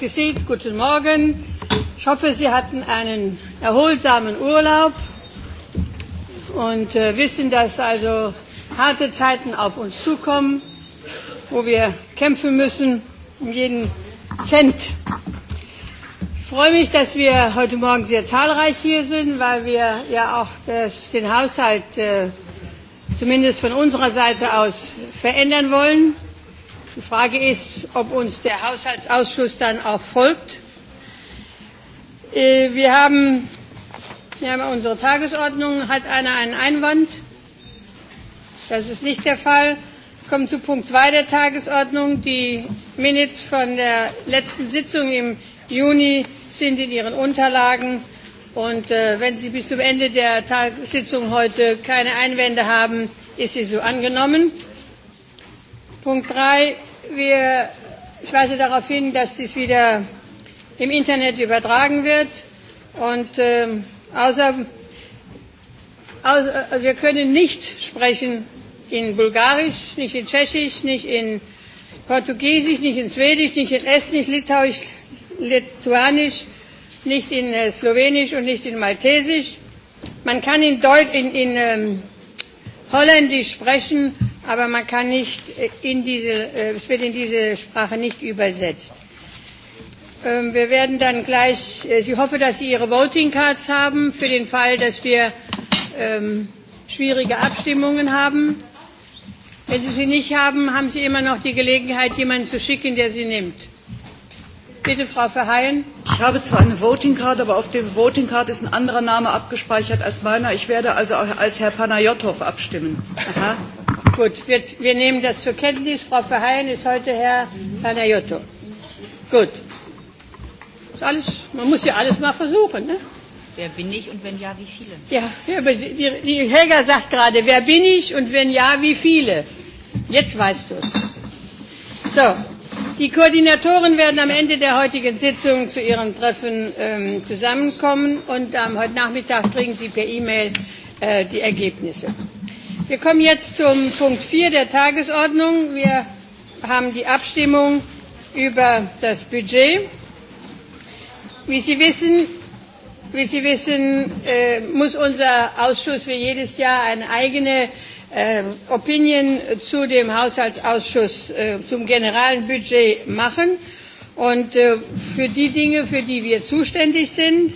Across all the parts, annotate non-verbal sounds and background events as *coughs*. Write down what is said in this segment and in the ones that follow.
Gesieht, guten Morgen. Ich hoffe, Sie hatten einen erholsamen Urlaub und äh, wissen, dass also harte Zeiten auf uns zukommen, wo wir kämpfen müssen um jeden Cent. Ich freue mich, dass wir heute Morgen sehr zahlreich hier sind, weil wir ja auch das, den Haushalt äh, zumindest von unserer Seite aus verändern wollen. Die Frage ist, ob uns der Haushaltsausschuss dann auch folgt. Äh, wir haben, wir haben unsere Tagesordnung. Hat einer einen Einwand? Das ist nicht der Fall. Wir kommen zu Punkt 2 der Tagesordnung. Die Minutes von der letzten Sitzung im Juni sind in Ihren Unterlagen. Und äh, wenn Sie bis zum Ende der Tagessitzung heute keine Einwände haben, ist sie so angenommen. Punkt 3 Wir, ich weise darauf hin, dass dies wieder im Internet übertragen wird. Und äh, außer, außer, äh, wir können nicht sprechen in Bulgarisch, nicht in Tschechisch, nicht in Portugiesisch, nicht in Schwedisch, nicht in Estnisch, Litauisch, Lituanisch, nicht in äh, Slowenisch und nicht in Maltesisch. Man kann in, Deut in, in ähm, Holländisch sprechen, aber man kann nicht äh, in diese, äh, es wird in diese Sprache nicht übersetzt. Ähm, wir werden dann gleich, äh, ich hoffe, dass Sie Ihre Voting Cards haben für den Fall, dass wir ähm, schwierige Abstimmungen haben. Wenn Sie sie nicht haben, haben Sie immer noch die Gelegenheit, jemanden zu schicken, der sie nimmt. Bitte, Frau Verheyen. Ich habe zwar eine Voting Card, aber auf dem Voting Card ist ein anderer Name abgespeichert als meiner. Ich werde also als Herr Panayotow abstimmen. Aha. Gut, wir, wir nehmen das zur Kenntnis. Frau Verheyen ist heute Herr Panayotto. Gut. Ist alles, man muss ja alles mal versuchen. Ne? Wer bin ich und wenn ja, wie viele? Ja, aber die, die Helga sagt gerade, wer bin ich und wenn ja, wie viele? Jetzt weißt du es. So, die Koordinatoren werden am Ende der heutigen Sitzung zu ihrem Treffen ähm, zusammenkommen und ähm, heute Nachmittag kriegen sie per E-Mail äh, die Ergebnisse. Wir kommen jetzt zum Punkt 4 der Tagesordnung. Wir haben die Abstimmung über das Budget. Wie Sie wissen, wie Sie wissen äh, muss unser Ausschuss wie jedes Jahr eine eigene äh, Opinion zu dem Haushaltsausschuss, äh, zum generalen Budget machen. Und äh, für die Dinge, für die wir zuständig sind,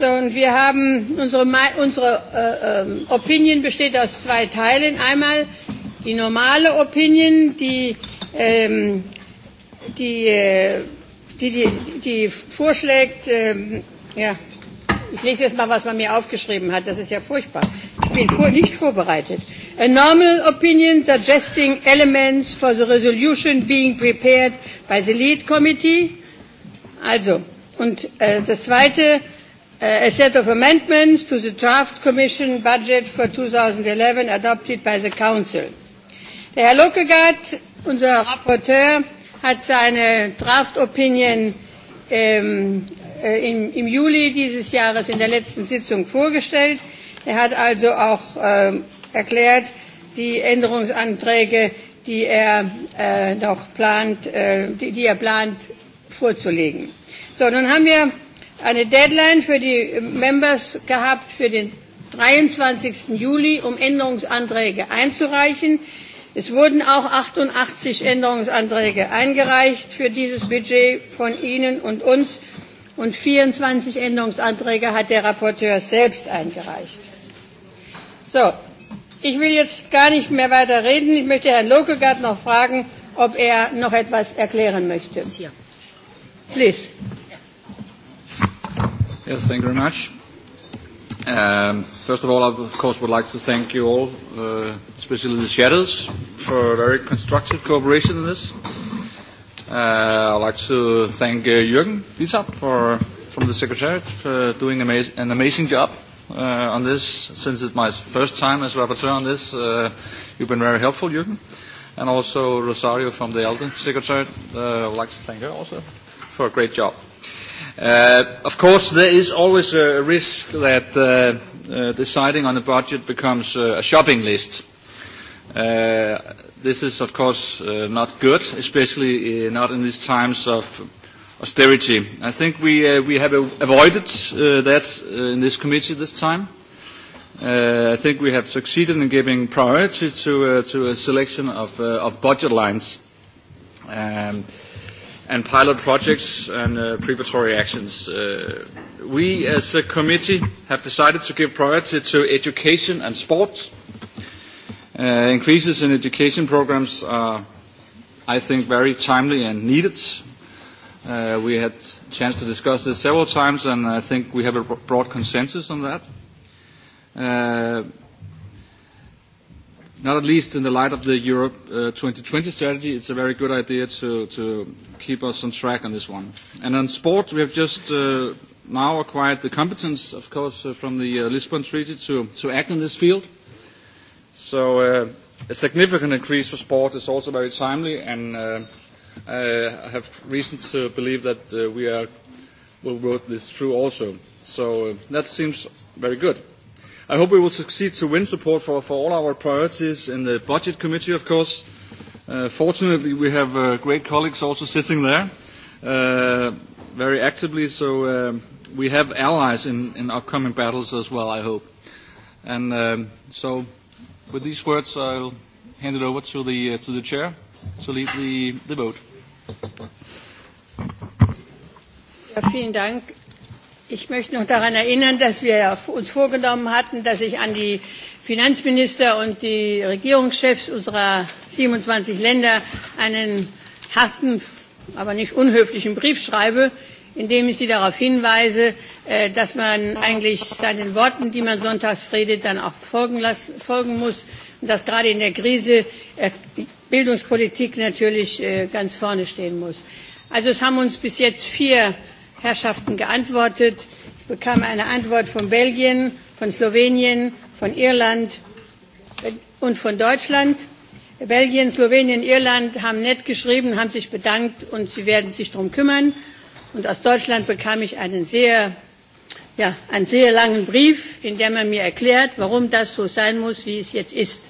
so, und wir haben unsere, unsere äh, ähm, Opinion besteht aus zwei Teilen. Einmal die normale Opinion, die ähm, die, äh, die, die, die vorschlägt, ähm, ja, ich lese jetzt mal, was man mir aufgeschrieben hat, das ist ja furchtbar. Ich bin vor, nicht vorbereitet. A normal opinion suggesting elements for the resolution being prepared by the lead committee. Also, und äh, das zweite, Uh, a set of amendments to the draft Commission budget for 2011 adopted by the Council. Der Herr Lockegaard, unser Rapporteur, hat seine Draft Opinion ähm, äh, im, im Juli dieses Jahres in der letzten Sitzung vorgestellt. Er hat also auch ähm, erklärt, die Änderungsanträge, die er äh, noch plant, äh, die, die er plant, vorzulegen. So, nun haben wir eine Deadline für die Members gehabt für den 23. Juli, um Änderungsanträge einzureichen. Es wurden auch 88 Änderungsanträge eingereicht für dieses Budget von Ihnen und uns und 24 Änderungsanträge hat der Rapporteur selbst eingereicht. So, ich will jetzt gar nicht mehr weiter reden. Ich möchte Herrn Lokegaard noch fragen, ob er noch etwas erklären möchte. Please. Yes, thank you very much. Um, first of all, I of course would like to thank you all, uh, especially the shadows, for very constructive cooperation in this. Uh, I'd like to thank uh, Jürgen Dietzab for, from the Secretariat for doing ama an amazing job uh, on this. Since it's my first time as rapporteur on this, uh, you've been very helpful, Jürgen. And also Rosario from the Elder Secretariat, uh, I'd like to thank her also for a great job. Uh, of course, there is always a risk that uh, uh, deciding on the budget becomes uh, a shopping list. Uh, this is, of course, uh, not good, especially uh, not in these times of austerity. I think we, uh, we have avoided uh, that uh, in this committee this time. Uh, I think we have succeeded in giving priority to, uh, to a selection of, uh, of budget lines. Um, and pilot projects and uh, preparatory actions. Uh, we as a committee have decided to give priority to education and sports. Uh, increases in education programs are, I think, very timely and needed. Uh, we had a chance to discuss this several times, and I think we have a broad consensus on that. Uh, Not at least in the light of the Europe uh, 2020 strategy, it's a very good idea to, to keep us on track on this one. And on sport, we have just uh, now acquired the competence, of course, uh, from the uh, Lisbon Treaty to, to act in this field. So uh, a significant increase for sport is also very timely, and uh, I have reason to believe that uh, we are, will work this through also. So uh, that seems very good. I hope we will succeed to win support for, for all our priorities in the Budget Committee, of course. Uh, fortunately, we have uh, great colleagues also sitting there uh, very actively, so uh we have allies in, in upcoming battles as well, I hope. And um, so with these words, I'll hand it over to the, uh, to the chair to lead the, the vote. Ja, vielen Dank. Ich möchte noch daran erinnern, dass wir uns vorgenommen hatten, dass ich an die Finanzminister und die Regierungschefs unserer 27 Länder einen harten, aber nicht unhöflichen Brief schreibe, in dem ich sie darauf hinweise, äh, dass man eigentlich seinen Worten, die man sonntags redet, dann auch folgen, lassen, folgen muss und dass gerade in der Krise äh, Bildungspolitik natürlich äh, ganz vorne stehen muss. Also es haben uns bis jetzt vier Herrschaften geantwortet. Ich bekam eine Antwort von Belgien, von Slowenien, von Irland und von Deutschland. Belgien, Slowenien, Irland haben nett geschrieben, haben sich bedankt und sie werden sich darum kümmern. Und aus Deutschland bekam ich einen sehr, ja, einen sehr langen Brief, in dem man mir erklärt, warum das so sein muss, wie es jetzt ist.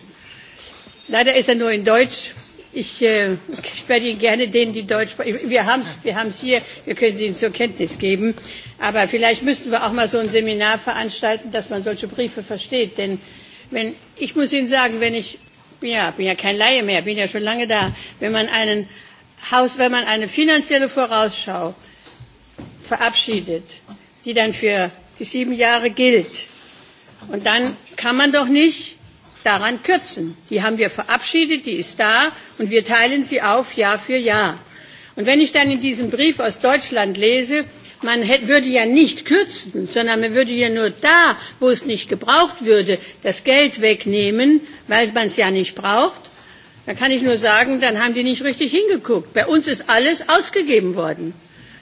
Leider ist er nur in Deutsch ich, äh, ich werde Ihnen gerne denen, die Deutsch wir haben wir es hier, wir können sie Ihnen zur Kenntnis geben. Aber vielleicht müssten wir auch mal so ein Seminar veranstalten, dass man solche Briefe versteht. Denn wenn, ich muss Ihnen sagen, wenn ich, ja, bin ja kein Laie mehr, bin ja schon lange da, wenn man einen Haus, wenn man eine finanzielle Vorausschau verabschiedet, die dann für die sieben Jahre gilt, und dann kann man doch nicht daran kürzen. Die haben wir verabschiedet, die ist da und wir teilen sie auf Jahr für Jahr. Und wenn ich dann in diesem Brief aus Deutschland lese, man hätte, würde ja nicht kürzen, sondern man würde ja nur da, wo es nicht gebraucht würde, das Geld wegnehmen, weil man es ja nicht braucht, dann kann ich nur sagen, dann haben die nicht richtig hingeguckt. Bei uns ist alles ausgegeben worden.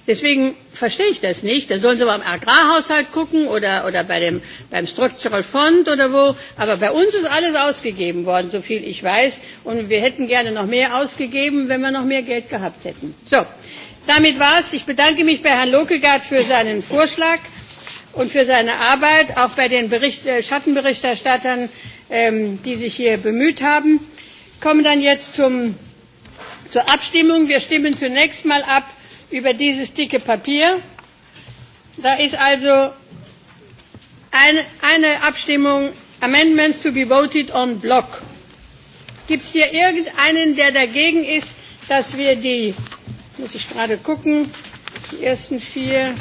Deswegen verstehe ich das nicht. Da sollen sie beim Agrarhaushalt gucken oder, oder bei dem, beim Structural Fund oder wo. Aber bei uns ist alles ausgegeben worden, so viel ich weiß. Und wir hätten gerne noch mehr ausgegeben, wenn wir noch mehr Geld gehabt hätten. So, damit war's. Ich bedanke mich bei Herrn Lokegaard für seinen Vorschlag und für seine Arbeit, auch bei den Bericht, äh, Schattenberichterstattern, ähm, die sich hier bemüht haben. Ich komme dann jetzt zum, zur Abstimmung. Wir stimmen zunächst mal ab über dieses dicke Papier. Da ist also eine, eine Abstimmung Amendments to be voted on block. Gibt es hier irgendeinen, der dagegen ist, dass wir die, muss ich gerade gucken, die ersten vier,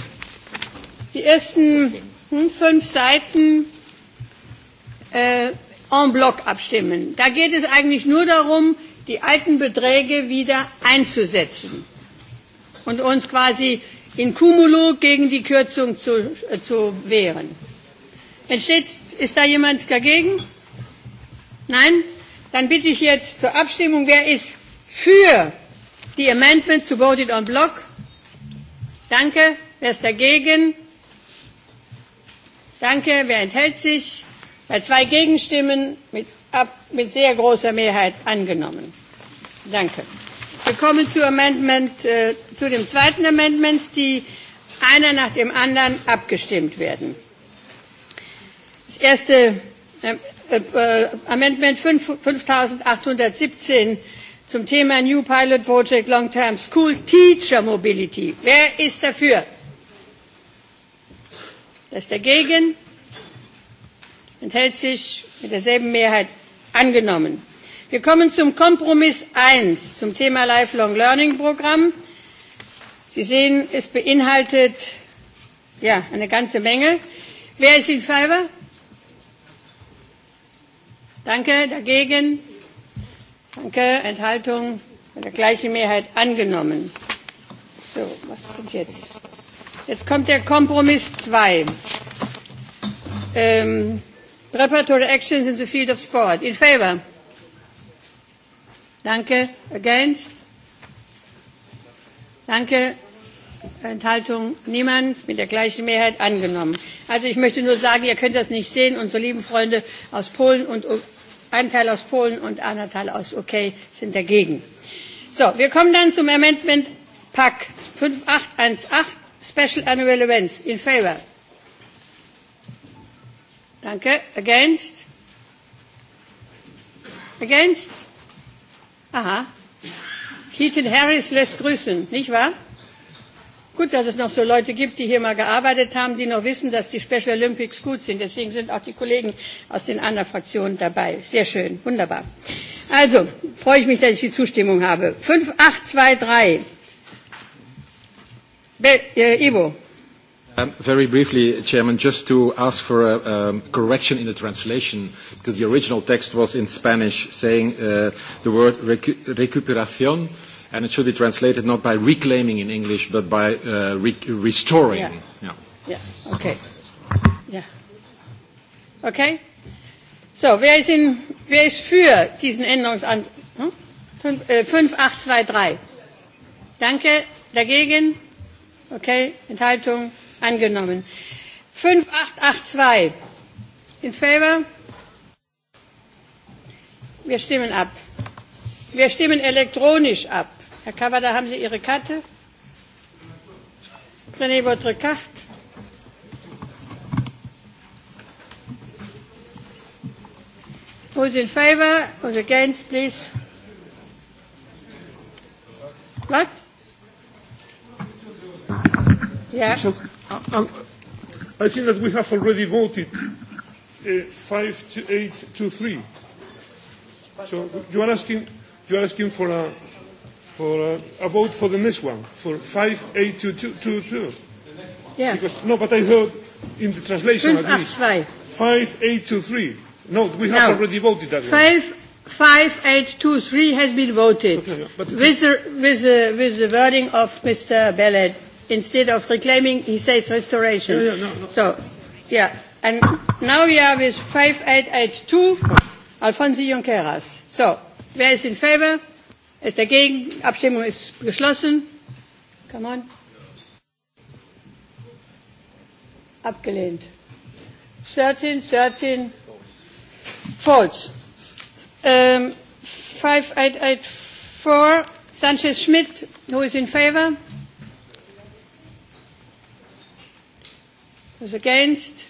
die ersten hm, fünf Seiten äh, en bloc abstimmen? Da geht es eigentlich nur darum, die alten Beträge wieder einzusetzen und uns quasi in Cumulo gegen die Kürzung zu, äh, zu wehren. Entsteht, ist da jemand dagegen? Nein? Dann bitte ich jetzt zur Abstimmung, wer ist für die Amendments to vote it on block? Danke. Wer ist dagegen? Danke. Wer enthält sich? Bei zwei Gegenstimmen mit, ab, mit sehr großer Mehrheit angenommen. Danke. Wir kommen zu, Amendment, äh, zu dem zweiten Amendment, die einer nach dem anderen abgestimmt werden. Das erste äh, äh, äh Amendment 5817 zum Thema New Pilot Project Long Term School Teacher Mobility. Wer ist dafür? Wer ist dagegen? Enthält sich mit derselben Mehrheit angenommen wir kommen zum kompromiss eins zum thema lifelong learning programm. sie sehen es beinhaltet ja, eine ganze menge. wer ist in favor? danke. dagegen? danke. enthaltung? mit der gleichen mehrheit angenommen. so was kommt jetzt? jetzt kommt der kompromiss zwei. ähm, preparatory actions in the field of sport. in favor? Danke. Against? Danke. Enthaltung? Niemand. Mit der gleichen Mehrheit angenommen. Also ich möchte nur sagen, ihr könnt das nicht sehen. Unsere lieben Freunde aus Polen und ein Teil aus Polen und ein Teil aus UK sind dagegen. So, wir kommen dann zum Amendment Pack 5818 Special Annual Events in favor. Danke. Against? Against? Aha. Keaton Harris lässt grüßen, nicht wahr? Gut, dass es noch so Leute gibt, die hier mal gearbeitet haben, die noch wissen, dass die Special Olympics gut sind. Deswegen sind auch die Kollegen aus den anderen Fraktionen dabei. Sehr schön, wunderbar. Also, freue ich mich, dass ich die Zustimmung habe. 5823. äh, Ivo. Um, very briefly, Chairman, just to ask for a um, correction in the translation, because the original text was in Spanish saying uh, the word recuperación, and it should be translated not by reclaiming in English, but by uh, re restoring. Yeah. yeah. Yeah. Okay. Yeah. Okay. So, wer ist, in, wer ist für diesen Änderungsantrag? Hm? 5823. Äh, Danke. Dagegen? Okay. Enthaltung? angenommen. 5882 in favor. Wir stimmen ab. Wir stimmen elektronisch ab. Herr Kavada, haben Sie Ihre Karte? Prenez votre carte. Who's in favor? Who's against, please? What? Yeah. I, um, um, I think that we have already voted uh, five to eight to three. So you are asking, you are asking for a for a, a vote for the next one for five eight two two two two. Yeah. Because no, but I heard in the translation at least zwei. five eight two No, we have no. already voted that five, one. 5823 has been voted okay, yeah, with, the, with, the, with the wording of Mr. Bellet instead of reclaiming, he says restoration. Yeah, yeah, no, no. So, yeah. And now we are with 5882, Alfonso Junqueras. So, wer ist in favor? Ist dagegen? Die Abstimmung ist geschlossen. Come on. Abgelehnt. 13, 13. False. Um, 5884, Sanchez Schmidt, who is in favor? Ist against?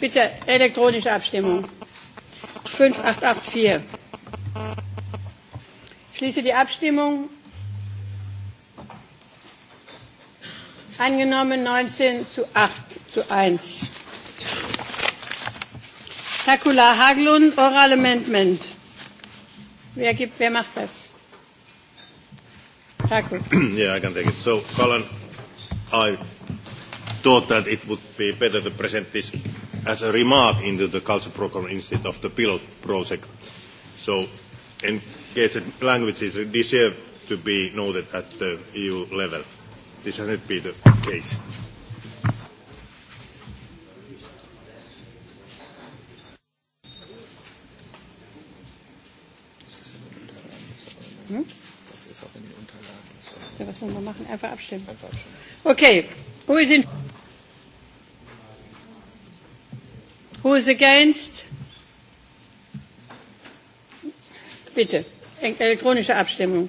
Bitte elektronische Abstimmung. 5884. Ich schließe die Abstimmung. Angenommen 19 zu 8 zu 1. Kula Haglund, Oral Amendment. Wer, gibt, wer macht das? Takula. Yeah, I can take So, Colin, i thought that it would be better to present this as a remark into the culture program instead of the pilot project. So in case engaged languages deserve to be noted at the EU level. This hasn't been the case. Hm? Das ist auch in den Unterlagen. Ja, was wollen wir machen? Einfach abstimmen. Einfach abstimmen. Okay. Who is in? Who is against? Bitte. Elektronische Abstimmung.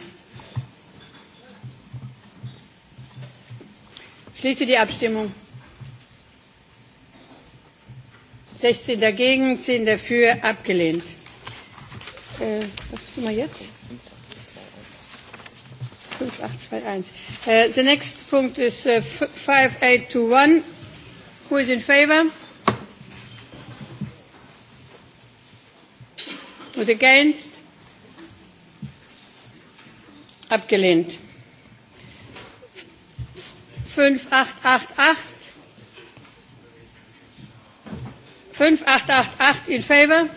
Schließe die Abstimmung. 16 dagegen, 10 dafür, abgelehnt. Äh, was tun wir jetzt? 5851. Uh, the next point is uh, 5821. Who is in favor? Who is against? Abgelehnt. 5888. 5888 in favor?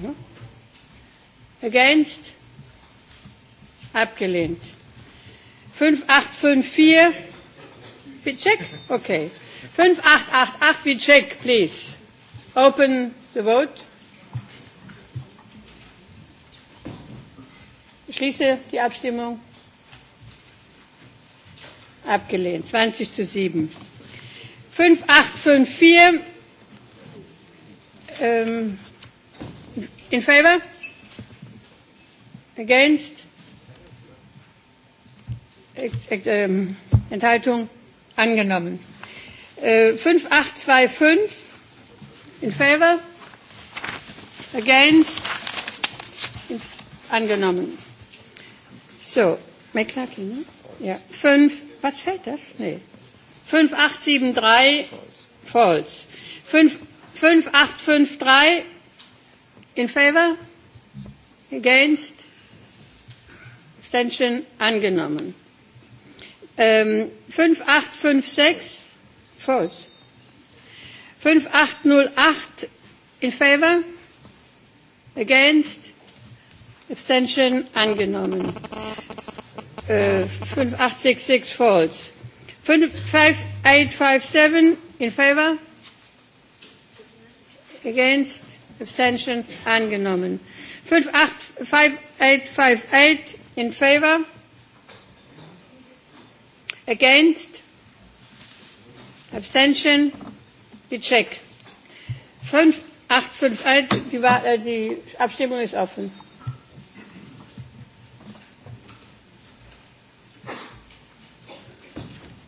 No? Against? Abgelehnt. 5854. We check? Okay. 5888, we check, please. Open the vote. Ich schließe die Abstimmung. Abgelehnt. 20 zu 7. 5854. Um, in favor? Against? Ähm, Enthaltung angenommen. 5825 äh, in favor, against, angenommen. So, McClarkin, ne? Ja. Fünf, was fällt das? Nee. 5873, false. 5853, in favor, against, abstention angenommen. Ähm, um, 5856 false. 5808 in favor? Against? Abstention angenommen. Äh, uh, 5866 false. 5857 in favor? Against? Abstention angenommen. 585858 in favor? Against? Abstention? Wir check. 5851, die, äh, die Abstimmung ist offen.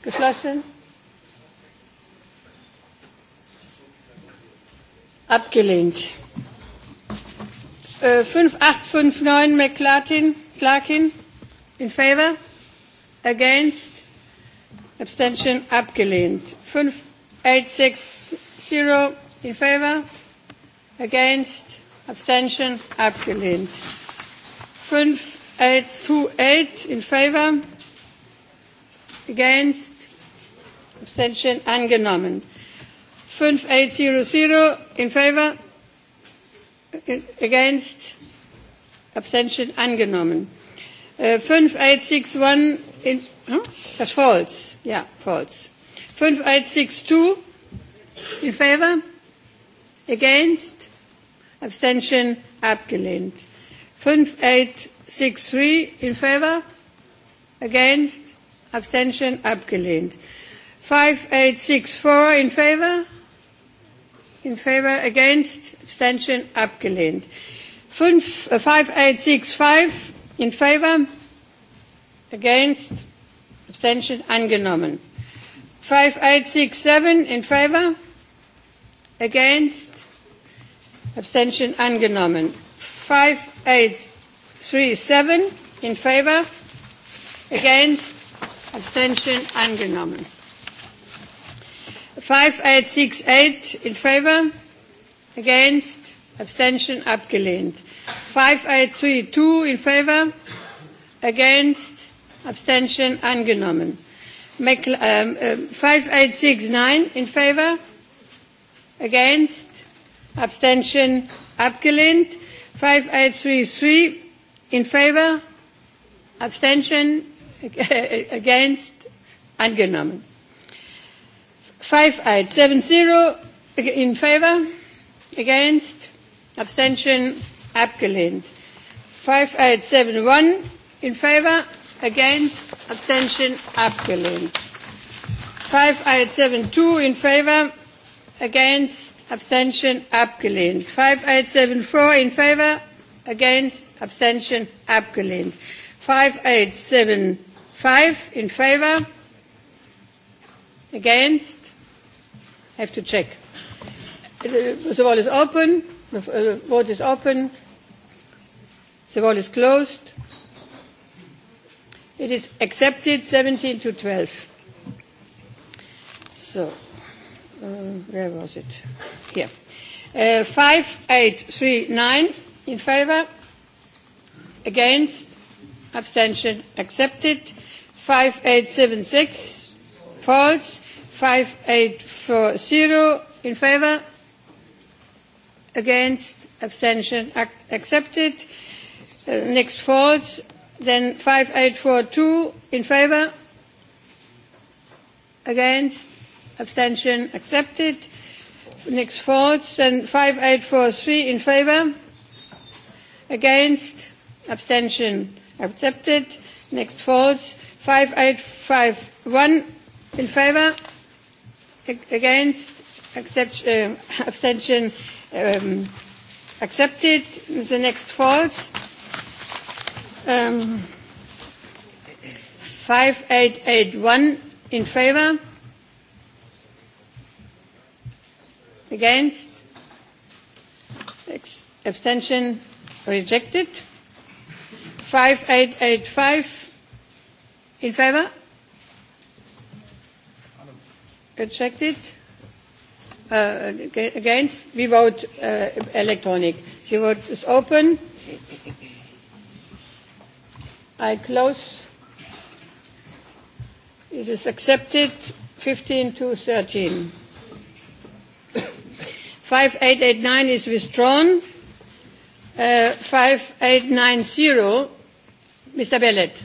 Geschlossen? Abgelehnt. Äh, 5859 McClarkin, Clarkin, in favor? Against? Abstention abgelehnt. 5860 in favor. Against. Abstention abgelehnt. 5828 in favor. Against. Abstention angenommen. 5800 in favor. Against. Abstention angenommen. Uh, äh, 5861 in Huh? That's false. Yeah, false. 5862 in favor? Against? Abstention abgelehnt. 5863 in favor? Against? Abstention abgelehnt. 5864 in favor? In favor? Against? Abstention abgelehnt. 5865 äh, in favor? Against? Abstention angenommen. 5867 in favor? Against? Abstention angenommen. 5837 in favor? Against? Abstention angenommen. 5868 in favor? Against? Abstention abgelehnt. 5832 in favor? Against? Abstention angenommen. Mac, um, uh, um, 5869 in favor? Against? Abstention abgelehnt. 5833 in favor? Abstention *laughs* against? Angenommen. 5870 in favor? Against? Abstention abgelehnt. 5871 in favor? against, abstention, abgelehnt. 5872 in favor, against, abstention, abgelehnt. 5874 in favor, against, abstention, abgelehnt. 5875 in favor, against, I have to check. The wall uh, is open, the vote is open, the wall is closed, It is accepted 17 to 12. So, um, where was it? Here. Uh, nine in favor, against, abstention accepted. six. false. zero in favor, against, abstention ac accepted. Uh, next false. Then 5842 in favor? Against? Abstention accepted. Next false. Then 5843 in favor? Against? Abstention accepted. Next false. 5851 in favor? Against? Accept, uh, *laughs* abstention um, accepted. The next false. Um, 5881 in favor? Against? abstention rejected. 5885 in favor? Rejected. Uh, against? We vote uh, electronic. The vote is open. I close. It is accepted 15 to 13. 5889 *coughs* is withdrawn. Uh, 5890, Mr. Bellet.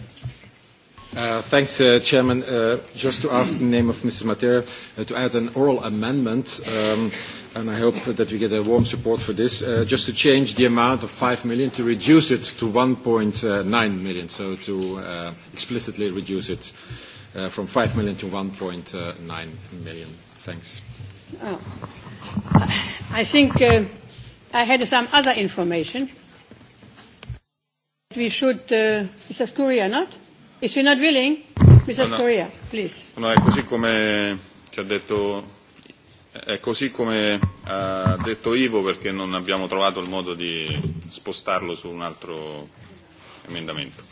Uh, thanks, uh, Chairman. Uh, just to ask in the name of Mrs. Matera uh, to add an oral amendment, um, and I hope that we get a warm support for this, uh, just to change the amount of 5 million to reduce it to 1.9 uh, million, so to uh, explicitly reduce it uh, from 5 million to 1.9 uh, million. Thanks. Oh. I think uh, I had some other information. We should, uh, Mr. Scuria, not? No, no. No, è così come ha detto Ivo perché non abbiamo trovato il modo di spostarlo su un altro emendamento.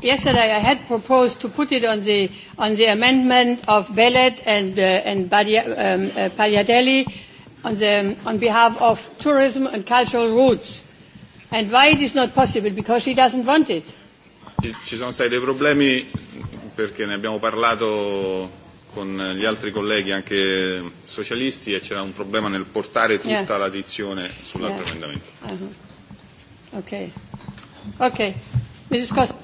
Yesterday I had proposed to put it on the, on the amendment of Bellet and, uh, and Pagliadelli um, uh, on, the, on behalf of tourism and cultural routes And why it is not possible? Because she doesn't want it. Ci sono stati dei problemi perché ne abbiamo parlato con gli altri colleghi anche socialisti e c'era un problema nel portare tutta yeah. l'addizione sull'altro yeah. emendamento. Uh-huh. Ok. Ok. Mrs. Cost.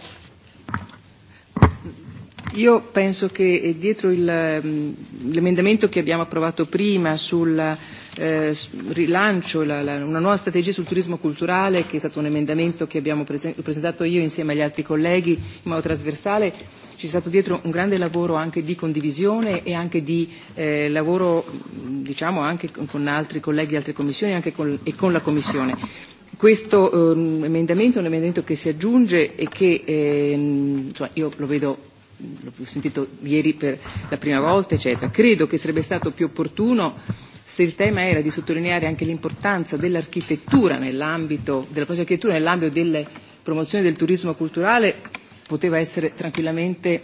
Io penso che eh, dietro mm, l'emendamento che abbiamo approvato prima sulla Eh, rilancio la, la, una nuova strategia sul turismo culturale, che è stato un emendamento che abbiamo presentato io insieme agli altri colleghi in modo trasversale, c'è stato dietro un grande lavoro anche di condivisione e anche di eh, lavoro diciamo anche con altri colleghi di altre commissioni anche con, e con la Commissione. Questo eh, emendamento è un emendamento che si aggiunge e che eh, insomma, io lo vedo l'ho sentito ieri per la prima volta, eccetera. Credo che sarebbe stato più opportuno se il tema era di sottolineare anche l'importanza dell'architettura nell'ambito, della architettura nell'ambito delle promozione del turismo culturale, poteva essere tranquillamente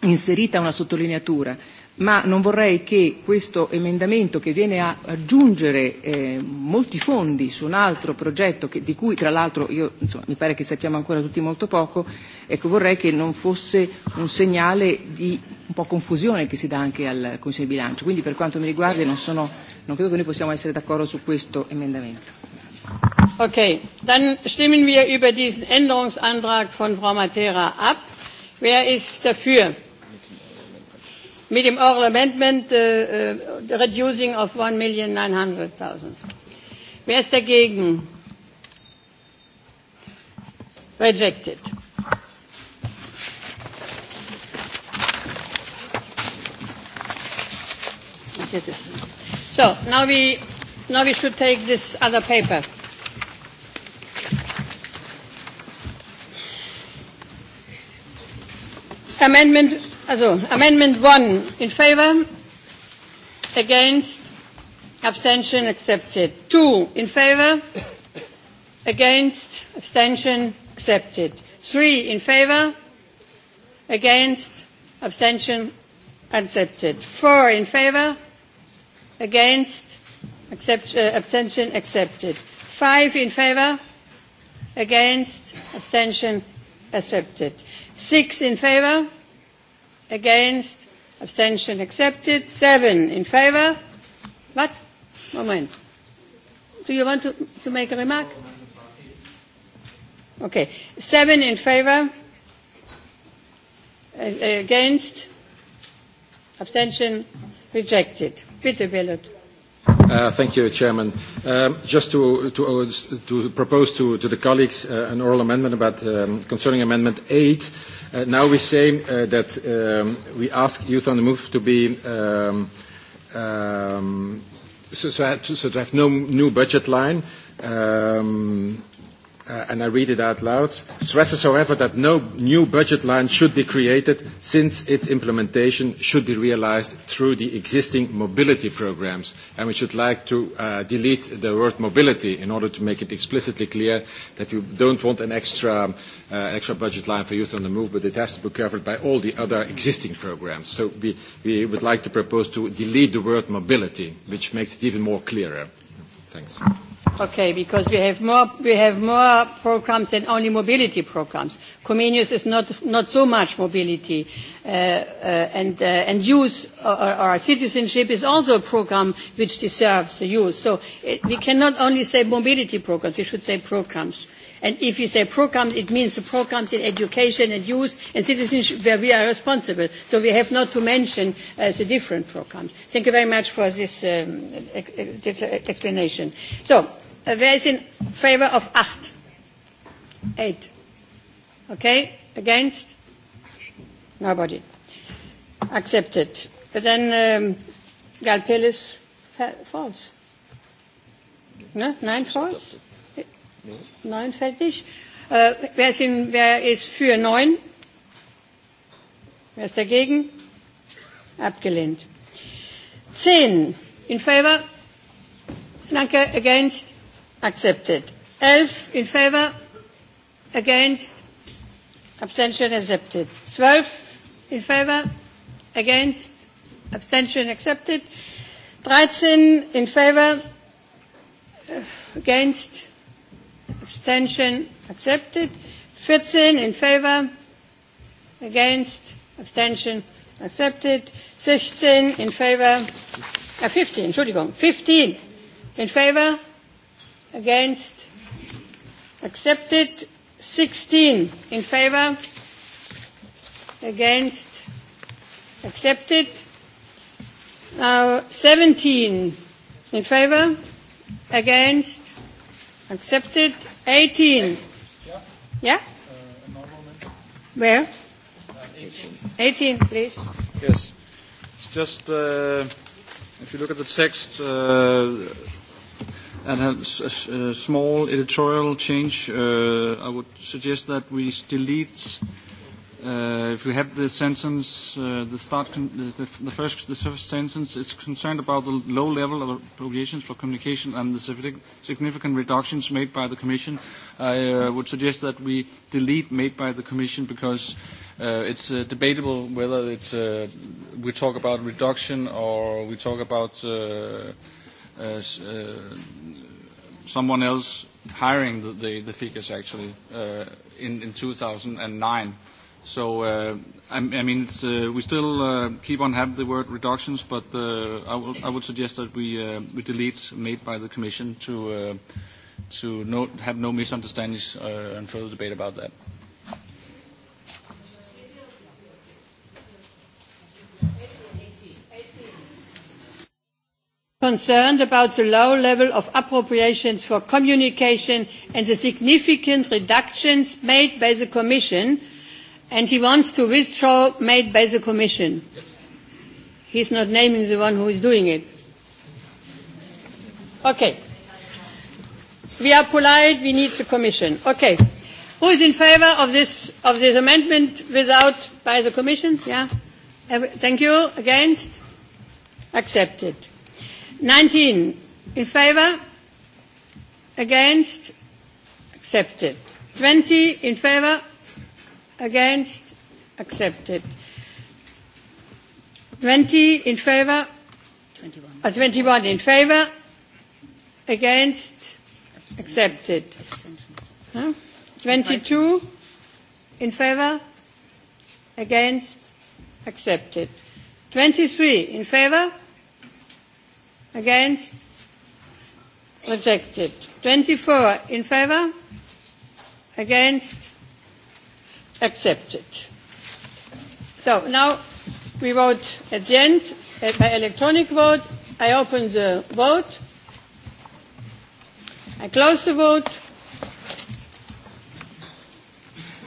inserita una sottolineatura ma non vorrei che questo emendamento che viene a aggiungere eh, molti fondi su un altro progetto che, di cui tra l'altro io, insomma, mi pare che sappiamo ancora tutti molto poco, ecco, vorrei che non fosse un segnale di un po' confusione che si dà anche al Consiglio di bilancio. Quindi per quanto mi riguarda non, sono, non credo che noi possiamo essere d'accordo su questo emendamento. Ok, dann stimmen wir über diesen Änderungsantrag von Frau Matera ab. Wer ist dafür? mit dem oral amendment uh, äh, äh, reducing of one million nine hundred thousand. Wer ist dagegen? Rejected. So now we now we should take this other paper. Amendment Also, Amendment 1 in favor, against, abstention accepted. 2 in favor, against, abstention accepted. 3 in favor, against, abstention accepted. 4 in favor, against, accept, uh, abstention accepted. 5 in favor, against, abstention accepted. 6 in favor, Against? Abstention accepted. Seven in favor. What? Moment. Do you want to, to make a remark? Okay. Seven in favor. Uh, against? Abstention rejected. Peter Bellot. Uh, thank you, Chairman. Um, just to, to, uh, to propose to, to the colleagues uh, an oral amendment about, um, concerning Amendment 8 Uh, now we say uh, that um, we ask Youth on the Move to be um, um, so, so, to, so to have no new budget line. Um, uh, and I read it out loud, stresses, however, that no new budget line should be created since its implementation should be realized through the existing mobility programs. And we should like to uh, delete the word mobility in order to make it explicitly clear that you don't want an extra, uh, extra budget line for youth on the move, but it has to be covered by all the other existing programs. So we, we would like to propose to delete the word mobility, which makes it even more clearer. Thanks. Okay, because we have more, we have more programs than only mobility programs. Comenius is not, not so much mobility. Uh, uh, and, uh, and youth uh, uh, or, or citizenship is also a program which deserves the youth. So it, we cannot only say mobility programs, we should say programs. And if you say programmes, it means the programmes in education and youth and citizenship where we are responsible. So we have not to mention uh, the different programmes. Thank you very much for this um, explanation. So, uh, where is in favour of acht? Eight. Okay? Against? Nobody. Accepted. But then um, Galpelis false. No? Nine false? Nein, fällt nicht. Äh, wer, ist in, wer ist für neun? Wer ist dagegen? Abgelehnt. Zehn. In favor? Danke. Against? Accepted. Elf. In favor? Against? Abstention accepted. Zwölf. In favor? Against? Abstention accepted. Dreizehn. In favor? Against? abstention accepted 14 in favor against abstention accepted 16 in favor uh, 15 entschuldigung 15 in favor against accepted 16 in favor against accepted now 17 in favor against accepted 18. Yeah? Uh, Where? Uh, 18, 18, please. Yes. It's just, uh, if you look at the text, uh, and have a uh, small editorial change, uh, I would suggest that we delete uh, if we have the sentence, uh, the, start con the, the, first, the first sentence is concerned about the low level of appropriations for communication and the significant reductions made by the Commission. I uh, would suggest that we delete made by the Commission because uh, it's uh, debatable whether it's, uh, we talk about reduction or we talk about uh, uh, uh, someone else hiring the, the, the figures actually uh, in, in 2009. So, uh, I, mean, it's, uh, we still uh, keep on having the word reductions, but I, would suggest that we, delete made by the Commission to, not have no misunderstandings and further debate about that. concerned about the low level of appropriations for communication and the significant reductions made by the Commission and he wants to withdraw made by the Commission. He's not naming the one who is doing it. Okay. We are polite, we need the Commission. Okay. Who is in favour of this, of this amendment without by the Commission? Yeah? Thank you. Against? Accepted. 19. In favour? Against? Accepted. 20. In favour? Against? Accepted. 20 in favor? 21. Uh, 21 in favor? Against? Accepted. Huh? 22 in favor? Against? Accepted. 23 in favor? Against? Rejected. 24 in favor? Against? accepted. So now we vote at the end by electronic vote. I open the vote. I close the vote.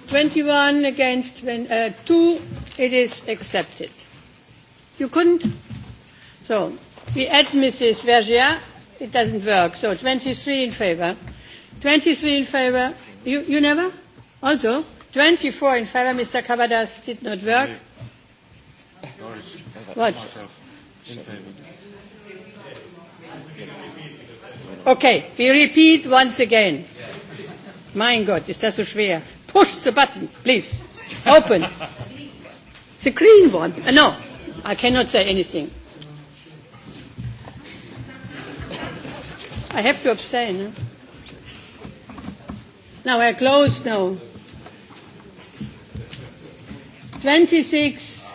21 against uh, 2, it is accepted. You couldn't? So, we add Mrs. Vergia, it doesn't work. So, 23 in favor. 23 in favor. You, you never? Also? 24 in favor. Mr. Cavadas did not work. What? Okay, we repeat once again. Mein Gott, ist das so schwer. Push the button, please. Open. The green one. Uh, no, I cannot say anything. I have to abstain. Huh? Now I close now. 26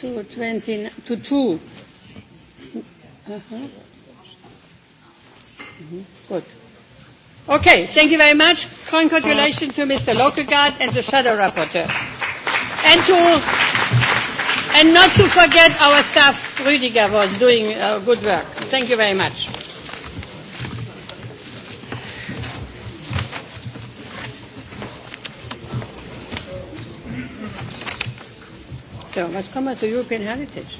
to 20 to 2. Uh-huh. mm Good. Okay, thank you very much. Congratulations to Mr. Lockegaard and the shadow rapporteur. And to and not to forget our staff, Rüdiger was doing uh, good work. Thank you very much. So let's come as a European heritage.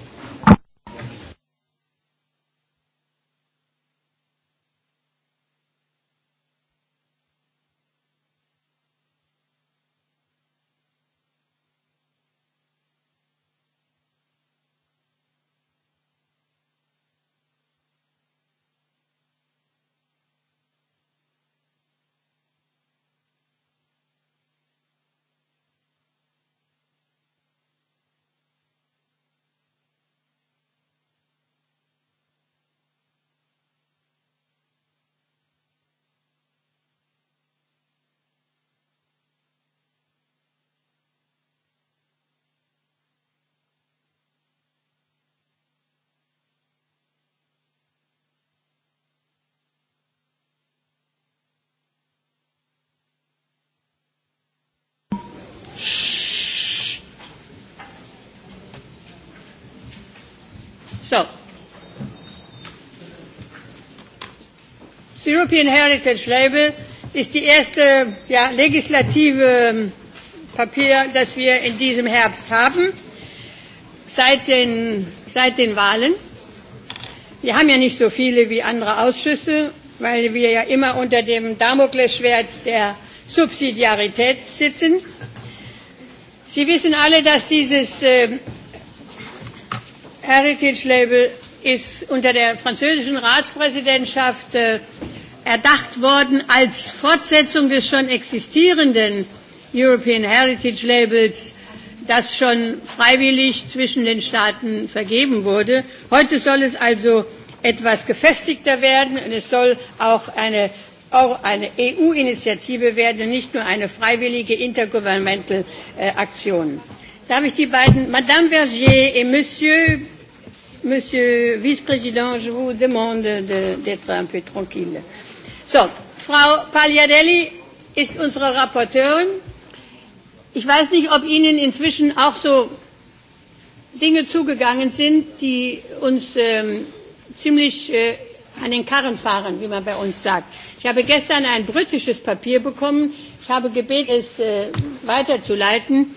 So, das European Heritage Label ist die erste ja, legislative ähm, Papier, das wir in diesem Herbst haben, seit den, seit den Wahlen. Wir haben ja nicht so viele wie andere Ausschüsse, weil wir ja immer unter dem Damoklesschwert der Subsidiarität sitzen. Sie wissen alle, dass dieses äh, Heritage Label ist unter der französischen Ratspräsidentschaft äh, erdacht worden als Fortsetzung des schon existierenden European Heritage Labels, das schon freiwillig zwischen den Staaten vergeben wurde. Heute soll es also etwas gefestigter werden und es soll auch eine, eine EU-Initiative werden, nicht nur eine freiwillige intergovernmental äh, Aktion. Darf ich die beiden, Madame Vergier et Monsieur Monsieur Vice-président, je vous demande d'être un peu tranquille. So, Frau Pagliadelli ist unsere Rapporteurin. Ich weiß nicht, ob Ihnen inzwischen auch so Dinge zugegangen sind, die uns ähm, ziemlich äh, an den Karren fahren, wie man bei uns sagt. Ich habe gestern ein britisches Papier bekommen. Ich habe gebeten, es äh, weiterzuleiten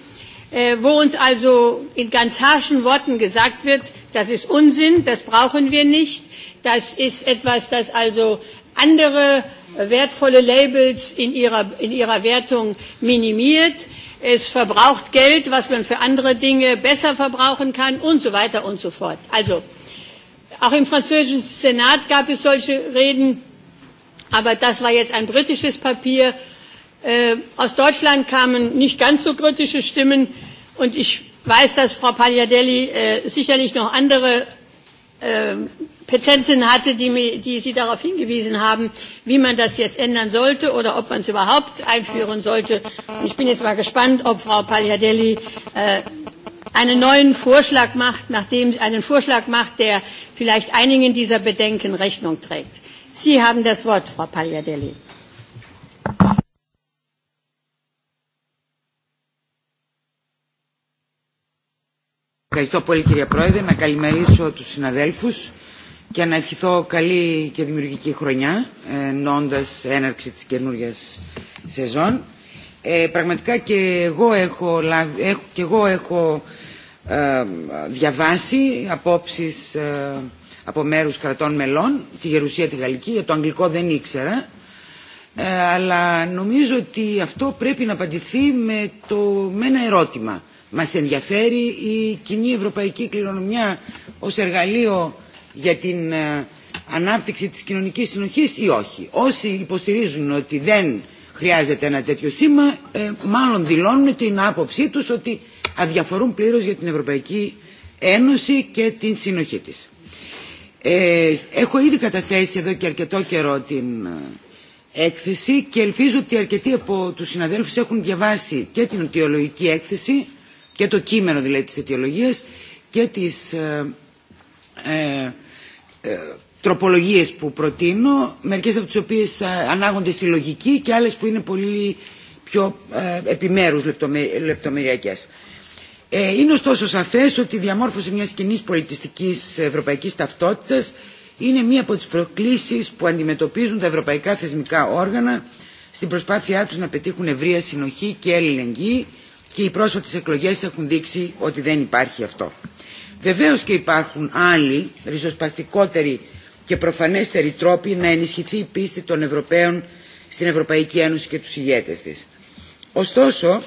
Äh, wo uns also in ganz harschen Worten gesagt wird, das ist Unsinn, das brauchen wir nicht, das ist etwas, das also andere wertvolle Labels in ihrer, in ihrer Wertung minimiert, es verbraucht Geld, was man für andere Dinge besser verbrauchen kann und so weiter und so fort. Also, auch im französischen Senat gab es solche Reden, aber das war jetzt ein britisches Papier Äh, aus Deutschland kamen nicht ganz so kritische Stimmen und ich weiß, dass Frau Pagliadelli äh, sicherlich noch andere äh, Petenten hatte, die, die Sie darauf hingewiesen haben, wie man das jetzt ändern sollte oder ob man es überhaupt einführen sollte. Und ich bin jetzt mal gespannt, ob Frau Pagliadelli äh, einen neuen Vorschlag macht, nachdem sie einen Vorschlag macht, der vielleicht einigen dieser Bedenken Rechnung trägt. Sie haben das Wort, Frau Pagliadelli. Ευχαριστώ πολύ κύριε Πρόεδρε. Να καλημερίσω τους συναδέλφους και να ευχηθώ καλή και δημιουργική χρονιά εννοώντας έναρξη της καινούριας σεζόν. Ε, πραγματικά και εγώ έχω, έχω, και εγώ έχω ε, διαβάσει απόψεις ε, από μέρους κρατών μελών, τη Γερουσία τη Γαλλική, για το αγγλικό δεν ήξερα, ε, αλλά νομίζω ότι αυτό πρέπει να απαντηθεί με, το, με ένα ερώτημα – μας ενδιαφέρει η κοινή ευρωπαϊκή κληρονομιά ως εργαλείο για την ανάπτυξη της κοινωνικής συνοχής ή όχι. Όσοι υποστηρίζουν ότι δεν χρειάζεται ένα τέτοιο σήμα, ε, μάλλον δηλώνουν την άποψή τους ότι αδιαφορούν πλήρως για την Ευρωπαϊκή Ένωση και την συνοχή της. Ε, έχω ήδη καταθέσει εδώ και αρκετό καιρό την έκθεση και ελπίζω ότι αρκετοί από τους συναδέλφους έχουν διαβάσει και την οτιολογική έκθεση και το κείμενο δηλαδή της αιτιολογίας και τις ε, ε, ε, τροπολογίες που προτείνω, μερικές από τις οποίες ανάγονται στη λογική και άλλες που είναι πολύ πιο ε, επιμέρους λεπτομε, λεπτομεριακές. Ε, είναι ωστόσο σαφές ότι η διαμόρφωση μιας κοινή πολιτιστικής ευρωπαϊκής ταυτότητας είναι μία από τις προκλήσεις που αντιμετωπίζουν τα ευρωπαϊκά θεσμικά όργανα στην προσπάθειά τους να πετύχουν ευρεία συνοχή και ελληνική και οι πρόσφατε εκλογέ έχουν δείξει ότι δεν υπάρχει αυτό. Βεβαίω και υπάρχουν άλλοι ριζοσπαστικότεροι και προφανέστεροι τρόποι να ενισχυθεί η πίστη των Ευρωπαίων στην Ευρωπαϊκή Ένωση και του ηγέτε τη. Ωστόσο,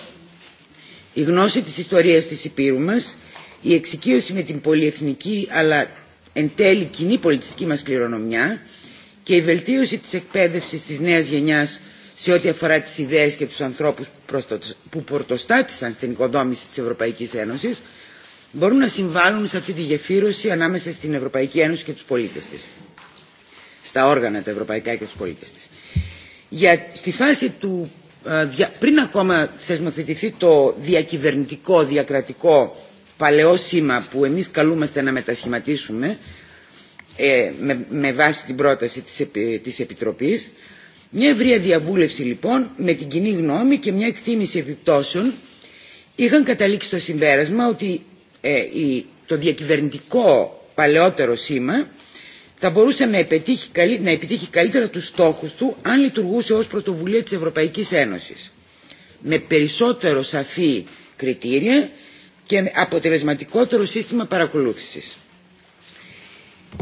η γνώση της ιστορίας της Υπήρου μας, η εξοικείωση με την πολυεθνική αλλά εν τέλει κοινή πολιτιστική μας κληρονομιά και η βελτίωση της εκπαίδευσης της νέας γενιάς σε ό,τι αφορά τις ιδέες και τους ανθρώπους που πορτοστάτησαν στην οικοδόμηση της Ευρωπαϊκής Ένωσης μπορούν να συμβάλλουν σε αυτή τη γεφύρωση ανάμεσα στην Ευρωπαϊκή Ένωση και τους πολίτες της. Στα όργανα τα ευρωπαϊκά και τους πολίτες της. Για, στη φάση του, πριν ακόμα θεσμοθετηθεί το διακυβερνητικό, διακρατικό παλαιό σήμα που εμείς καλούμαστε να μετασχηματίσουμε ε, με, με βάση την πρόταση της, της Επιτροπής Μια ευρεία διαβούλευση λοιπόν με την κοινή γνώμη και μια εκτίμηση επιπτώσεων είχαν καταλήξει στο συμπέρασμα ότι ε, η, το διακυβερνητικό παλαιότερο σήμα θα μπορούσε να επιτύχει, να επιτύχει καλύτερα τους στόχους του αν λειτουργούσε ως πρωτοβουλία της Ευρωπαϊκής Ένωσης με περισσότερο σαφή κριτήρια και αποτελεσματικότερο σύστημα παρακολούθησης.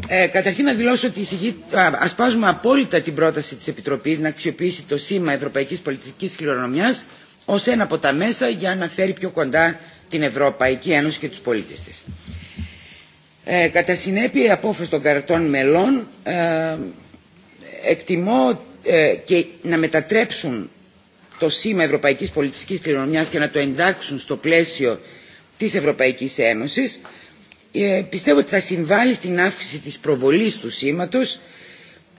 Ε, καταρχήν να δηλώσω ότι εισηγή, α, ασπάζουμε απόλυτα την πρόταση της Επιτροπής να αξιοποιήσει το σήμα Ευρωπαϊκής Πολιτικής Κληρονομιάς ως ένα από τα μέσα για να φέρει πιο κοντά την Ευρωπαϊκή Ένωση και τους πολίτες της. Ε, κατά συνέπεια η απόφαση των καρτών μελών ε, εκτιμώ ε, και να μετατρέψουν το σήμα Ευρωπαϊκής Πολιτικής Κληρονομιάς και να το εντάξουν στο πλαίσιο της Ευρωπαϊκής Ένωσης πιστεύω ότι θα συμβάλλει στην αύξηση της προβολής του σήματος,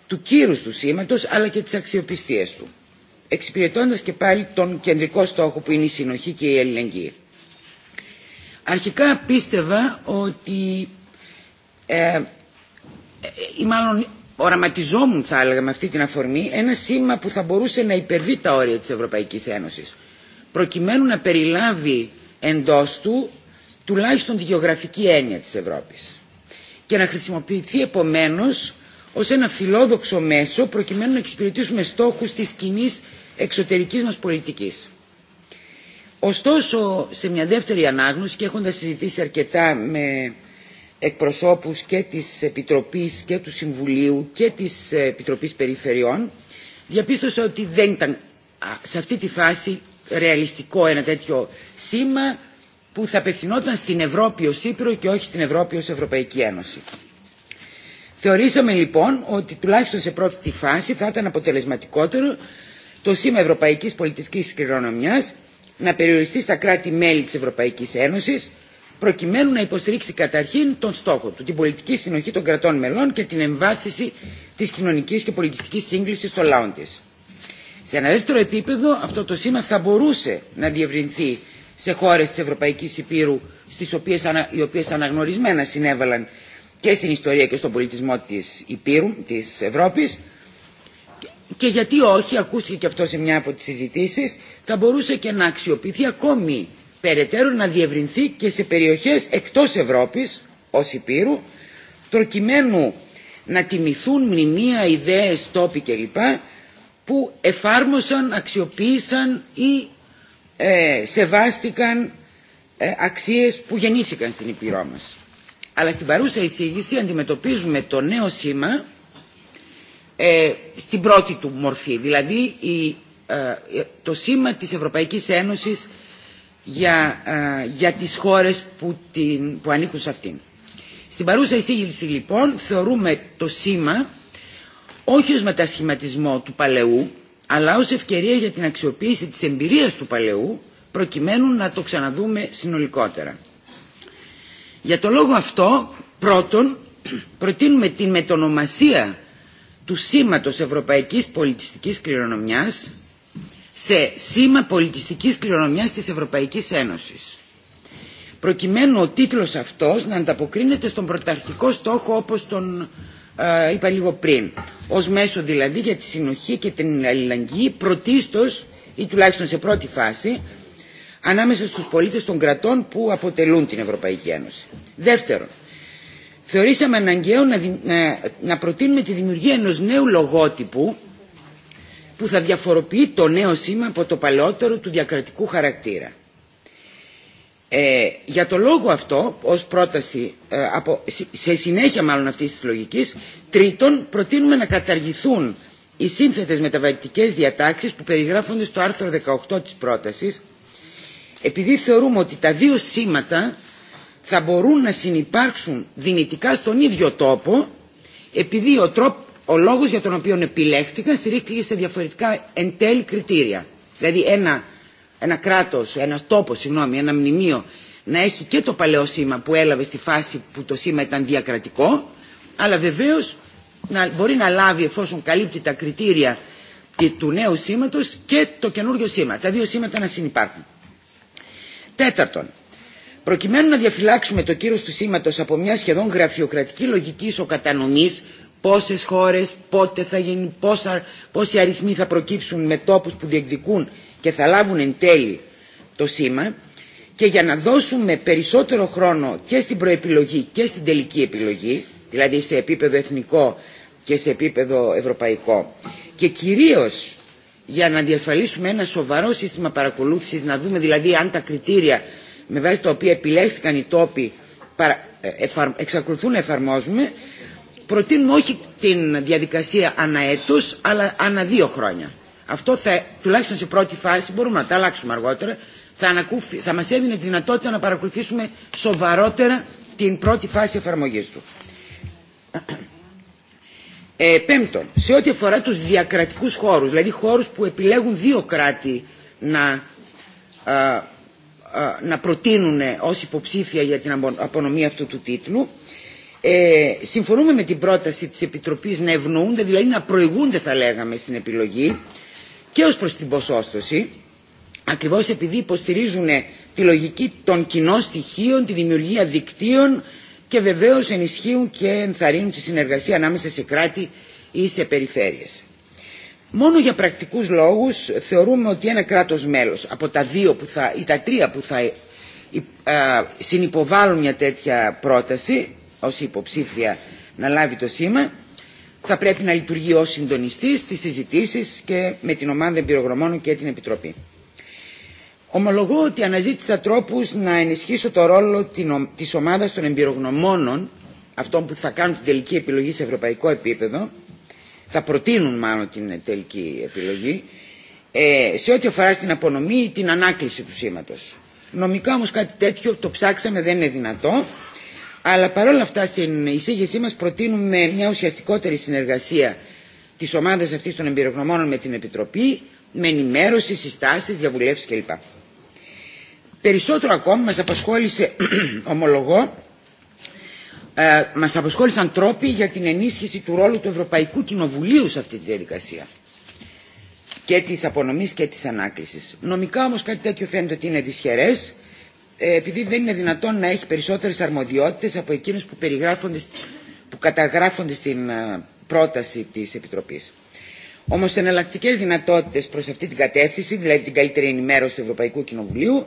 του κύρους του σήματος, αλλά και της αξιοπιστίας του, εξυπηρετώντας και πάλι τον κεντρικό στόχο που είναι η συνοχή και η ελληνική. Αρχικά πίστευα ότι, ε, ή μάλλον οραματιζόμουν θα έλεγα με αυτή την αφορμή, ένα σήμα που θα μπορούσε να υπερβεί τα όρια της Ευρωπαϊκής Ένωσης, προκειμένου να περιλάβει εντός του τουλάχιστον τη γεωγραφική έννοια της Ευρώπης και να χρησιμοποιηθεί επομένως ως ένα φιλόδοξο μέσο προκειμένου να εξυπηρετήσουμε στόχους της κοινή εξωτερικής μας πολιτικής. Ωστόσο, σε μια δεύτερη ανάγνωση και έχοντας συζητήσει αρκετά με εκπροσώπους και της Επιτροπής και του Συμβουλίου και της Επιτροπής Περιφερειών, διαπίστωσα ότι δεν ήταν σε αυτή τη φάση ρεαλιστικό ένα τέτοιο σήμα που θα απευθυνόταν στην Ευρώπη ως Ήπειρο και όχι στην Ευρώπη ως Ευρωπαϊκή Ένωση. Θεωρήσαμε λοιπόν ότι τουλάχιστον σε πρώτη φάση θα ήταν αποτελεσματικότερο το σήμα Ευρωπαϊκής Πολιτιστικής Κληρονομιάς να περιοριστεί στα κράτη-μέλη της Ευρωπαϊκής Ένωσης προκειμένου να υποστηρίξει καταρχήν τον στόχο του, την πολιτική συνοχή των κρατών μελών και την εμβάθυνση της κοινωνικής και πολιτιστικής σύγκλησης των λαών της. Σε ένα δεύτερο επίπεδο αυτό το σήμα θα μπορούσε να διευρυνθεί σε χώρες της Ευρωπαϊκής Υπήρου στις οποίες, οι οποίες αναγνωρισμένα συνέβαλαν και στην ιστορία και στον πολιτισμό της Υπήρου, της Ευρώπης και γιατί όχι, ακούστηκε και αυτό σε μια από τις συζητήσεις, θα μπορούσε και να αξιοποιηθεί ακόμη περαιτέρω να διευρυνθεί και σε περιοχές εκτός Ευρώπης ως Υπήρου προκειμένου να τιμηθούν μνημεία, ιδέες, τόποι κλπ που εφάρμοσαν, αξιοποίησαν ή ε, σεβάστηκαν ε, αξίες που γεννήθηκαν στην Ήπειρό μας. Αλλά στην παρούσα εισήγηση αντιμετωπίζουμε το νέο σήμα ε, στην πρώτη του μορφή, δηλαδή η, ε, το σήμα της Ευρωπαϊκής Ένωσης για, ε, για τις χώρες που, την, που ανήκουν σε αυτήν. Στην παρούσα εισήγηση λοιπόν θεωρούμε το σήμα όχι ως μετασχηματισμό του παλαιού αλλά ως ευκαιρία για την αξιοποίηση της εμπειρίας του παλαιού προκειμένου να το ξαναδούμε συνολικότερα. Για το λόγο αυτό, πρώτον, προτείνουμε την μετονομασία του σήματος Ευρωπαϊκής Πολιτιστικής Κληρονομιάς σε σήμα πολιτιστικής κληρονομιάς της Ευρωπαϊκής Ένωσης προκειμένου ο τίτλος αυτός να ανταποκρίνεται στον πρωταρχικό στόχο όπως τον είπα λίγο πριν, ως μέσο δηλαδή για τη συνοχή και την αλληλεγγύη πρωτίστως ή τουλάχιστον σε πρώτη φάση ανάμεσα στους πολίτες των κρατών που αποτελούν την Ευρωπαϊκή Ένωση. Δεύτερον, θεωρήσαμε αναγκαίο να, να, να προτείνουμε τη δημιουργία ενός νέου λογότυπου που θα διαφοροποιεί το νέο σήμα από το παλαιότερο του διακρατικού χαρακτήρα. Ε, για το λόγο αυτό, ως πρόταση, ε, από, σε συνέχεια μάλλον αυτής της λογικής, τρίτον, προτείνουμε να καταργηθούν οι σύνθετες μεταβατικές διατάξεις που περιγράφονται στο άρθρο 18 της πρότασης, επειδή θεωρούμε ότι τα δύο σήματα θα μπορούν να συνεπάρξουν δυνητικά στον ίδιο τόπο, επειδή ο, τρόπ, ο λόγος για τον οποίο επιλέχθηκαν στηρίχθηκε σε διαφορετικά εν τέλει κριτήρια. Δηλαδή ένα ένα κράτο, ένα τόπο, συγγνώμη, ένα μνημείο να έχει και το παλαιό σήμα που έλαβε στη φάση που το σήμα ήταν διακρατικό, αλλά βεβαίω μπορεί να λάβει εφόσον καλύπτει τα κριτήρια του νέου σήματο και το καινούριο σήμα. Τα δύο σήματα να συνεπάρχουν. Τέταρτον, προκειμένου να διαφυλάξουμε το κύρος του σήματος από μια σχεδόν γραφειοκρατική λογική ισοκατανομής, πόσες χώρες, πότε θα γίνει, πόσα, πόσοι αριθμοί θα προκύψουν με τόπους που διεκδικούν και θα λάβουν εν τέλει το σήμα και για να δώσουμε περισσότερο χρόνο και στην προεπιλογή και στην τελική επιλογή, δηλαδή σε επίπεδο εθνικό και σε επίπεδο ευρωπαϊκό και κυρίως για να διασφαλίσουμε ένα σοβαρό σύστημα παρακολούθησης, να δούμε δηλαδή αν τα κριτήρια με βάση τα οποία επιλέχθηκαν οι τόποι εξακολουθούν να εφαρμόζουμε, προτείνουμε όχι την διαδικασία αναέτος, αλλά ανά δύο χρόνια. Αυτό θα, τουλάχιστον σε πρώτη φάση, μπορούμε να τα αλλάξουμε αργότερα, θα, ανακούφι, θα μας έδινε τη δυνατότητα να παρακολουθήσουμε σοβαρότερα την πρώτη φάση εφαρμογής του. Ε, πέμπτον, σε ό,τι αφορά τους διακρατικούς χώρους, δηλαδή χώρους που επιλέγουν δύο κράτη να, α, α, να προτείνουν ως υποψήφια για την απονομή αυτού του τίτλου, ε, συμφωνούμε με την πρόταση της Επιτροπής να ευνοούνται, δηλαδή να προηγούνται θα λέγαμε στην επιλογή, και ως προς την ποσόστοση, ακριβώς επειδή υποστηρίζουν τη λογική των κοινών στοιχείων, τη δημιουργία δικτύων και βεβαίως ενισχύουν και ενθαρρύνουν τη συνεργασία ανάμεσα σε κράτη ή σε περιφέρειες. Μόνο για πρακτικούς λόγους θεωρούμε ότι ένα κράτος μέλος από τα δύο που θα, ή τα τρία που θα συνυποβάλλουν μια τέτοια πρόταση ως υποψήφια να λάβει το σήμα θα πρέπει να λειτουργεί ως συντονιστή στις συζητήσεις και με την ομάδα εμπειρογνωμόνων και την Επιτροπή. Ομολογώ ότι αναζήτησα τρόπους να ενισχύσω το ρόλο της ομάδας των εμπειρογνωμόνων, αυτών που θα κάνουν την τελική επιλογή σε ευρωπαϊκό επίπεδο, θα προτείνουν μάλλον την τελική επιλογή, σε ό,τι αφορά στην απονομή ή την ανάκληση του σήματος. Νομικά όμως κάτι τέτοιο το ψάξαμε δεν είναι δυνατό Αλλά παρόλα αυτά στην εισήγησή μας προτείνουμε μια ουσιαστικότερη συνεργασία της ομάδας αυτής των εμπειρογνωμόνων με την Επιτροπή, με ενημέρωση, συστάσεις, διαβουλεύσεις κλπ. Περισσότερο ακόμη μας απασχόλησε, ομολογώ, ε, μας απασχόλησαν τρόποι για την ενίσχυση του ρόλου του Ευρωπαϊκού Κοινοβουλίου σε αυτή τη διαδικασία και της απονομής και της ανάκλησης. Νομικά όμως κάτι τέτοιο φαίνεται ότι είναι δυσχερές επειδή δεν είναι δυνατόν να έχει περισσότερες αρμοδιότητες από εκείνους που, περιγράφονται, που καταγράφονται στην πρόταση της Επιτροπής. Όμως εναλλακτικέ δυνατότητες προς αυτή την κατεύθυνση, δηλαδή την καλύτερη ενημέρωση του Ευρωπαϊκού Κοινοβουλίου,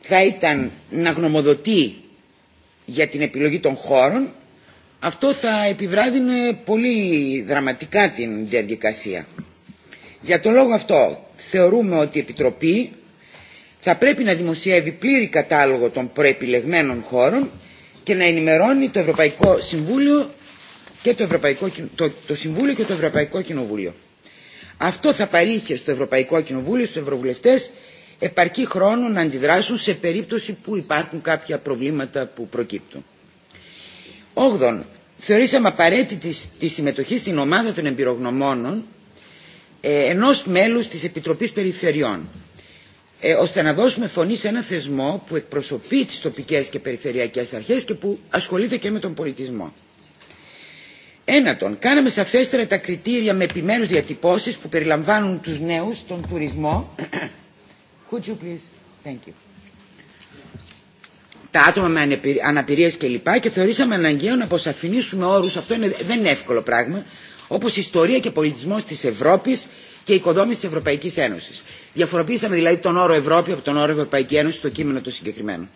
θα ήταν να γνωμοδοτεί για την επιλογή των χώρων, αυτό θα επιβράδυνε πολύ δραματικά την διαδικασία. Για τον λόγο αυτό θεωρούμε ότι η Επιτροπή θα πρέπει να δημοσιεύει πλήρη κατάλογο των προεπιλεγμένων χώρων και να ενημερώνει το Ευρωπαϊκό Συμβούλιο και το, Ευρωπαϊκό, το, το Συμβούλιο και το Ευρωπαϊκό Κοινοβούλιο. Αυτό θα παρήχε στο Ευρωπαϊκό Κοινοβούλιο, στους Ευρωβουλευτές, επαρκή χρόνο να αντιδράσουν σε περίπτωση που υπάρχουν κάποια προβλήματα που προκύπτουν. Όγδον, θεωρήσαμε απαραίτητη τη συμμετοχή στην ομάδα των εμπειρογνωμόνων ενός μέλους της Επιτροπής Περιφερειών ε, ώστε να δώσουμε φωνή σε ένα θεσμό που εκπροσωπεί τις τοπικές και περιφερειακές αρχές και που ασχολείται και με τον πολιτισμό. Ένατον, κάναμε σαφέστερα τα κριτήρια με επιμέρους διατυπώσεις που περιλαμβάνουν τους νέους, στον τουρισμό. Could you please? Thank you. Τα άτομα με αναπηρίες και λοιπά, και θεωρήσαμε αναγκαίο να αποσαφηνίσουμε όρους. Αυτό είναι, δεν είναι εύκολο πράγμα. Όπως ιστορία και πολιτισμός της Ευρώπης, και οικοδόμηση τη Ευρωπαϊκή Ένωση. Διαφοροποίησαμε δηλαδή τον όρο Ευρώπη από τον όρο Ευρωπαϊκή Ένωση στο κείμενο το συγκεκριμένο.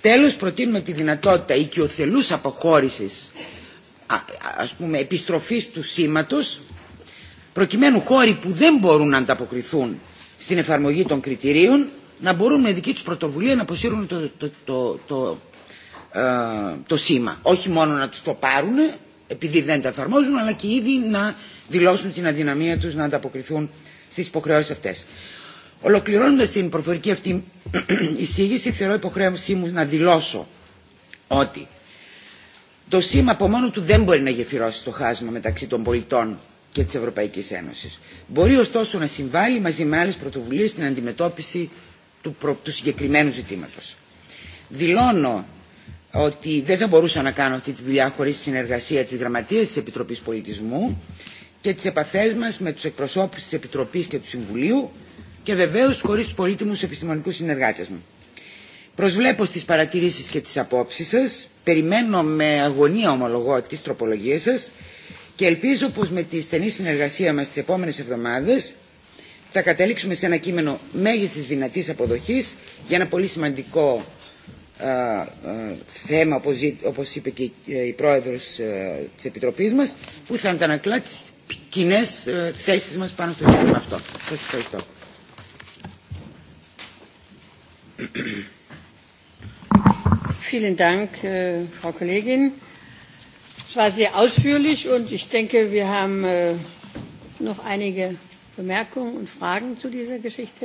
Τέλο, προτείνουμε τη δυνατότητα οικειοθελού αποχώρηση, επιστροφή πούμε, του σήματο, προκειμένου χώροι που δεν μπορούν να ανταποκριθούν στην εφαρμογή των κριτηρίων, να μπορούν με δική του πρωτοβουλία να αποσύρουν το, το, το, το, ε, το σήμα. Όχι μόνο να του το πάρουν, επειδή δεν τα εφαρμόζουν, αλλά και ήδη να δηλώσουν την αδυναμία τους να ανταποκριθούν στις υποχρεώσεις αυτές. Ολοκληρώνοντας την προφορική αυτή εισήγηση, θεωρώ υποχρέωσή μου να δηλώσω ότι το σήμα από μόνο του δεν μπορεί να γεφυρώσει το χάσμα μεταξύ των πολιτών και της Ευρωπαϊκής Ένωσης. Μπορεί ωστόσο να συμβάλλει μαζί με άλλες πρωτοβουλίες στην αντιμετώπιση του, προ... του συγκεκριμένου ζητήματος. Δηλώνω ότι δεν θα μπορούσα να κάνω αυτή τη δουλειά χωρίς συνεργασία της Γραμματείας της Επιτροπής Πολιτισμού και τις επαφές μας με τους εκπροσώπους της Επιτροπής και του Συμβουλίου και βεβαίως χωρίς τους πολύτιμους επιστημονικούς συνεργάτες μου. Προσβλέπω στις παρατηρήσεις και τις απόψεις σας, περιμένω με αγωνία ομολογώ τις τροπολογίες σας και ελπίζω πως με τη στενή συνεργασία μας τις επόμενες εβδομάδες θα καταλήξουμε σε ένα κείμενο μέγιστης δυνατής αποδοχής για ένα πολύ σημαντικό θέμα, όπως, όπως είπε και η πρόεδρος της Επιτροπής μας, που θα αντανακλά τις κοινέ θέσεις μας πάνω στο θέμα αυτό. Σας ευχαριστώ. Vielen Dank, äh, Frau Kollegin. Es war sehr ausführlich und ich denke, wir haben äh, noch einige Bemerkungen und Fragen zu dieser Geschichte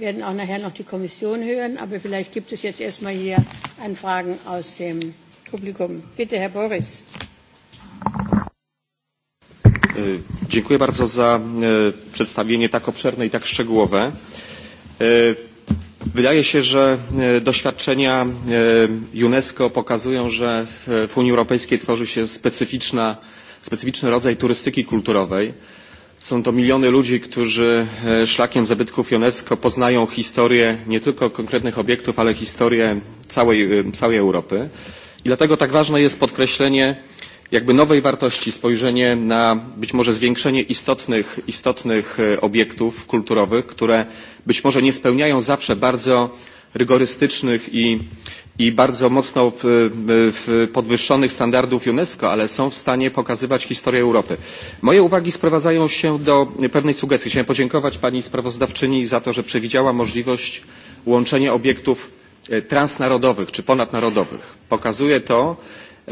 werden auch nachher noch die Kommission hören. Aber vielleicht gibt es jetzt erstmal hier Anfragen aus dem Publikum. Bitte, Herr Boris. Äh, dziękuję bardzo za e, przedstawienie tak obszerne i tak szczegółowe. E, wydaje się, że e, doświadczenia UNESCO pokazują, że w Unii Europejskiej tworzy się specyficzny rodzaj turystyki kulturowej Są to miliony ludzi, którzy e, szlakiem zabytków UNESCO poznają historię nie tylko konkretnych obiektów, ale historię całej, e, całej Europy. I dlatego tak ważne jest podkreślenie jakby nowej wartości, spojrzenie na być może zwiększenie istotnych, istotnych e, obiektów kulturowych, które być może nie spełniają zawsze bardzo rygorystycznych i i bardzo mocno podwyższonych standardów UNESCO, ale są w stanie pokazywać historię Europy. Moje uwagi sprowadzają się do pewnej sugestii. Chciałem podziękować pani sprawozdawczyni za to, że przewidziała możliwość łączenia obiektów e, transnarodowych czy ponadnarodowych. Pokazuje to,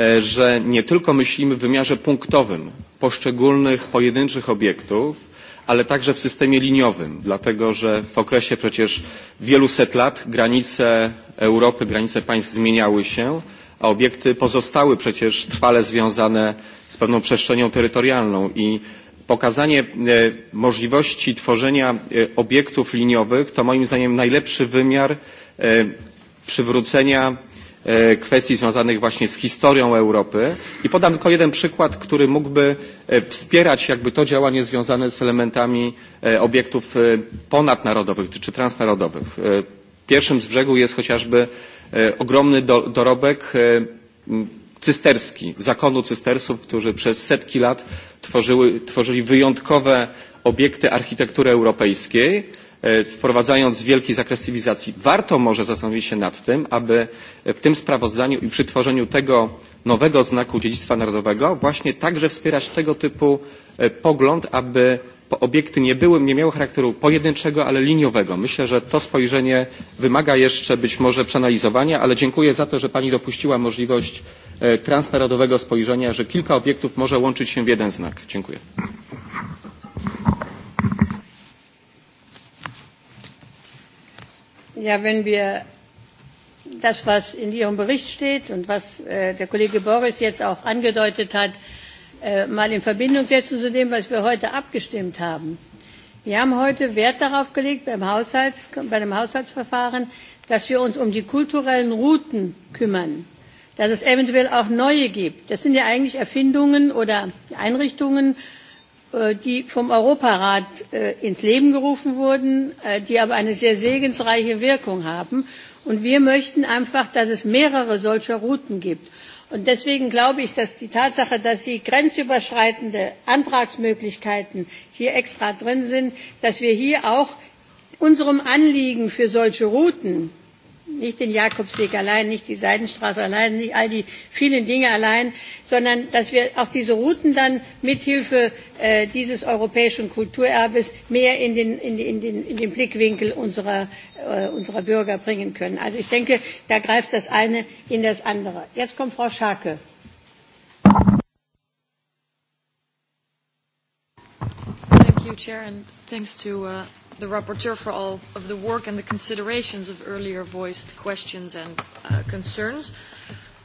e, że nie tylko myślimy w wymiarze punktowym poszczególnych, pojedynczych obiektów, ale także w systemie liniowym, dlatego że w okresie przecież wielu set lat granice Europy, granice państw zmieniały się, a obiekty pozostały przecież trwale związane z pewną przestrzenią terytorialną i pokazanie e, możliwości tworzenia e, obiektów liniowych to moim zdaniem najlepszy wymiar e, przywrócenia E, kwestii związanych właśnie z historią Europy. I podam tylko jeden przykład, który mógłby e, wspierać jakby to działanie związane z elementami e, obiektów ponadnarodowych czy transnarodowych. Pierwszym z brzegu jest chociażby ogromny dorobek cysterski, zakonu cystersów, którzy przez setki lat tworzyły, tworzyli wyjątkowe obiekty architektury europejskiej wprowadzając e, wielki zakres cywilizacji. Warto może zastanowić się nad tym, aby w tym sprawozdaniu i przy tworzeniu tego nowego znaku dziedzictwa narodowego właśnie także wspierać tego typu e, pogląd, aby obiekty nie, były, nie miały charakteru pojedynczego, ale liniowego. Myślę, że to spojrzenie wymaga jeszcze być może przeanalizowania, ale dziękuję za to, że Pani dopuściła możliwość e, transnarodowego spojrzenia, że kilka obiektów może łączyć się w jeden znak. Dziękuję. Ja, wenn wir das, was in Ihrem Bericht steht und was äh, der Kollege Boris jetzt auch angedeutet hat, äh, mal in Verbindung setzen zu dem, was wir heute abgestimmt haben. Wir haben heute Wert darauf gelegt beim Haushalts, bei dem Haushaltsverfahren, dass wir uns um die kulturellen Routen kümmern, dass es eventuell auch neue gibt. Das sind ja eigentlich Erfindungen oder Einrichtungen Äh, die vom Europarat äh, ins Leben gerufen wurden, äh, die aber eine sehr segensreiche Wirkung haben. Und wir möchten einfach, dass es mehrere solcher Routen gibt. Und deswegen glaube ich, dass die Tatsache, dass Sie grenzüberschreitende Antragsmöglichkeiten hier extra drin sind, dass wir hier auch unserem Anliegen für solche Routen nicht den Jakobsweg allein, nicht die Seidenstraße allein, nicht all die vielen Dinge allein, sondern dass wir auch diese Routen dann mithilfe äh, dieses europäischen Kulturerbes mehr in den, in, in den, in den Blickwinkel unserer, äh, unserer Bürger bringen können. Also ich denke, da greift das eine in das andere. Jetzt kommt Frau Schake. Thank you, Chair, and thanks to uh, the rapporteur for all of the work and the considerations of earlier voiced questions and uh, concerns,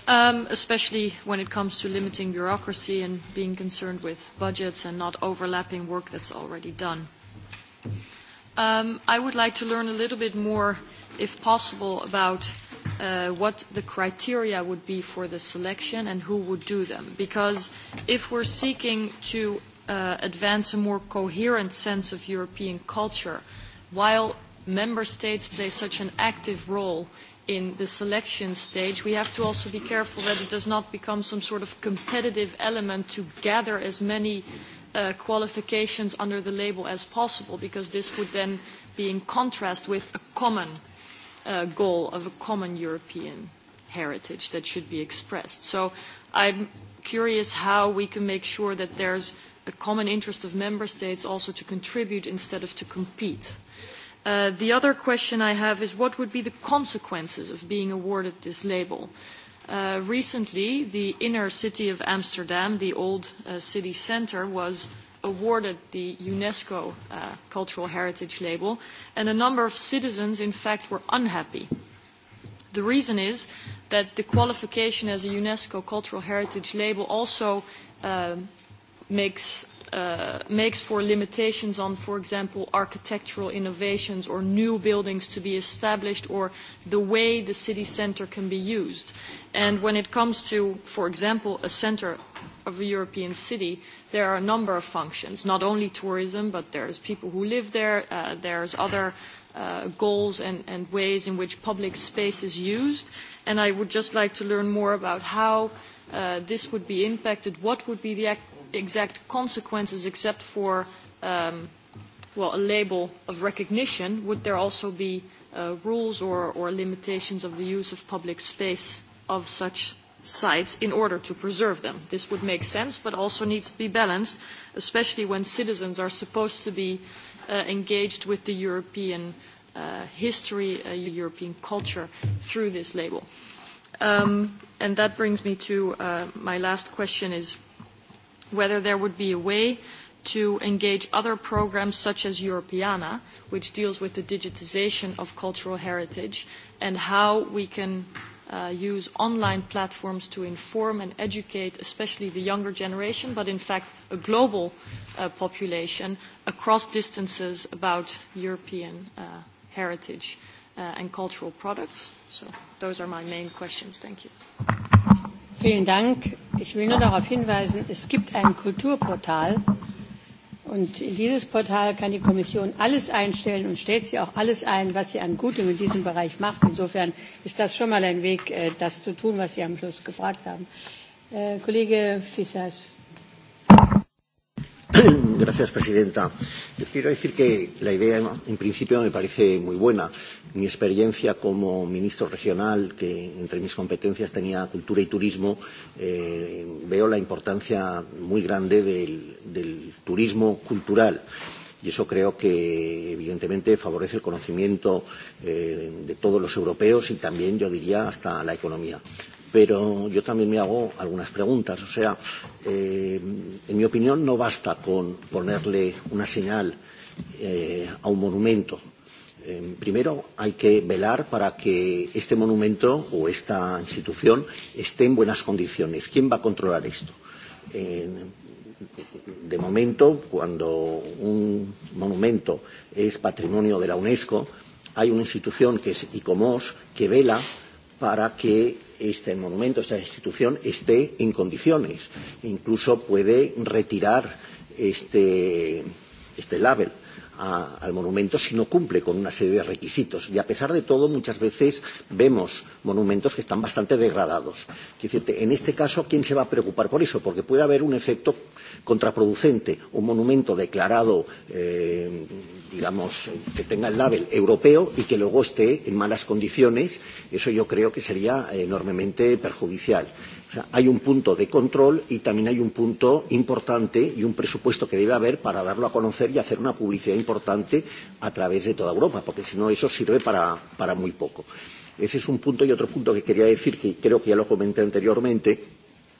um, especially when it comes to limiting bureaucracy and being concerned with budgets and not overlapping work that's already done. Um, I would like to learn a little bit more, if possible, about uh, what the criteria would be for the selection and who would do them. Because if we're seeking to Uh, advance a more coherent sense of European culture while member states play such an active role in the selection stage, we have to also be careful that it does not become some sort of competitive element to gather as many uh, qualifications under the label as possible, because this would then be in contrast with a common uh, goal of a common European heritage that should be expressed. So I'm curious how we can make sure that there's a common interest of member states also to contribute instead of to compete. Uh, the other question I have is what would be the consequences of being awarded this label? Uh, recently, the inner city of Amsterdam, the old uh, city centre, was awarded the UNESCO uh, Cultural Heritage label, and a number of citizens, in fact, were unhappy. The reason is that the qualification as a UNESCO Cultural Heritage label also uh, makes Uh, makes for limitations on, for example, architectural innovations or new buildings to be established or the way the city centre can be used. And when it comes to, for example, a centre of a European city, there are a number of functions, not only tourism, but there's people who live there, uh, there's other uh, goals and, and ways in which public space is used. And I would just like to learn more about how uh, this would be impacted, what would be the exact consequences except for um, well, a label of recognition, would there also be uh, rules or, or limitations of the use of public space of such sites in order to preserve them? This would make sense, but also needs to be balanced, especially when citizens are supposed to be uh, engaged with the European uh, history, uh, European culture through this label. Um, and that brings me to uh, my last question is whether there would be a way to engage other programs such as Europeana, which deals with the digitization of cultural heritage, and how we can uh, use online platforms to inform and educate, especially the younger generation, but in fact a global uh, population across distances about European uh, heritage uh, and cultural products. So those are my main questions. Thank you. Vielen Dank. Ich will nur darauf hinweisen, es gibt ein Kulturportal. Und in dieses Portal kann die Kommission alles einstellen und stellt sie auch alles ein, was sie an Gutem in diesem Bereich macht. Insofern ist das schon mal ein Weg, äh, das zu tun, was Sie am Schluss gefragt haben. Äh, Kollege Fissers. *coughs* Gracias, presidenta. Yo quiero decir que la idea, en principio, me parece muy buena. Mi experiencia como ministro regional, que entre mis competencias tenía cultura y turismo, eh, veo la importancia muy grande del, del turismo cultural y eso creo que evidentemente favorece el conocimiento eh, de todos los europeos y también yo diría hasta la economía pero yo también me hago algunas preguntas. O sea, eh, en mi opinión no basta con ponerle una señal eh, a un monumento. Eh, primero hay que velar para que este monumento o esta institución esté en buenas condiciones. ¿Quién va a controlar esto? Eh, de momento, cuando un monumento es patrimonio de la UNESCO, hay una institución que es ICOMOS que vela para que este monumento, esta institución, esté en condiciones. Incluso puede retirar este, este label a, al monumento si no cumple con una serie de requisitos. Y a pesar de todo, muchas veces vemos monumentos que están bastante degradados. Quiero en este caso, ¿quién se va a preocupar por eso? Porque puede haber un efecto contraproducente un monumento declarado, eh, digamos, que tenga el label europeo y que luego esté en malas condiciones, eso yo creo que sería enormemente perjudicial. O sea, hay un punto de control y también hay un punto importante y un presupuesto que debe haber para darlo a conocer y hacer una publicidad importante a través de toda Europa, porque si no eso sirve para, para muy poco. Ese es un punto y otro punto que quería decir, que creo que ya lo comenté anteriormente,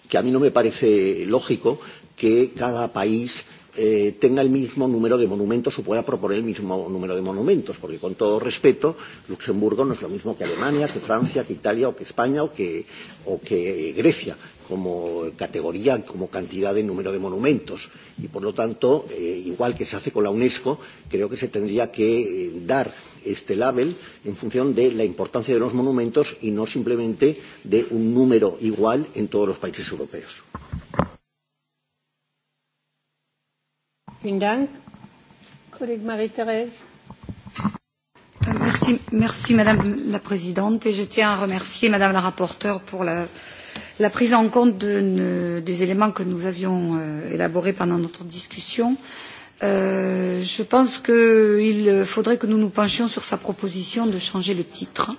que a mí no me parece lógico que cada país eh, tenga el mismo número de monumentos o pueda proponer el mismo número de monumentos, porque con todo respeto, Luxemburgo no es lo mismo que Alemania, que Francia, que Italia o que España o que, o que Grecia como categoría, como cantidad de número de monumentos. Y por lo tanto, eh, igual que se hace con la UNESCO, creo que se tendría que eh, dar este label en función de la importancia de los monumentos y no simplemente de un número igual en todos los países europeos. Merci, Madame la Présidente et je tiens à remercier Madame la rapporteure pour la, prise en compte des éléments que nous avions euh, élaborés pendant notre discussion. Euh, je pense qu'il faudrait que nous nous penchions sur sa proposition de changer le titre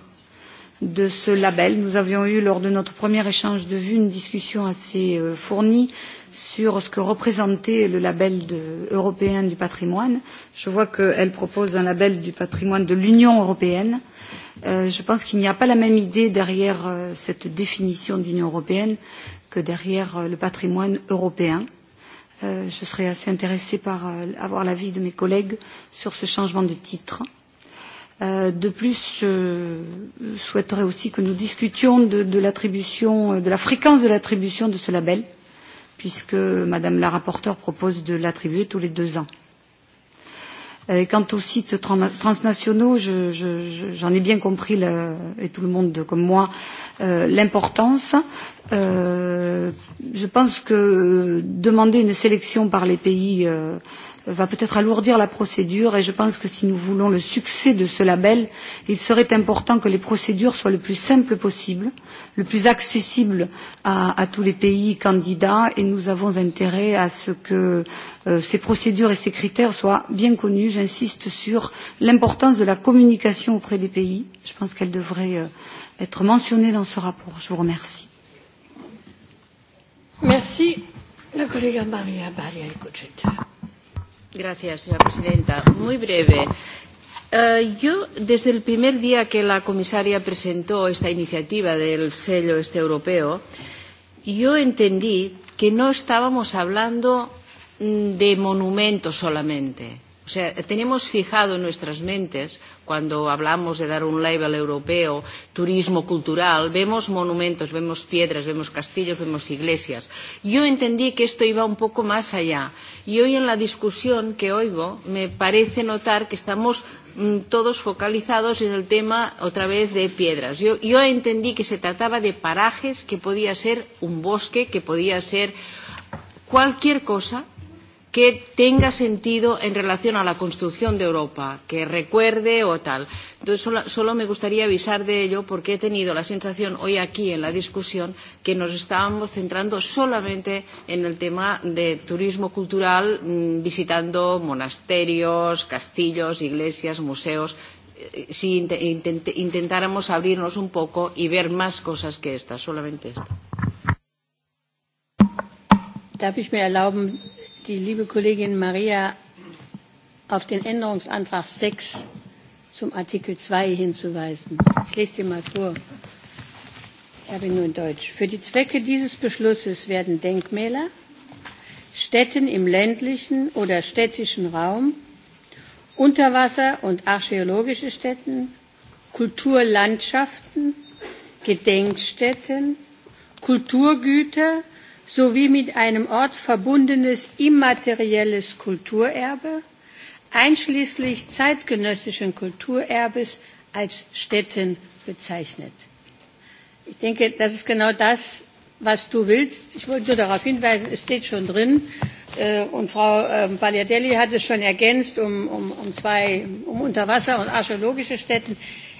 de ce label. Nous avions eu, lors de notre premier échange de vues, une discussion assez euh, fournie sur ce que représentait le label de, européen du patrimoine. Je vois qu'elle propose un label du patrimoine de l'Union européenne. Euh, je pense qu'il n'y a pas la même idée derrière euh, cette définition d'Union européenne que derrière euh, le patrimoine européen. Euh, je serais assez intéressée par euh, avoir l'avis de mes collègues sur ce changement de titre. Euh, de plus, je souhaiterais aussi que nous discutions de, de l'attribution, de la fréquence de l'attribution de ce label, puisque Madame la rapporteure propose de l'attribuer tous les deux ans. Euh, et quant aux sites transnationaux, j'en je, je, ai bien compris, le, et tout le monde comme moi, euh, l'importance. Euh, je pense que demander une sélection par les pays euh, va peut-être alourdir la procédure et je pense que si nous voulons le succès de ce label, il serait important que les procédures soient le plus simples possible, le plus accessible à, à tous les pays candidats et nous avons intérêt à ce que euh, ces procédures et ces critères soient bien connus. J'insiste sur l'importance de la communication auprès des pays. Je pense qu'elle devrait euh, être mentionnée dans ce rapport. Je vous remercie. Merci. La collega Maria Baria Gracias, señora presidenta. Muy breve. Eh, yo, desde el primer día que la comisaria presentó esta iniciativa del sello este europeo, yo entendí que no estábamos hablando mm, de monumentos solamente. O sea, tenemos fijado en nuestras mentes cuando hablamos de dar un label europeo, turismo cultural, vemos monumentos, vemos piedras, vemos castillos, vemos iglesias. Yo entendí que esto iba un poco más allá y hoy en la discusión que oigo me parece notar que estamos mm, todos focalizados en el tema otra vez de piedras. Yo, yo entendí que se trataba de parajes, que podía ser un bosque, que podía ser cualquier cosa que tenga sentido en relación a la construcción de Europa, que recuerde o tal. Entonces, solo, solo me gustaría avisar de ello porque he tenido la sensación hoy aquí en la discusión que nos estábamos centrando solamente en el tema de turismo cultural, mm, visitando monasterios, castillos, iglesias, museos eh, si int intentáramos abrirnos un poco y ver más cosas que esta, solamente esta. Darf ich mir erlauben, die liebe Kollegin Maria auf den Änderungsantrag sechs zum Artikel zwei hinzuweisen. Ich lese dir mal vor. Ich habe ihn nur in Deutsch. Für die Zwecke dieses Beschlusses werden Denkmäler, Stätten im ländlichen oder städtischen Raum, Unterwasser- und archäologische Stätten, Kulturlandschaften, Gedenkstätten, Kulturgüter sowie mit einem Ort verbundenes immaterielles Kulturerbe, einschließlich zeitgenössischen Kulturerbes als Städten bezeichnet. Ich denke, das ist genau das, was du willst. Ich wollte nur darauf hinweisen, es steht schon drin. Äh, und Frau Baliadelli ähm, hat es schon ergänzt um, um, um, zwei, um Unterwasser- und archäologische Stätten.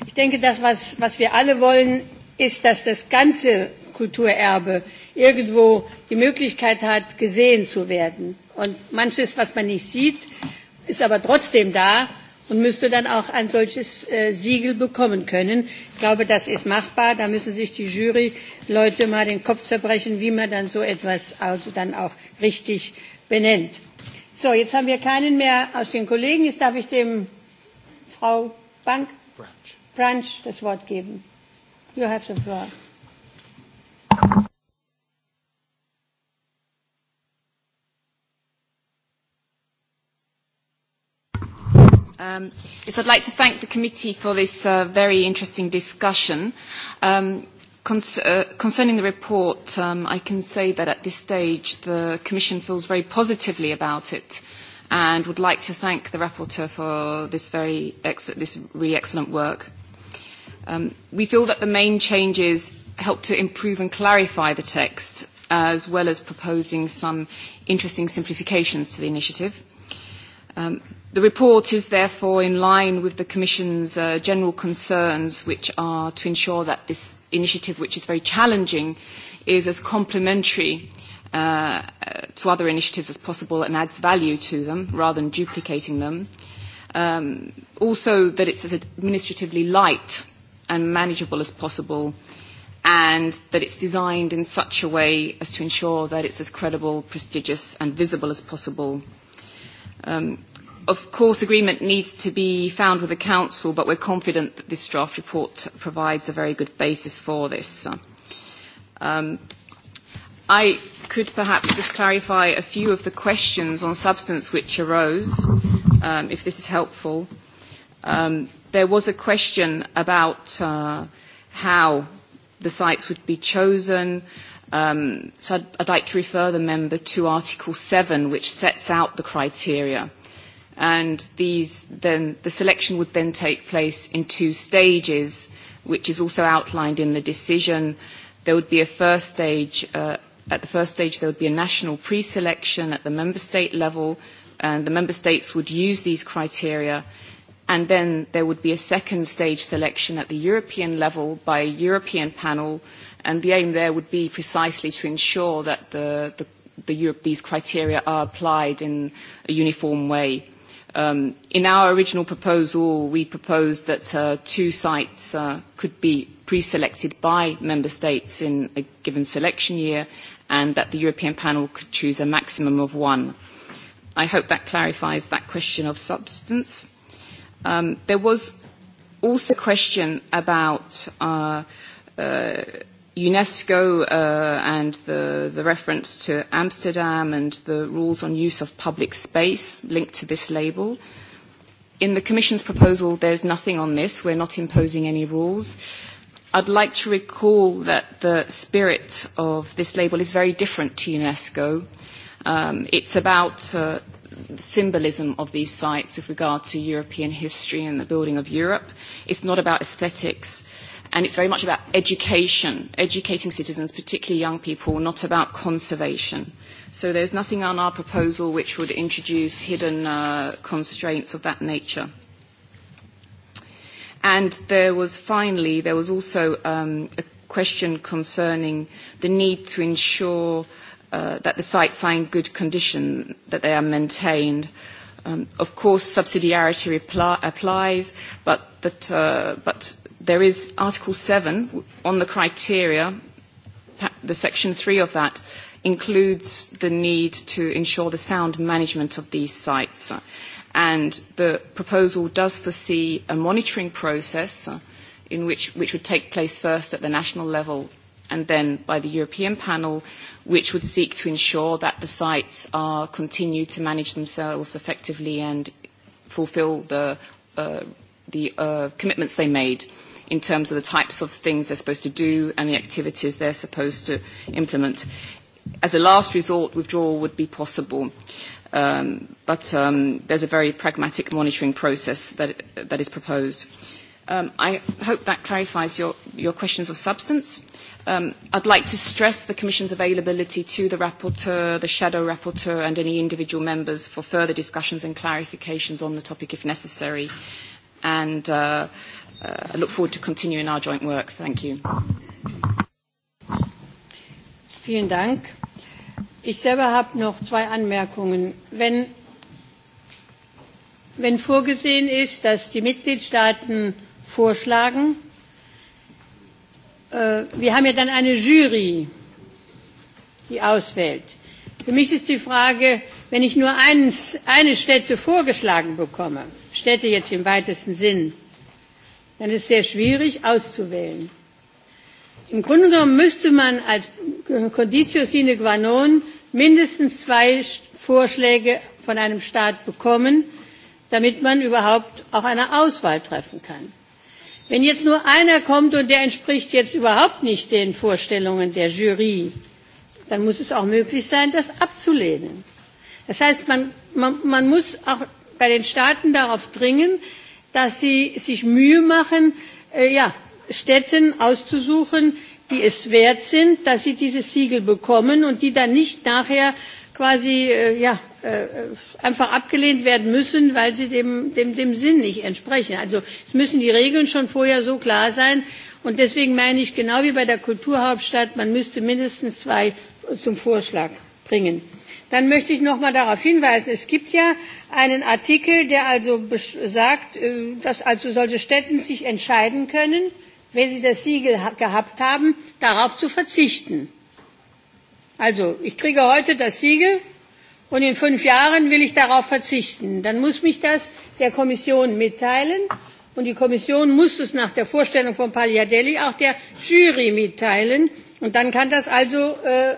Ich denke, das, was, was wir alle wollen, ist, dass das ganze Kulturerbe irgendwo die Möglichkeit hat, gesehen zu werden. Und manches, was man nicht sieht, ist aber trotzdem da und müsste dann auch ein solches äh, Siegel bekommen können. Ich glaube, das ist machbar. Da müssen sich die Juryleute mal den Kopf zerbrechen, wie man dann so etwas also dann auch richtig benennt. So, jetzt haben wir keinen mehr aus den Kollegen. Jetzt darf ich dem Frau Bank Branch, das Wort geben. You have the floor. Um, yes, I'd like to thank the committee for this uh, very interesting discussion. Um, Uh, concerning the report, um, I can say that at this stage the Commission feels very positively about it and would like to thank the rapporteur for this, very ex this really excellent work. Um, we feel that the main changes help to improve and clarify the text, as well as proposing some interesting simplifications to the initiative. Um, the report is therefore in line with the Commission's uh, general concerns, which are to ensure that this initiative, which is very challenging, is as complementary uh, to other initiatives as possible and adds value to them rather than duplicating them. Um, also, that it's as administratively light and manageable as possible, and that it's designed in such a way as to ensure that it's as credible, prestigious, and visible as possible. Um, of course, agreement needs to be found with the Council, but we're confident that this draft report provides a very good basis for this. Um, I could perhaps just clarify a few of the questions on substance which arose, um, if this is helpful. Um, there was a question about uh, how the sites would be chosen. Um, so I'd, I'd like to refer the member to Article 7, which sets out the criteria. And these, then, the selection would then take place in two stages, which is also outlined in the decision. There would be a first stage. Uh, at the first stage, there would be a national pre-selection at the member state level, and the member states would use these criteria And then there would be a second stage selection at the European level by a European panel. And the aim there would be precisely to ensure that the, the, the Europe, these criteria are applied in a uniform way. Um, in our original proposal, we proposed that uh, two sites uh, could be pre-selected by member states in a given selection year and that the European panel could choose a maximum of one. I hope that clarifies that question of substance. Um, there was also a question about uh, uh, UNESCO uh, and the, the reference to Amsterdam and the rules on use of public space linked to this label. In the Commission's proposal, there's nothing on this. We're not imposing any rules. I'd like to recall that the spirit of this label is very different to UNESCO. Um, it's about uh, symbolism of these sites with regard to European history and the building of Europe. It's not about aesthetics. And it's very much about education, educating citizens, particularly young people, not about conservation. So there's nothing on our proposal which would introduce hidden uh, constraints of that nature. And there was finally, there was also um, a question concerning the need to ensure uh, that the sites are in good condition, that they are maintained. Um, of course, subsidiarity applies, but, that, uh, but there is Article 7 on the criteria, the Section 3 of that includes the need to ensure the sound management of these sites. And the proposal does foresee a monitoring process uh, in which, which would take place first at the national level and then by the European panel, which would seek to ensure that the sites are continue to manage themselves effectively and fulfil the, uh, the uh, commitments they made in terms of the types of things they're supposed to do and the activities they're supposed to implement. As a last resort, withdrawal would be possible. Um, but um, there's a very pragmatic monitoring process that, that is proposed. Uh, Um, I hope that clarifies your, your questions of substance. Um, I'd like to stress the Commission's availability to the rapporteur, the shadow rapporteur, and any individual members for further discussions and clarifications on the topic if necessary. And uh, uh, I look forward to continuing our joint work. Thank you. Vielen Dank. Ich selber habe noch zwei Anmerkungen. Wenn, wenn vorgesehen ist, dass die Mitgliedstaaten vorschlagen. Äh, wir haben ja dann eine Jury, die auswählt. Für mich ist die Frage, wenn ich nur eins, eine Stätte vorgeschlagen bekomme, Städte jetzt im weitesten Sinn, dann ist es sehr schwierig auszuwählen. Im Grunde genommen müsste man als Conditio sine qua non mindestens zwei Vorschläge von einem Staat bekommen, damit man überhaupt auch eine Auswahl treffen kann. Wenn jetzt nur einer kommt und der entspricht jetzt überhaupt nicht den Vorstellungen der Jury, dann muss es auch möglich sein, das abzulehnen. Das heißt, man, man, man muss auch bei den Staaten darauf dringen, dass sie sich Mühe machen, äh, ja, Städten auszusuchen, die es wert sind, dass sie dieses Siegel bekommen und die dann nicht nachher quasi äh, ja, äh, einfach abgelehnt werden müssen, weil sie dem, dem, dem Sinn nicht entsprechen. Also es müssen die Regeln schon vorher so klar sein. Und deswegen meine ich, genau wie bei der Kulturhauptstadt, man müsste mindestens zwei zum Vorschlag bringen. Dann möchte ich noch mal darauf hinweisen, es gibt ja einen Artikel, der also sagt, äh, dass also solche Städten sich entscheiden können, wenn sie das Siegel gehabt haben, darauf zu verzichten. Also, ich kriege heute das Siegel und in fünf Jahren will ich darauf verzichten. Dann muss mich das der Kommission mitteilen und die Kommission muss es nach der Vorstellung von Pagliadelli auch der Jury mitteilen und dann kann das also äh,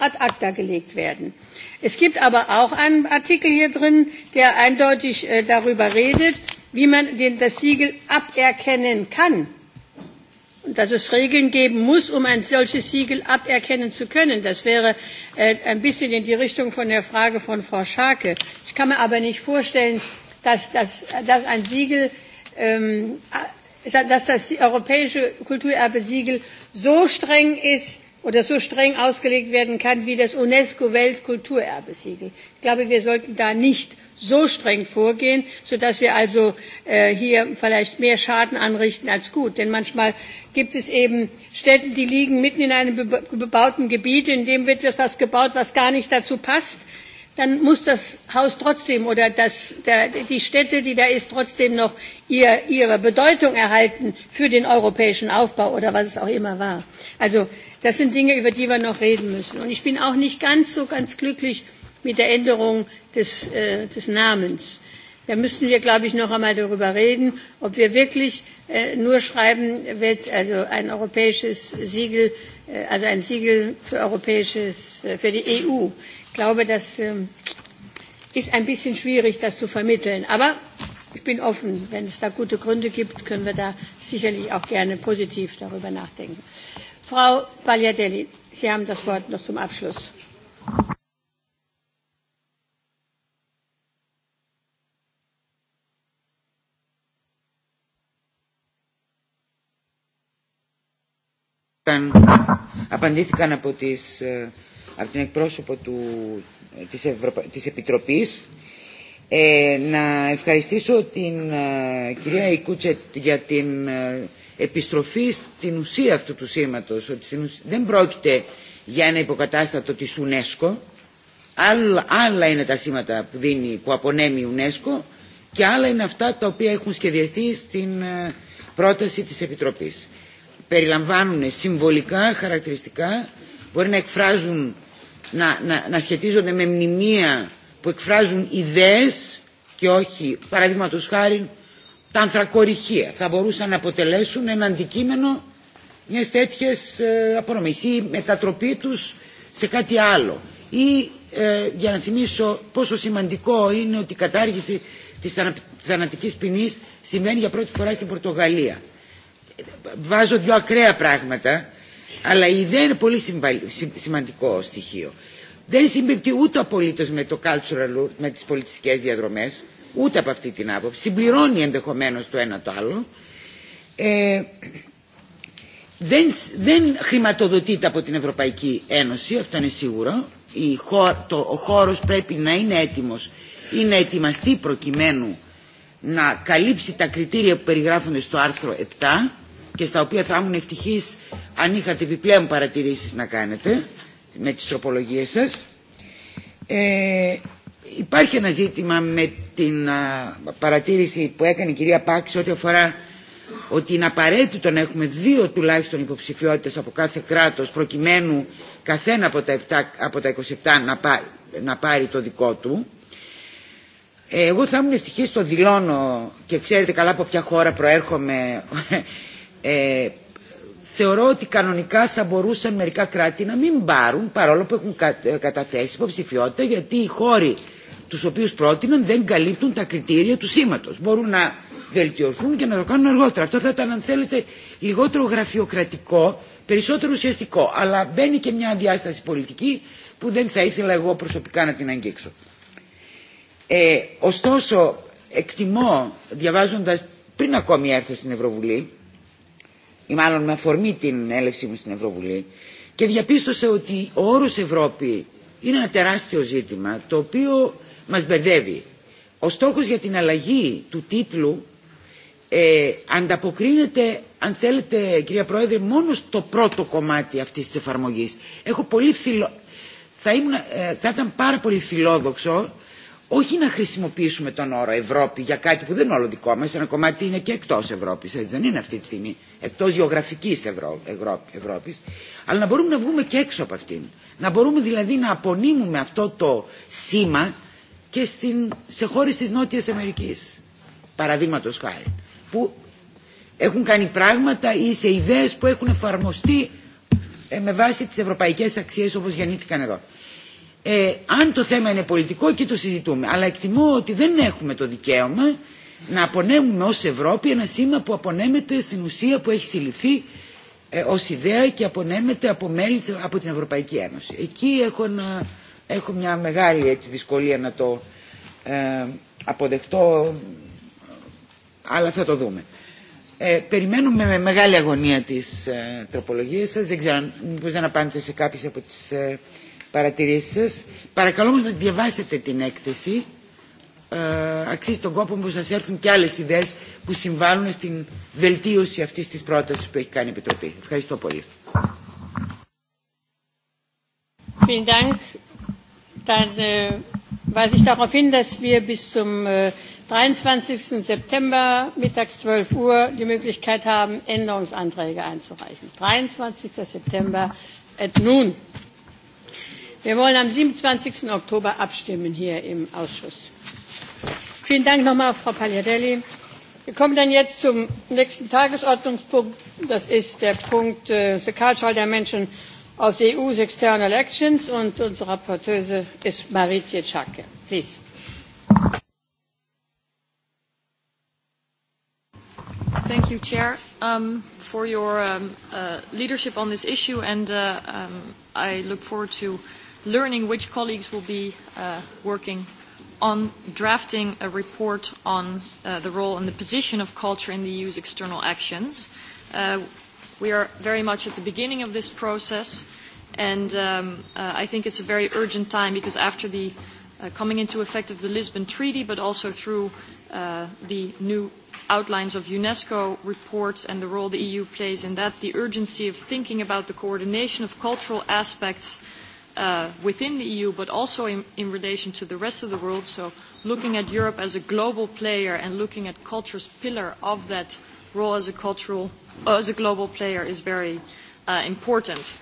ad acta gelegt werden. Es gibt aber auch einen Artikel hier drin, der eindeutig äh, darüber redet, wie man den, das Siegel aberkennen kann dass es Regeln geben muss, um ein solches Siegel aberkennen zu können. Das wäre äh, ein bisschen in die Richtung von der Frage von Frau Scharke. Ich kann mir aber nicht vorstellen, dass, dass, dass ein Siegel, ähm, äh, dass das europäische Kulturerbesiegel so streng ist oder so streng ausgelegt werden kann wie das UNESCO Weltkulturerbesiegel. Ich glaube, wir sollten da nicht so streng vorgehen sodass wir also äh, hier vielleicht mehr schaden anrichten als gut. denn manchmal gibt es eben städte die liegen mitten in einem bebauten gebiet in dem wird etwas gebaut was gar nicht dazu passt dann muss das haus trotzdem oder das, der, die stätte die da ist trotzdem noch ihr, ihre bedeutung erhalten für den europäischen aufbau oder was es auch immer war. also das sind dinge über die wir noch reden müssen. und ich bin auch nicht ganz so ganz glücklich mit der Änderung des, äh, des Namens. Da müssten wir, glaube ich, noch einmal darüber reden, ob wir wirklich äh, nur schreiben, also ein europäisches Siegel, äh, also ein Siegel für, europäisches, äh, für die EU. Ich glaube, das äh, ist ein bisschen schwierig, das zu vermitteln. Aber ich bin offen. Wenn es da gute Gründe gibt, können wir da sicherlich auch gerne positiv darüber nachdenken. Frau Pagliadelli, Sie haben das Wort noch zum Abschluss. απαντήθηκαν από, τις, από την εκπρόσωπο του, της, Ευρωπα... της Επιτροπής ε, να ευχαριστήσω την ε, κυρία Ικούτσετ για την ε, επιστροφή στην ουσία αυτού του σήματος ότι στην ουσία, δεν πρόκειται για ένα υποκατάστατο της UNESCO άλλα, άλλα είναι τα σήματα που, δίνει, που απονέμει η UNESCO και άλλα είναι αυτά τα οποία έχουν σχεδιαστεί στην ε, πρόταση της Επιτροπής περιλαμβάνουν συμβολικά χαρακτηριστικά, μπορεί να εκφράζουν, να, να, να σχετίζονται με μνημεία που εκφράζουν ιδέες και όχι, παραδείγματο χάρη, τα ανθρακοριχεία. Θα μπορούσαν να αποτελέσουν ένα αντικείμενο μιας τέτοιες ε, απονομής ή μετατροπή τους σε κάτι άλλο. Ή ε, για να θυμίσω πόσο σημαντικό είναι ότι η κατάργηση της θανατικής ποινής σημαίνει για πρώτη φορά στην Πορτογαλία βάζω δύο ακραία πράγματα, αλλά η ιδέα είναι πολύ σημαντικό στοιχείο. Δεν συμπίπτει ούτε απολύτως με το cultural, με τις πολιτιστικές διαδρομές, ούτε από αυτή την άποψη. Συμπληρώνει ενδεχομένως το ένα το άλλο. Ε, δεν, δεν χρηματοδοτείται από την Ευρωπαϊκή Ένωση, αυτό είναι σίγουρο. Η, το, ο χώρος πρέπει να είναι έτοιμος ή να ετοιμαστεί προκειμένου να καλύψει τα κριτήρια που περιγράφονται στο άρθρο 7 και στα οποία θα ήμουν ευτυχή αν είχατε επιπλέον παρατηρήσει να κάνετε με τι τροπολογίε σα. Ε, υπάρχει ένα ζήτημα με την α, παρατήρηση που έκανε η κυρία Πάξη ό,τι αφορά ότι είναι απαραίτητο να έχουμε δύο τουλάχιστον υποψηφιότητε από κάθε κράτο προκειμένου καθένα από τα, 7, από τα 27 να, πά, να πάρει το δικό του. Εγώ θα ήμουν ευτυχή, το δηλώνω και ξέρετε καλά από ποια χώρα προέρχομαι ε, θεωρώ ότι κανονικά θα μπορούσαν μερικά κράτη να μην πάρουν παρόλο που έχουν καταθέσει υποψηφιότητα γιατί οι χώροι τους οποίους πρότειναν δεν καλύπτουν τα κριτήρια του σήματος. Μπορούν να βελτιωθούν και να το κάνουν αργότερα. Αυτό θα ήταν αν θέλετε λιγότερο γραφειοκρατικό, περισσότερο ουσιαστικό. Αλλά μπαίνει και μια διάσταση πολιτική που δεν θα ήθελα εγώ προσωπικά να την αγγίξω. Ε, ωστόσο, εκτιμώ, διαβάζοντας πριν ακόμη έρθω στην Ευρωβουλή, ή μάλλον με αφορμή την έλευσή μου στην Ευρωβουλή και διαπίστωσα ότι ο όρος Ευρώπη είναι ένα τεράστιο ζήτημα το οποίο μας μπερδεύει. Ο στόχος για την αλλαγή του τίτλου ε, ανταποκρίνεται, αν θέλετε κυρία Πρόεδρε, μόνο στο πρώτο κομμάτι αυτής της εφαρμογής. Έχω πολύ θυλο... θα, ήμουν, ε, θα ήταν πάρα πολύ φιλόδοξο όχι να χρησιμοποιήσουμε τον όρο Ευρώπη για κάτι που δεν είναι όλο δικό μα ένα κομμάτι είναι και εκτό Ευρώπη. έτσι δεν είναι αυτή τη στιγμή, εκτό γεωγραφική Ευρώπη, αλλά να μπορούμε να βγούμε και έξω από αυτήν. Να μπορούμε δηλαδή να απονείμουμε αυτό το σήμα και στην, σε χώρε τη νότια Αμερική, παραδείγματο χάρη, που έχουν κάνει πράγματα ή σε ιδέε που έχουν εφαρμοστεί με βάση τι ευρωπαϊκέ αξίε, όπω γεννήθηκαν εδώ. Ε, αν το θέμα είναι πολιτικό εκεί το συζητούμε αλλά εκτιμώ ότι δεν έχουμε το δικαίωμα να απονέμουμε ως Ευρώπη ένα σήμα που απονέμεται στην ουσία που έχει συλληφθεί ε, ως ιδέα και απονέμεται από μέλη από την Ευρωπαϊκή Ένωση. Εκεί έχω, να, έχω μια μεγάλη έτσι, δυσκολία να το ε, αποδεχτώ αλλά θα το δούμε. Ε, περιμένουμε με μεγάλη αγωνία τις ε, τροπολογίες σας. Δεν ξέρω αν να απάντησε σε κάποιες από τις ε, παρατηρήσεις σας. Παρακαλώ όμως να διαβάσετε την έκθεση. Ε, αξίζει τον κόπο που σας έρθουν και άλλες ιδέες που συμβάλλουν στην βελτίωση αυτής της πρότασης που έχει κάνει η Επιτροπή. Ευχαριστώ πολύ. Vielen Dank. Dann äh, weise ich darauf hin, dass wir bis zum äh, 23. September mittags 12 Uhr die Möglichkeit haben, Änderungsanträge einzureichen. 23. September at noon. Wir wollen am 27. Oktober abstimmen hier im Ausschuss. Vielen Dank nochmal, Frau Pagliadelli. Wir kommen dann jetzt zum nächsten Tagesordnungspunkt. Das ist der Punkt äh, The Cultural der Menschen aus EU's External Actions und unsere Rapporteuse ist Maritje Schake. Please. Thank you, Chair, um, for your um, uh, leadership on this issue, and uh, um, I look forward to learning which colleagues will be uh, working on drafting a report on uh, the role and the position of culture in the EU's external actions. Uh, we are very much at the beginning of this process, and um, uh, I think it's a very urgent time because after the uh, coming into effect of the Lisbon Treaty, but also through uh, the new outlines of UNESCO reports and the role the EU plays in that, the urgency of thinking about the coordination of cultural aspects – uh, within the EU, but also in, in relation to the rest of the world. So looking at Europe as a global player and looking at culture's pillar of that role as a, cultural, uh, as a global player is very uh, important.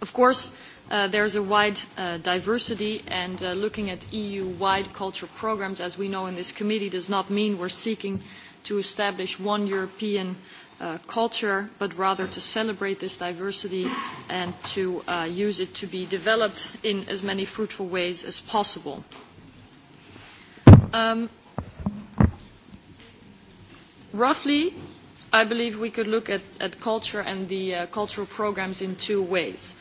Of course, uh, there's a wide uh, diversity, and uh, looking at EU-wide culture programs, as we know in this committee, does not mean we're seeking to establish one European Uh, culture, but rather to celebrate this diversity and to uh, use it to be developed in as many fruitful ways as possible. Um, roughly, I believe we could look at, at culture and the uh, cultural programs in two ways.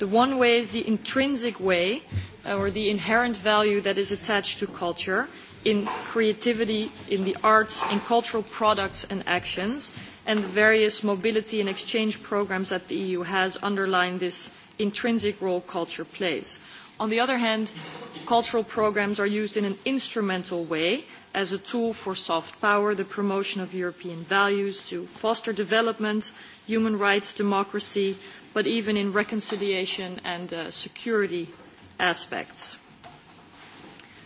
The one way is the intrinsic way, uh, or the inherent value that is attached to culture in creativity, in the arts, in cultural products and actions, and the various mobility and exchange programmes that the EU has underline this intrinsic role culture plays. On the other hand, cultural programmes are used in an instrumental way as a tool for soft power, the promotion of European values, to foster development, human rights, democracy, but even in reconciliation and uh, security aspects.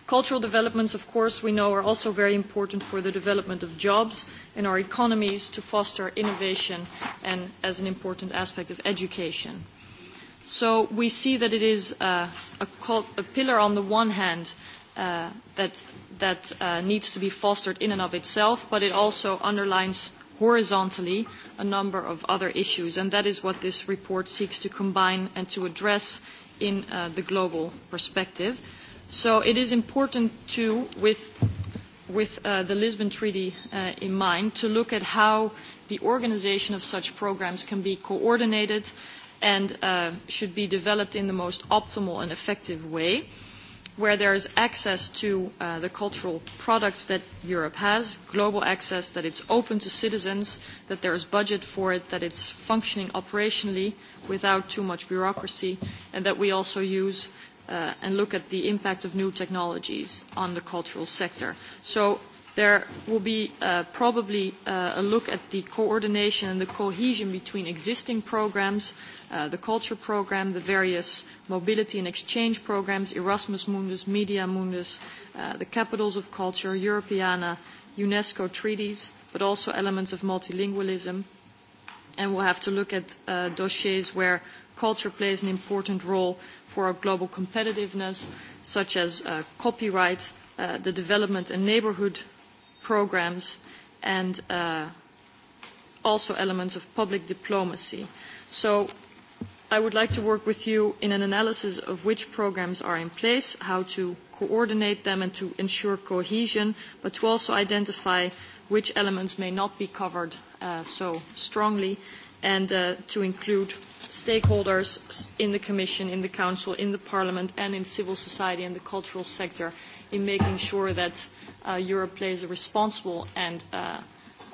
Cultural developments, of course, we know are also very important for the development of jobs in our economies to foster innovation and as an important aspect of education. So we see that it is uh, a, cult, a pillar on the one hand uh, that, that uh, needs to be fostered in and of itself, but it also underlines horizontally a number of other issues, and that is what this report seeks to combine and to address in uh, the global perspective. So it is important too, with, with uh, the Lisbon Treaty uh, in mind, to look at how the organization of such programs can be coordinated and uh, should be developed in the most optimal and effective way, where there is access to uh, the cultural products that Europe has, global access, that it's open to citizens, that there is budget for it, that it's functioning operationally without too much bureaucracy, and that we also use uh, and look at the impact of new technologies on the cultural sector. So there will be uh, probably uh, a look at the coordination and the cohesion between existing programs, uh, the culture program, the various mobility and exchange programs, Erasmus Mundus, Media Mundus, uh, the capitals of culture, Europeana, UNESCO treaties, but also elements of multilingualism. And we'll have to look at uh, dossiers where Culture plays an important role for our global competitiveness, such as uh, copyright, uh, the development and neighborhood programs, and uh, also elements of public diplomacy. So I would like to work with you in an analysis of which programs are in place, how to coordinate them and to ensure cohesion, but to also identify which elements may not be covered uh, so strongly and uh, to include stakeholders in the Commission, in the Council, in the Parliament, and in civil society and the cultural sector in making sure that uh, Europe plays a responsible and uh,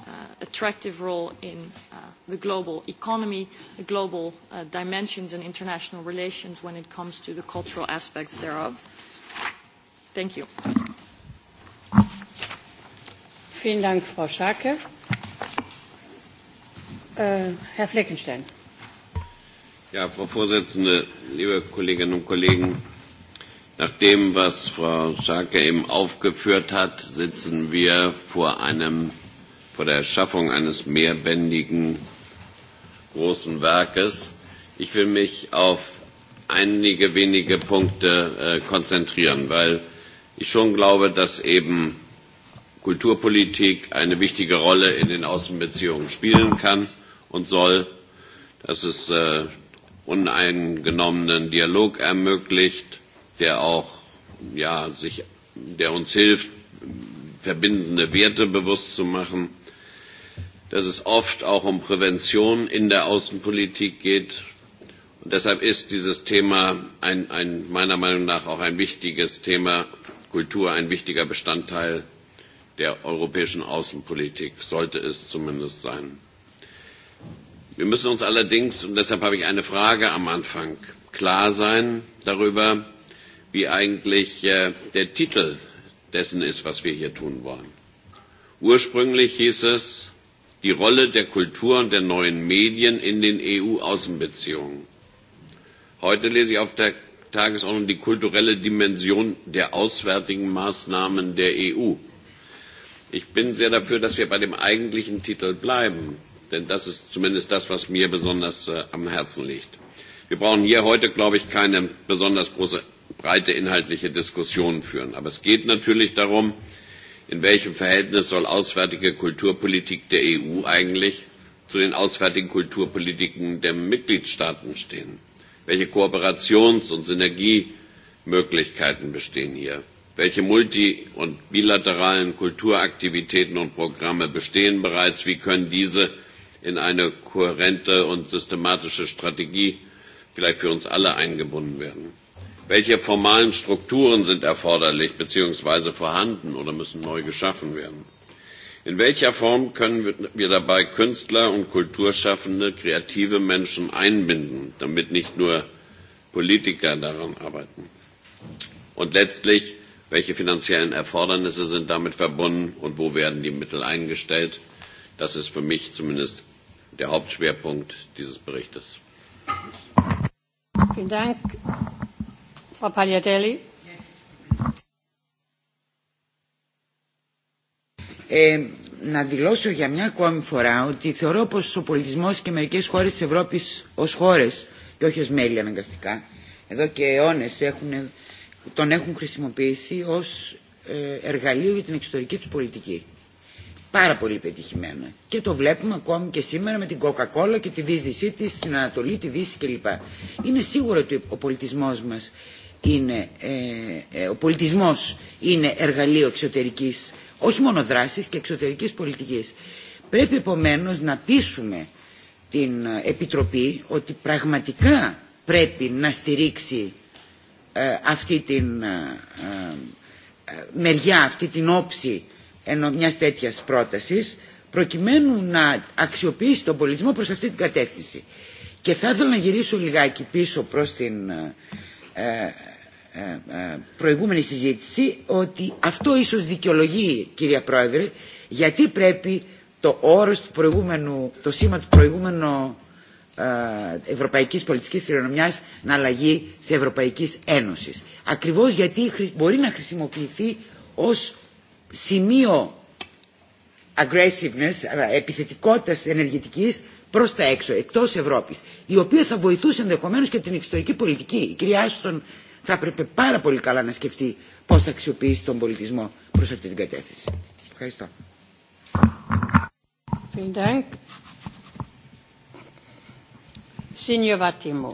uh attractive role in uh, the global economy, the global uh, dimensions and international relations when it comes to the cultural aspects thereof. Thank you. Vielen Dank, Frau Schake. Äh, Herr Fleckenstein. Ja, Frau Vorsitzende, liebe Kolleginnen und Kollegen, nach dem, was Frau Scharke eben aufgeführt hat, sitzen wir vor, einem, vor der Erschaffung eines mehrbändigen großen Werkes. Ich will mich auf einige wenige Punkte äh, konzentrieren, weil ich schon glaube, dass eben Kulturpolitik eine wichtige Rolle in den Außenbeziehungen spielen kann und soll, dass es äh, uneingenommenen Dialog ermöglicht, der auch ja, sich, der uns hilft, verbindende Werte bewusst zu machen, dass es oft auch um Prävention in der Außenpolitik geht. Und deshalb ist dieses Thema ein, ein, meiner Meinung nach auch ein wichtiges Thema, Kultur ein wichtiger Bestandteil der europäischen Außenpolitik, sollte es zumindest sein. Wir müssen uns allerdings, und deshalb habe ich eine Frage am Anfang, klar sein darüber, wie eigentlich äh, der Titel dessen ist, was wir hier tun wollen. Ursprünglich hieß es die Rolle der Kultur und der neuen Medien in den EU-Außenbeziehungen. Heute lese ich auf der Tagesordnung die kulturelle Dimension der auswärtigen Maßnahmen der EU. Ich bin sehr dafür, dass wir bei dem eigentlichen Titel bleiben. Denn das ist zumindest das, was mir besonders äh, am Herzen liegt. Wir brauchen hier heute, glaube ich, keine besonders große, breite inhaltliche Diskussion führen. Aber es geht natürlich darum, in welchem Verhältnis soll auswärtige Kulturpolitik der EU eigentlich zu den auswärtigen Kulturpolitiken der Mitgliedstaaten stehen? Welche Kooperations- und Synergiemöglichkeiten bestehen hier? Welche multi- und bilateralen Kulturaktivitäten und Programme bestehen bereits? Wie können diese in eine kohärente und systematische Strategie vielleicht für uns alle eingebunden werden. Welche formalen Strukturen sind erforderlich bzw. vorhanden oder müssen neu geschaffen werden? In welcher Form können wir dabei Künstler und Kulturschaffende, kreative Menschen einbinden, damit nicht nur Politiker daran arbeiten? Und letztlich, welche finanziellen Erfordernisse sind damit verbunden und wo werden die Mittel eingestellt? Das ist für mich zumindest der Hauptschwerpunkt dieses Berichtes. Vielen Dank, Frau Pagliardelli. Ε, να δηλώσω για μια ακόμη φορά ότι θεωρώ πως ο πολιτισμός και μερικές χώρες της Ευρώπης ως χώρες και όχι ως μέλη αναγκαστικά εδώ και αιώνες έχουν, τον έχουν χρησιμοποιήσει ως εργαλείο για την εξωτερική τους πολιτική πάρα πολύ πετυχημένα. Και το βλέπουμε ακόμη και σήμερα με την Coca-Cola και τη δίσδυσή τη, στην Ανατολή, τη Δύση κλπ. Είναι σίγουρο ότι ο πολιτισμό μα είναι, ε, ε, ο πολιτισμός είναι εργαλείο εξωτερική, όχι μόνο δράση και εξωτερική πολιτική. Πρέπει επομένω να πείσουμε την Επιτροπή ότι πραγματικά πρέπει να στηρίξει ε, αυτή την ε, ε, μεριά, αυτή την όψη μια τέτοια πρόταση, προκειμένου να αξιοποιήσει τον πολιτισμό προ αυτή την κατεύθυνση. Και θα ήθελα να γυρίσω λιγάκι πίσω προ την ε, ε, προηγούμενη συζήτηση ότι αυτό ίσω δικαιολογεί κυρία Πρόεδρε γιατί πρέπει το όρο του προηγούμενου, το σήμα του προηγούμενου ευρωπαϊκής πολιτικής κληρονομιάς να αλλαγεί σε Ευρωπαϊκής Ένωσης. Ακριβώς γιατί μπορεί να χρησιμοποιηθεί ως σημείο aggressiveness, επιθετικότητας ενεργητικής προς τα έξω, εκτός Ευρώπης, η οποία θα βοηθούσε ενδεχομένως και την εξωτερική πολιτική. Η κυρία Άστον θα έπρεπε πάρα πολύ καλά να σκεφτεί πώς θα αξιοποιήσει τον πολιτισμό προς αυτή την κατεύθυνση. Ευχαριστώ. Vielen Dank. Signor Vattimo.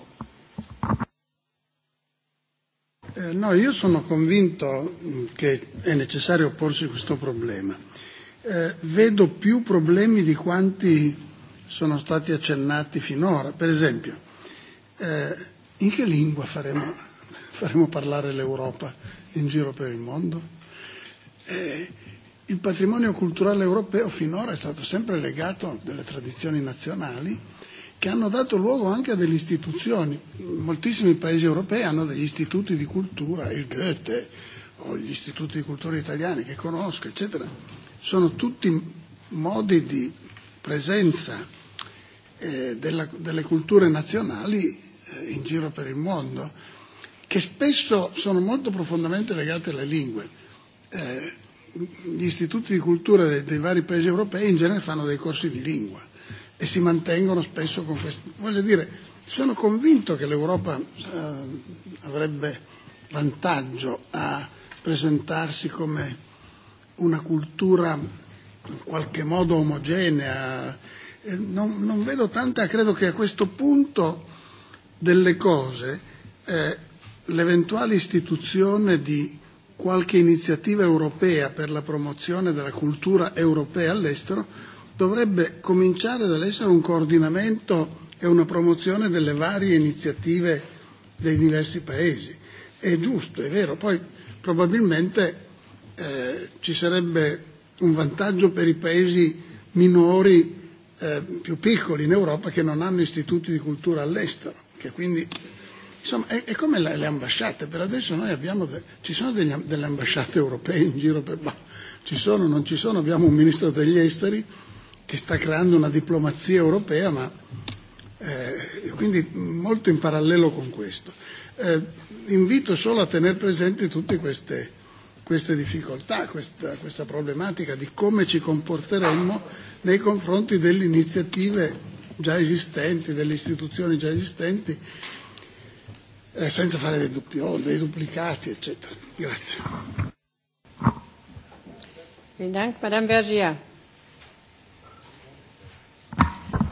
Eh, no, io sono convinto mm, che è necessario porsi questo problema. Eh, vedo più problemi di quanti sono stati accennati finora. Per esempio, eh, in che lingua faremo, *laughs* faremo parlare l'Europa in giro per il mondo? Eh, il patrimonio culturale europeo finora è stato sempre legato a delle tradizioni nazionali che hanno dato luogo anche a delle istituzioni. Moltissimi paesi europei hanno degli istituti di cultura, il Goethe o gli istituti di cultura italiani che conosco, eccetera. Sono tutti modi di presenza eh, della, delle culture nazionali eh, in giro per il mondo, che spesso sono molto profondamente legate alle lingue. Eh, gli istituti di cultura dei, dei vari paesi europei in genere fanno dei corsi di lingua e si mantengono spesso con questi. Voglio dire, sono convinto che l'Europa eh, avrebbe vantaggio a presentarsi come una cultura in qualche modo omogenea. Eh, non, non vedo tanta, credo che a questo punto delle cose eh, l'eventuale istituzione di qualche iniziativa europea per la promozione della cultura europea all'estero dovrebbe cominciare dall'essere un coordinamento e una promozione delle varie iniziative dei diversi paesi. È giusto, è vero, poi probabilmente eh, ci sarebbe un vantaggio per i paesi minori eh, più piccoli in Europa che non hanno istituti di cultura all'estero, che quindi insomma è, è come le, le ambasciate, per adesso noi abbiamo de, ci sono degli, delle ambasciate europee in giro per bah, ci sono, non ci sono, abbiamo un ministro degli esteri che sta creando una diplomazia europea, ma eh, quindi molto in parallelo con questo. Eh, invito solo a tenere presente tutte queste, queste difficoltà, questa, questa problematica di come ci comporteremmo nei confronti delle iniziative già esistenti, delle istituzioni già esistenti, eh, senza fare dei doppioni, oh, dei duplicati, eccetera. Grazie. Vielen Dank, Madame Bergier.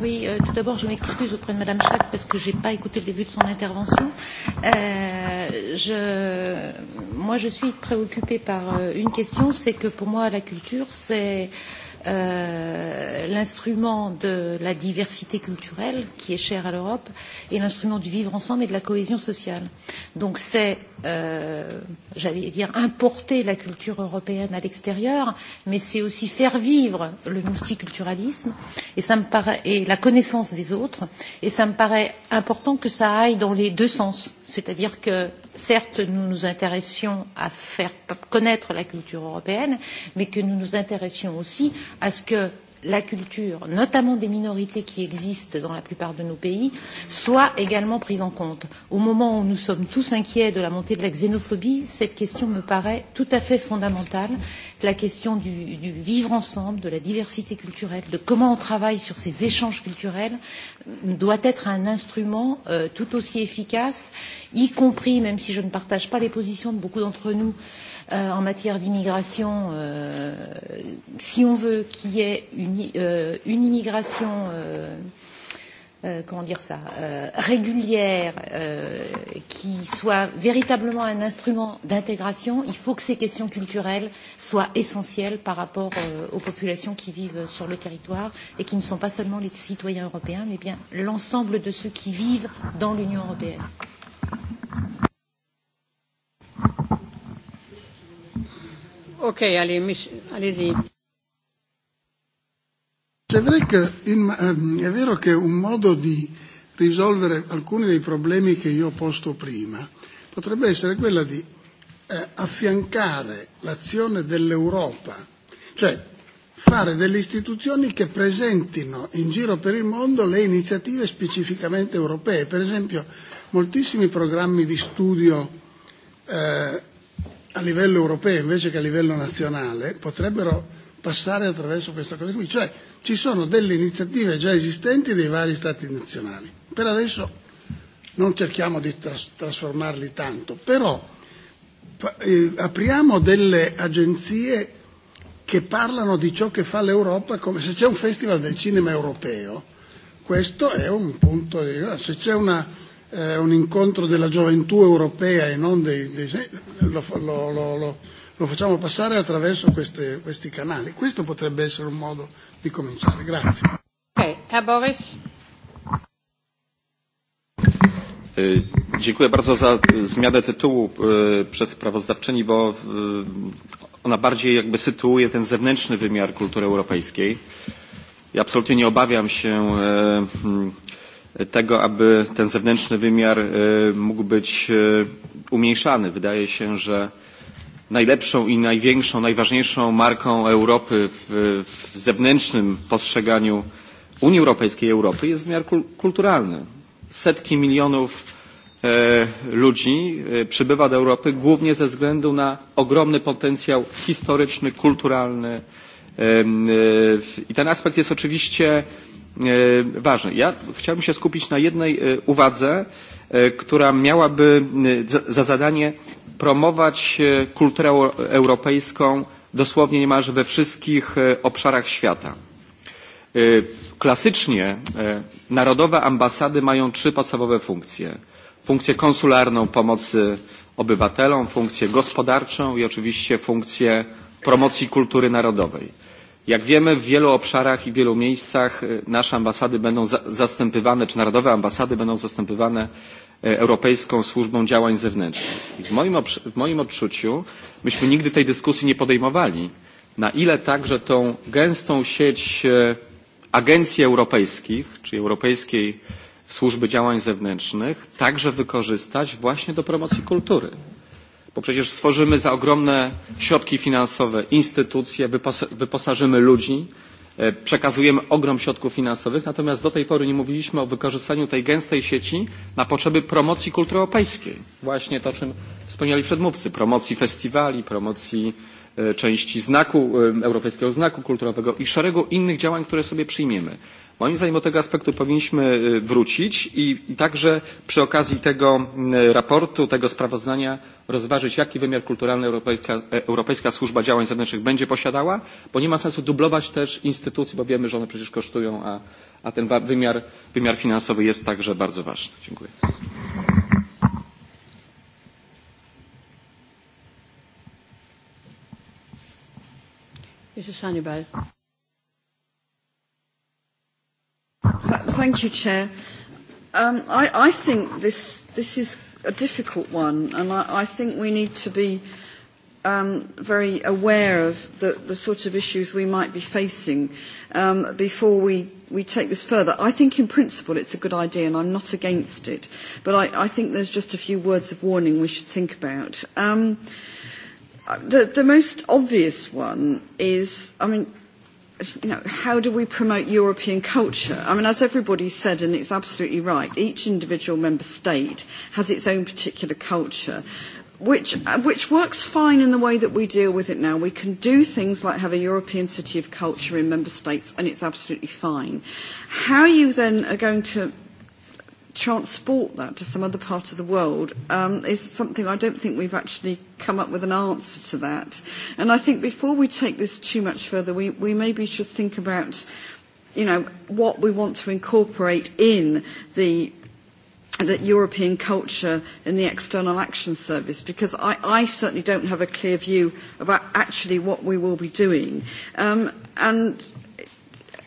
Oui, euh, tout d'abord, je m'excuse auprès de Madame Schack parce que je n'ai pas écouté le début de son intervention. Euh, je, moi, je suis préoccupée par euh, une question, c'est que pour moi, la culture, c'est euh, Euh, l'instrument de la diversité culturelle qui est cher à l'Europe et l'instrument du vivre ensemble et de la cohésion sociale. Donc c'est, euh, j'allais dire, importer la culture européenne à l'extérieur, mais c'est aussi faire vivre le multiculturalisme et, ça me paraît, et la connaissance des autres. Et ça me paraît important que ça aille dans les deux sens, c'est-à-dire que certes nous nous intéressions à faire connaître la culture européenne mais que nous nous intéressions aussi à ce que la culture, notamment des minorités qui existent dans la plupart de nos pays, soit également prise en compte. Au moment où nous sommes tous inquiets de la montée de la xénophobie, cette question me paraît tout à fait fondamentale, la question du, du vivre ensemble, de la diversité culturelle, de comment on travaille sur ces échanges culturels euh, doit être un instrument euh, tout aussi efficace, y compris, même si je ne partage pas les positions de beaucoup d'entre nous, euh, en matière d'immigration, euh, si on veut qu'il y ait une, euh, une immigration euh, euh, comment dire ça, euh, régulière euh, qui soit véritablement un instrument d'intégration, il faut que ces questions culturelles soient essentielles par rapport euh, aux populations qui vivent sur le territoire et qui ne sont pas seulement les citoyens européens, mais bien l'ensemble de ceux qui vivent dans l'Union européenne. è vero, che in, ehm, è vero che un modo di risolvere alcuni dei problemi che io ho posto prima potrebbe essere quella di eh, affiancare l'azione dell'Europa, cioè fare delle istituzioni che presentino in giro per il mondo le iniziative specificamente europee, per esempio moltissimi programmi di studio eh, a livello europeo invece che a livello nazionale potrebbero passare attraverso questa cosa qui, cioè ci sono delle iniziative già esistenti dei vari Stati nazionali. Per adesso non cerchiamo di tras- trasformarli tanto, però eh, apriamo delle agenzie che parlano di ciò che fa l'Europa come se c'è un festival del cinema europeo. Questo è un punto, di, se c'è una, eh, un incontro della gioventù europea e non dei, dei lo, lo, lo, lo, lo facciamo passare attraverso queste, questi canali. Questo potrebbe essere un modo di cominciare. Grazie. Okay. Herr Boris. E, dziękuję bardzo za e, zmianę tytułu e, przez sprawozdawczyni, bo ona bardziej jakby sytuuje ten zewnętrzny wymiar kultury europejskiej. Ja absolutnie nie obawiam się hmm, tego, aby ten zewnętrzny wymiar e, mógł być e, umniejszany. Wydaje się, że najlepszą i największą, najważniejszą marką Europy w, w zewnętrznym postrzeganiu Unii Europejskiej Europy jest wymiar kul kulturalny. Setki milionów e, ludzi e, przybywa do Europy głównie ze względu na ogromny potencjał historyczny, kulturalny. E, I ten aspekt jest oczywiście E, ważne. Ja chciałbym się skupić na jednej e, uwadze, e, która miałaby za zadanie promować kulturę europejską dosłownie niemalże we wszystkich obszarach świata. Klasycznie narodowe ambasady mają trzy podstawowe funkcje. Funkcję konsularną pomocy obywatelom, funkcję gospodarczą i oczywiście funkcję promocji kultury narodowej. Jak wiemy, w wielu obszarach i w wielu miejscach e, nasze ambasady będą zastępywane, czy narodowe ambasady będą zastępywane e, Europejską Służbą Działań Zewnętrznych. I w moim, w moim odczuciu myśmy nigdy tej dyskusji nie podejmowali, na ile także tą gęstą sieć e, agencji europejskich, czy Europejskiej Służby Działań Zewnętrznych, także wykorzystać właśnie do promocji kultury bo przecież stworzymy za ogromne środki finansowe instytucje, wyposażymy ludzi, e, przekazujemy ogrom środków finansowych, natomiast do tej pory nie mówiliśmy o wykorzystaniu tej gęstej sieci na potrzeby promocji kultury europejskiej. Właśnie to, o czym wspomnieli przedmówcy, promocji festiwali, promocji E, części znaku, e, europejskiego znaku kulturowego i szeregu innych działań, które sobie przyjmiemy. Moim zdaniem do tego aspektu powinniśmy e, wrócić i, i także przy okazji tego raportu, tego sprawozdania rozważyć, jaki wymiar kulturalny Europejska, Europejska Służba Działań Zewnętrznych będzie posiadała, bo nie ma sensu dublować też instytucji, bo wiemy, że one przecież kosztują, a, a ten wymiar, wymiar finansowy jest także bardzo ważny. Dziękuję. Mrs. Hannibal. Thank you, Chair. Um, I, I think this, this is a difficult one, and I, I think we need to be um, very aware of the, the sort of issues we might be facing um, before we, we take this further. I think in principle it's a good idea, and I'm not against it, but I, I think there's just a few words of warning we should think about. Um, the, the most obvious one is, I mean, you know, how do we promote European culture? I mean, as everybody said, and it's absolutely right, each individual member state has its own particular culture, which, uh, which works fine in the way that we deal with it now. We can do things like have a European city of culture in member states, and it's absolutely fine. How you then are going to transport that to some other part of the world um, is something I don't think we've actually come up with an answer to that. And I think before we take this too much further, we, we maybe should think about, you know, what we want to incorporate in the that European culture in the External Action Service because I, I certainly don't have a clear view about actually what we will be doing. Um, and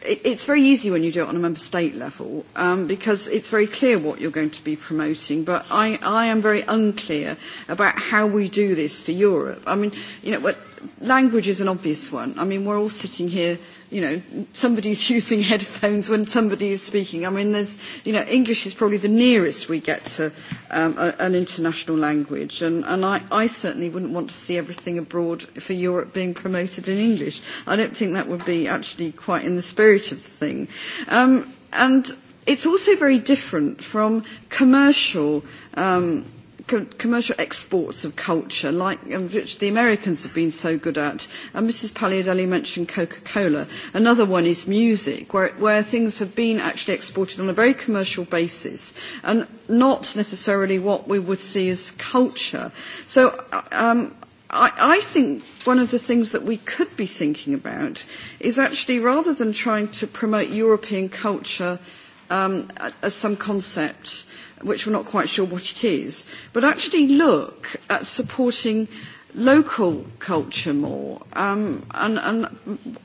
it, it's very easy when you do it on a member state level um, because it's very clear what you're going to be promoting. But I, I am very unclear about how we do this for Europe. I mean, you know, what, language is an obvious one. I mean, we're all sitting here you know, somebody's *laughs* using headphones when somebody is speaking. I mean, there's, you know, English is probably the nearest we get to um, a, an international language, and, and I, I certainly wouldn't want to see everything abroad for Europe being promoted in English. I don't think that would be actually quite in the spirit of the thing. Um, and it's also very different from commercial um, commercial exports of culture, like um, which the Americans have been so good at. And Mrs. Pagliadelli mentioned Coca-Cola. Another one is music, where, where things have been actually exported on a very commercial basis, and not necessarily what we would see as culture. So uh, um, i, I think one of the things that we could be thinking about is actually rather than trying to promote European culture um, as some concept, which we're not quite sure what it is, but actually look at supporting local culture more. Um, and, and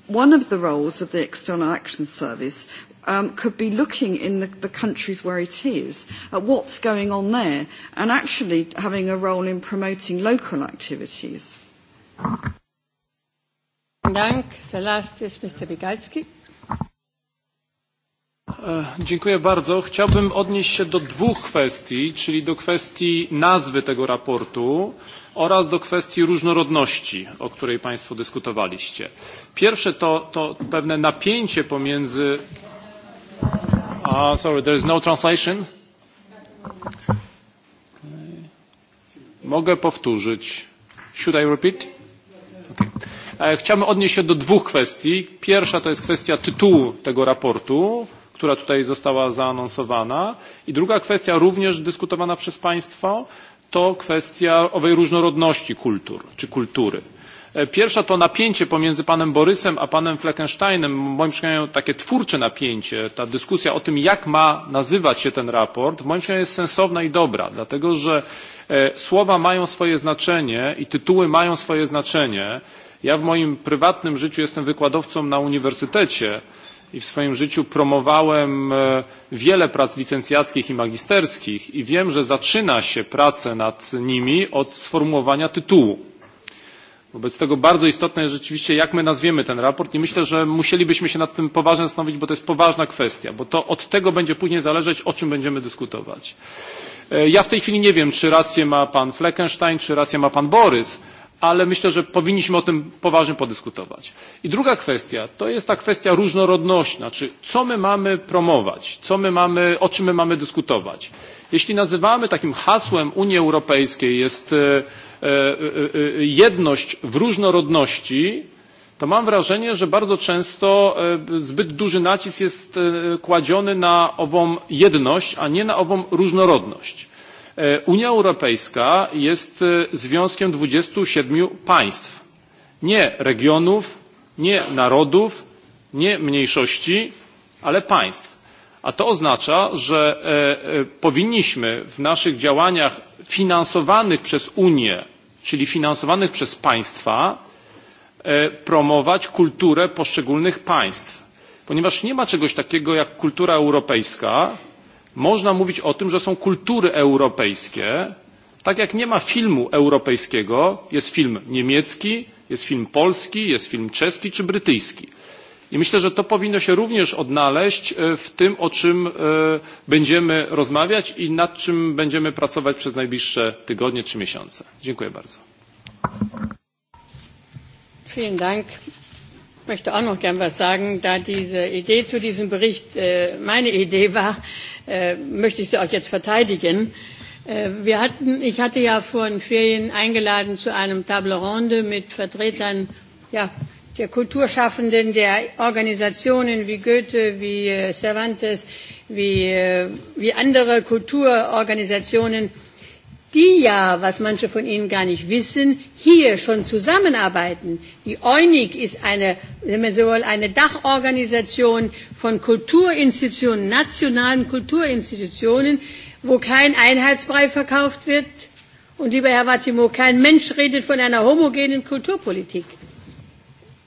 one of the roles of the External Action Service um, could be looking in the, the countries where it is at what's going on there and actually having a role in promoting local activities. you. The last is Mr. Bigalski. E, chciałbym odnieść się do dwóch kwestii, czyli do kwestii nazwy tego raportu oraz do kwestii różnorodności, o której Państwo dyskutowaliście. Pierwsze to, pewne napięcie pomiędzy... No Mogę powtórzyć. E, chciałbym odnieść się do dwóch kwestii. Pierwsza to jest kwestia tytułu tego raportu która tutaj została zaanonsowana. I druga kwestia, również dyskutowana przez Państwo, to kwestia owej różnorodności kultur czy kultury. E, pierwsza to napięcie pomiędzy panem Borysem a panem Fleckensteinem, w moim przekonaniu takie twórcze napięcie, ta dyskusja o tym, jak ma nazywać się ten raport, w moim przekonaniu jest sensowna i dobra, dlatego że e, słowa mają swoje znaczenie i tytuły mają swoje znaczenie. Ja w moim prywatnym życiu jestem wykładowcą na uniwersytecie i w swoim życiu promowałem e, wiele prac licencjackich i magisterskich i wiem, że zaczyna się pracę nad nimi od sformułowania tytułu. Wobec tego bardzo istotne jest rzeczywiście, jak my nazwiemy ten raport i myślę, że musielibyśmy się nad tym poważnie zastanowić, bo to jest poważna kwestia, bo to od tego będzie później zależeć, o czym będziemy dyskutować. E, ja w tej chwili nie wiem, czy rację ma pan Fleckenstein, czy rację ma pan Borys, ale myślę, że powinniśmy o tym poważnie podyskutować. I druga kwestia to jest ta kwestia różnorodnościna, znaczy co my mamy promować, co my mamy, o czym my mamy dyskutować. Jeśli nazywamy takim hasłem Unii Europejskiej jest e, e, e, jedność w różnorodności, to mam wrażenie, że bardzo często zbyt duży nacisk jest kładziony na ową jedność, a nie na ową różnorodność. E, Unia Europejska jest e, związkiem siedem państw, nie regionów, nie narodów, nie mniejszości, ale państw. A to oznacza, że e, powinniśmy w naszych działaniach finansowanych przez Unię, czyli finansowanych przez państwa, promować kulturę poszczególnych państw. Ponieważ nie ma czegoś takiego jak kultura europejska, można mówić o tym, że są kultury europejskie, tak jak nie ma filmu europejskiego, jest film niemiecki, jest film polski, jest film czeski czy brytyjski. I myślę, że to powinno się również odnaleźć e, w tym, o czym e, będziemy rozmawiać i nad czym będziemy pracować przez najbliższe tygodnie czy miesiące. Dziękuję bardzo. Vielen Dank möchte auch noch gern was sagen. Da diese Idee zu diesem Bericht äh, meine Idee war, äh, möchte ich sie auch jetzt verteidigen. Äh, wir hatten, ich hatte ja vor den Ferien eingeladen zu einem Table Ronde mit Vertretern ja, der Kulturschaffenden, der Organisationen wie Goethe, wie Cervantes, wie, wie andere Kulturorganisationen die ja, was manche von Ihnen gar nicht wissen, hier schon zusammenarbeiten. Die EUNIC ist eine, wenn man so will, eine Dachorganisation von Kulturinstitutionen, nationalen Kulturinstitutionen, wo kein Einheitsbrei verkauft wird. Und lieber Herr Wattimo, kein Mensch redet von einer homogenen Kulturpolitik.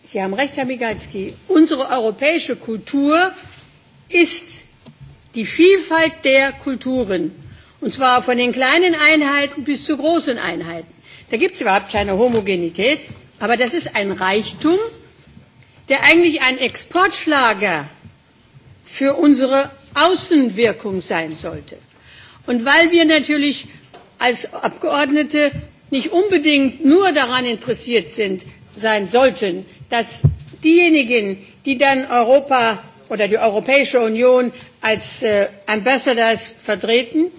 Sie haben recht, Herr Migalski. Unsere europäische Kultur ist die Vielfalt der Kulturen. Und zwar von den kleinen Einheiten bis zu großen Einheiten. Da gibt es überhaupt keine Homogenität, aber das ist ein Reichtum, der eigentlich ein Exportschlager für unsere Außenwirkung sein sollte. Und weil wir natürlich als Abgeordnete nicht unbedingt nur daran interessiert sind, sein sollten, dass diejenigen, die dann Europa oder die Europäische Union als äh, Ambassadors vertreten,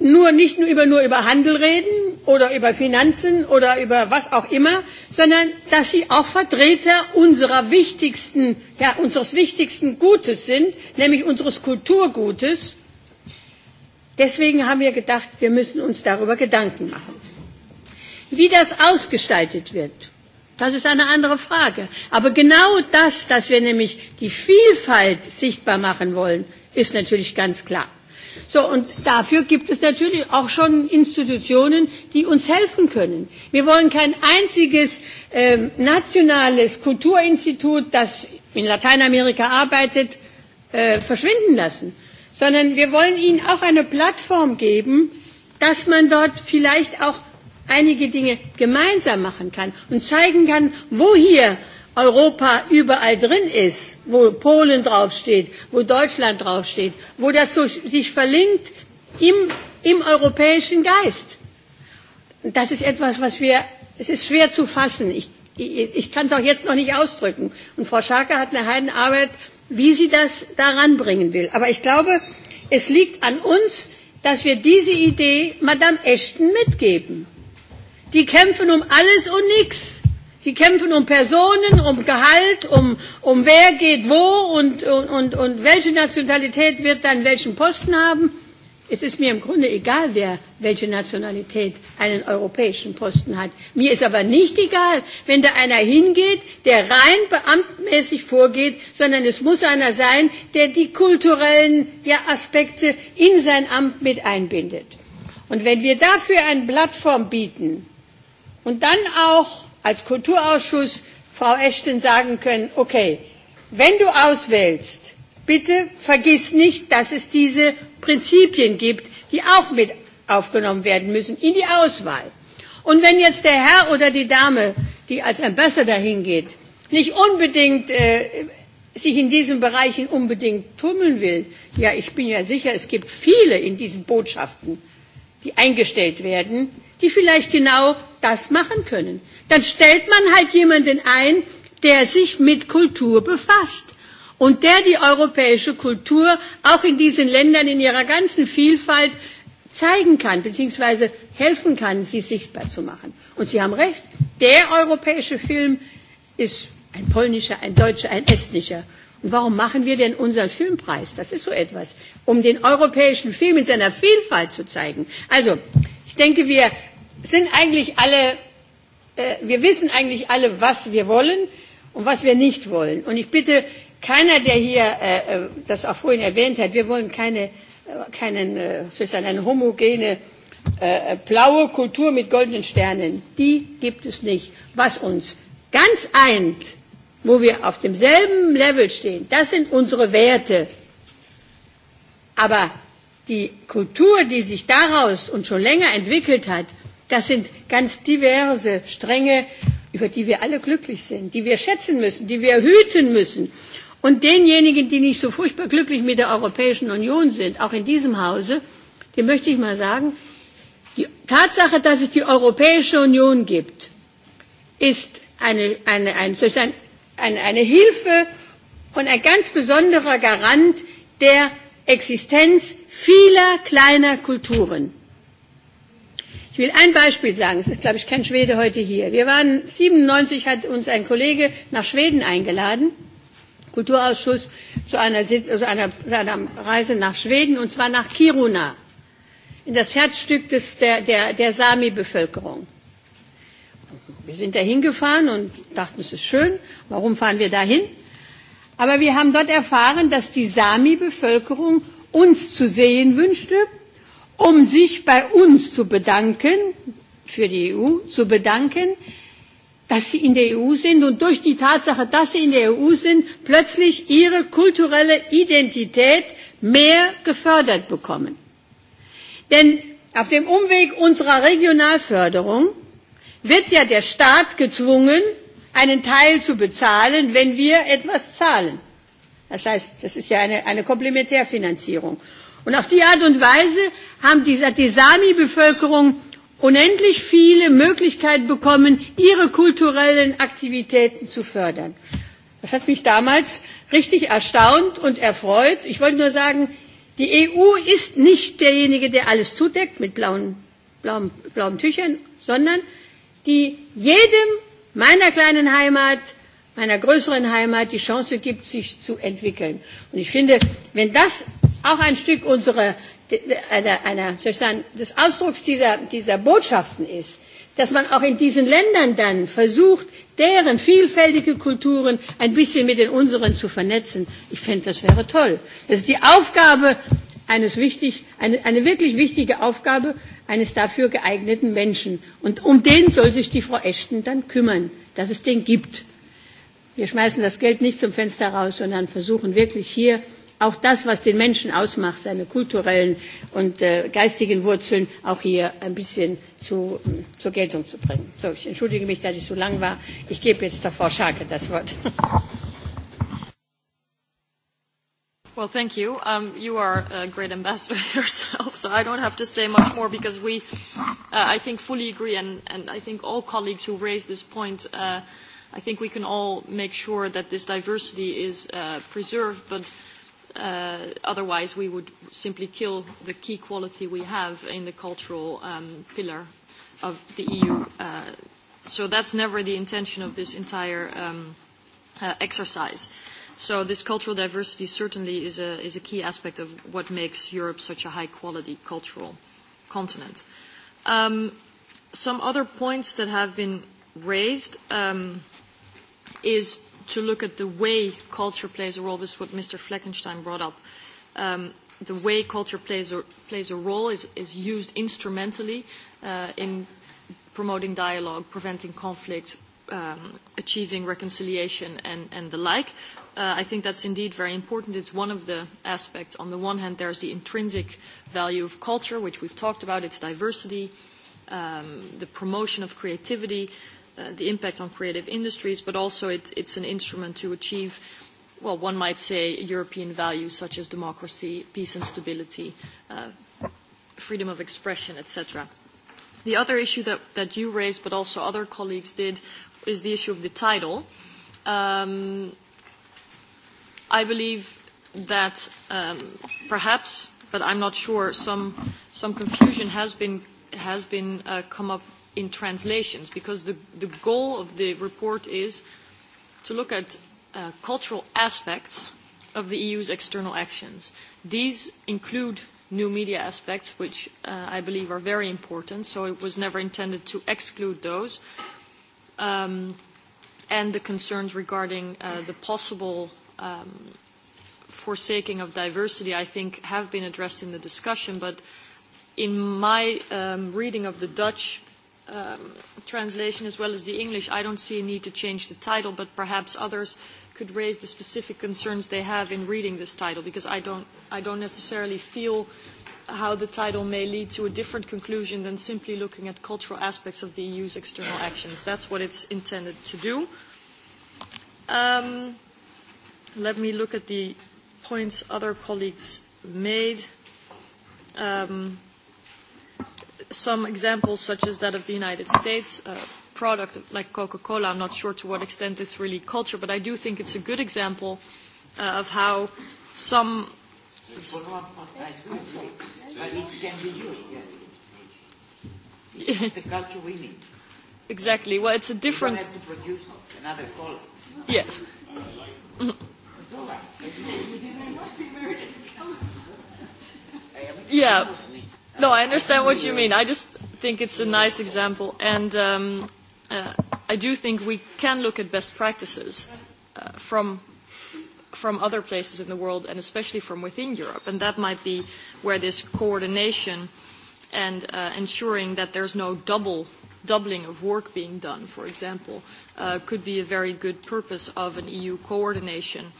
nur nicht nur über, nur über Handel reden oder über Finanzen oder über was auch immer, sondern dass sie auch Vertreter unserer wichtigsten, ja, unseres wichtigsten Gutes sind, nämlich unseres Kulturgutes. Deswegen haben wir gedacht, wir müssen uns darüber Gedanken machen. Wie das ausgestaltet wird, das ist eine andere Frage. Aber genau das, dass wir nämlich die Vielfalt sichtbar machen wollen, ist natürlich ganz klar. So, und dafür gibt es natürlich auch schon Institutionen, die uns helfen können. Wir wollen kein einziges ähm, nationales Kulturinstitut, das in Lateinamerika arbeitet, äh, verschwinden lassen, sondern wir wollen ihnen auch eine Plattform geben, dass man dort vielleicht auch einige Dinge gemeinsam machen kann und zeigen kann, wo hier Europa überall drin ist, wo Polen draufsteht, wo Deutschland draufsteht, wo das so sich verlinkt im, im europäischen Geist. Das ist etwas, was wir, es ist schwer zu fassen. Ich, ich, ich kann es auch jetzt noch nicht ausdrücken. Und Frau Schaake hat eine Heidenarbeit, wie sie das daran bringen will. Aber ich glaube, es liegt an uns, dass wir diese Idee Madame Ashton mitgeben. Die kämpfen um alles und nichts die kämpfen um Personen, um Gehalt, um, um wer geht wo und, und, und welche Nationalität wird dann welchen Posten haben. Es ist mir im Grunde egal, wer welche Nationalität einen europäischen Posten hat. Mir ist aber nicht egal, wenn da einer hingeht, der rein beamtmäßig vorgeht, sondern es muss einer sein, der die kulturellen ja, Aspekte in sein Amt mit einbindet. Und wenn wir dafür eine Plattform bieten und dann auch als Kulturausschuss Frau Ashton sagen können, okay, wenn du auswählst, bitte vergiss nicht, dass es diese Prinzipien gibt, die auch mit aufgenommen werden müssen in die Auswahl. Und wenn jetzt der Herr oder die Dame, die als Ambassador hingeht, nicht unbedingt äh, sich in diesen Bereichen unbedingt tummeln will, ja, ich bin ja sicher, es gibt viele in diesen Botschaften, die eingestellt werden, die vielleicht genau das machen können dann stellt man halt jemanden ein, der sich mit Kultur befasst und der die europäische Kultur auch in diesen Ländern in ihrer ganzen Vielfalt zeigen kann, bzw. helfen kann, sie sichtbar zu machen. Und Sie haben recht, der europäische Film ist ein polnischer, ein deutscher, ein estnischer. Und warum machen wir denn unseren Filmpreis? Das ist so etwas, um den europäischen Film in seiner Vielfalt zu zeigen. Also, ich denke, wir sind eigentlich alle Äh, wir wissen eigentlich alle, was wir wollen und was wir nicht wollen. Und ich bitte keiner, der hier äh, äh das auch vorhin erwähnt hat, wir wollen keine, äh, keinen, sozusagen eine homogene äh, blaue Kultur mit goldenen Sternen. Die gibt es nicht. Was uns ganz eint, wo wir auf demselben Level stehen, das sind unsere Werte. Aber die Kultur, die sich daraus und schon länger entwickelt hat, Das sind ganz diverse Stränge, über die wir alle glücklich sind, die wir schätzen müssen, die wir hüten müssen. Und denjenigen, die nicht so furchtbar glücklich mit der Europäischen Union sind, auch in diesem Hause, dem möchte ich mal sagen, die Tatsache, dass es die Europäische Union gibt, ist eine, eine, ein, eine, eine Hilfe und ein ganz besonderer Garant der Existenz vieler kleiner Kulturen. Ich will ein Beispiel sagen. Es ist, glaube ich, kein Schwede heute hier. Wir waren, 97 hat uns ein Kollege nach Schweden eingeladen, Kulturausschuss, zu einer, zu einer, zu einer Reise nach Schweden, und zwar nach Kiruna, in das Herzstück des, der, der, der Sami-Bevölkerung. Wir sind da hingefahren und dachten, es ist schön. Warum fahren wir da hin? Aber wir haben dort erfahren, dass die Sami-Bevölkerung uns zu sehen wünschte um sich bei uns zu bedanken, für die EU zu bedanken, dass sie in der EU sind und durch die Tatsache, dass sie in der EU sind, plötzlich ihre kulturelle Identität mehr gefördert bekommen. Denn auf dem Umweg unserer Regionalförderung wird ja der Staat gezwungen, einen Teil zu bezahlen, wenn wir etwas zahlen. Das heißt, das ist ja eine, eine Komplementärfinanzierung. Und auf die Art und Weise haben die, die Sami-Bevölkerung unendlich viele Möglichkeiten bekommen, ihre kulturellen Aktivitäten zu fördern. Das hat mich damals richtig erstaunt und erfreut. Ich wollte nur sagen, die EU ist nicht derjenige, der alles zudeckt mit blauen, blauen, blauen Tüchern, sondern die jedem meiner kleinen Heimat, meiner größeren Heimat die Chance gibt, sich zu entwickeln. Und ich finde, wenn das auch ein Stück unserer, einer, einer, sozusagen des Ausdrucks dieser, dieser Botschaften ist, dass man auch in diesen Ländern dann versucht, deren vielfältige Kulturen ein bisschen mit den unseren zu vernetzen. Ich fände, das wäre toll. Das ist die Aufgabe eines wichtig, eine, eine wirklich wichtige Aufgabe eines dafür geeigneten Menschen. Und um den soll sich die Frau Ashton dann kümmern, dass es den gibt. Wir schmeißen das Geld nicht zum Fenster raus, sondern versuchen wirklich hier auch das, was den Menschen ausmacht, seine kulturellen und äh, geistigen Wurzeln, auch hier ein bisschen zu, ähm, zur Geltung zu bringen. So, ich entschuldige mich, dass ich so lang war. Ich gebe jetzt der Frau Scharke das Wort. *laughs* Well, thank you. Um, you are a great ambassador *laughs* yourself, so I don't have to say much more because we, uh, I think, fully agree, and, and I think all colleagues who raise this point, uh, I think we can all make sure that this diversity is uh, preserved, but Uh, otherwise, we would simply kill the key quality we have in the cultural um, pillar of the EU. Uh, so that's never the intention of this entire um, uh, exercise. So this cultural diversity certainly is a, is a key aspect of what makes Europe such a high-quality cultural continent. Um, some other points that have been raised um, is to look at the way culture plays a role. This is what Mr. Fleckenstein brought up. Um, the way culture plays a, plays a role is, is used instrumentally uh, in promoting dialogue, preventing conflict, um, achieving reconciliation, and, and the like. Uh, I think that's indeed very important. It's one of the aspects. On the one hand, there's the intrinsic value of culture, which we've talked about, its diversity, um, the promotion of creativity, uh, Uh, the impact on creative industries, but also it, it's an instrument to achieve, well, one might say, European values such as democracy, peace and stability, uh, freedom of expression, etc. The other issue that, that you raised, but also other colleagues did, is the issue of the title. Um, I believe that um, perhaps, but I'm not sure, some, some confusion has been, has been uh, come up in translations, because the, the goal of the report is to look at uh, cultural aspects of the EU's external actions. These include new media aspects, which uh, I believe are very important, so it was never intended to exclude those, um, and the concerns regarding uh, the possible um, forsaking of diversity, I think, have been addressed in the discussion, but in my um, reading of the Dutch um, translation as well as the English, I don't see a need to change the title, but perhaps others could raise the specific concerns they have in reading this title, because I don't, I don't necessarily feel how the title may lead to a different conclusion than simply looking at cultural aspects of the EU's external actions. That's what it's intended to do. Um, let me look at the points other colleagues made. Um, some examples such as that of the United States, a uh, product like Coca-Cola. I'm not sure to what extent it's really culture, but I do think it's a good example uh, of how some... the culture we need. Exactly. Well, it's a different... have to produce another cola. Yes. Mm-hmm. Yeah. No, I understand what you mean. I just think it's a nice example, and um, uh, I do think we can look at best practices uh, from from other places in the world, and especially from within Europe, and that might be where this coordination and uh, ensuring that there's no double doubling of work being done, for example, uh, could be a very good purpose of an EU coordination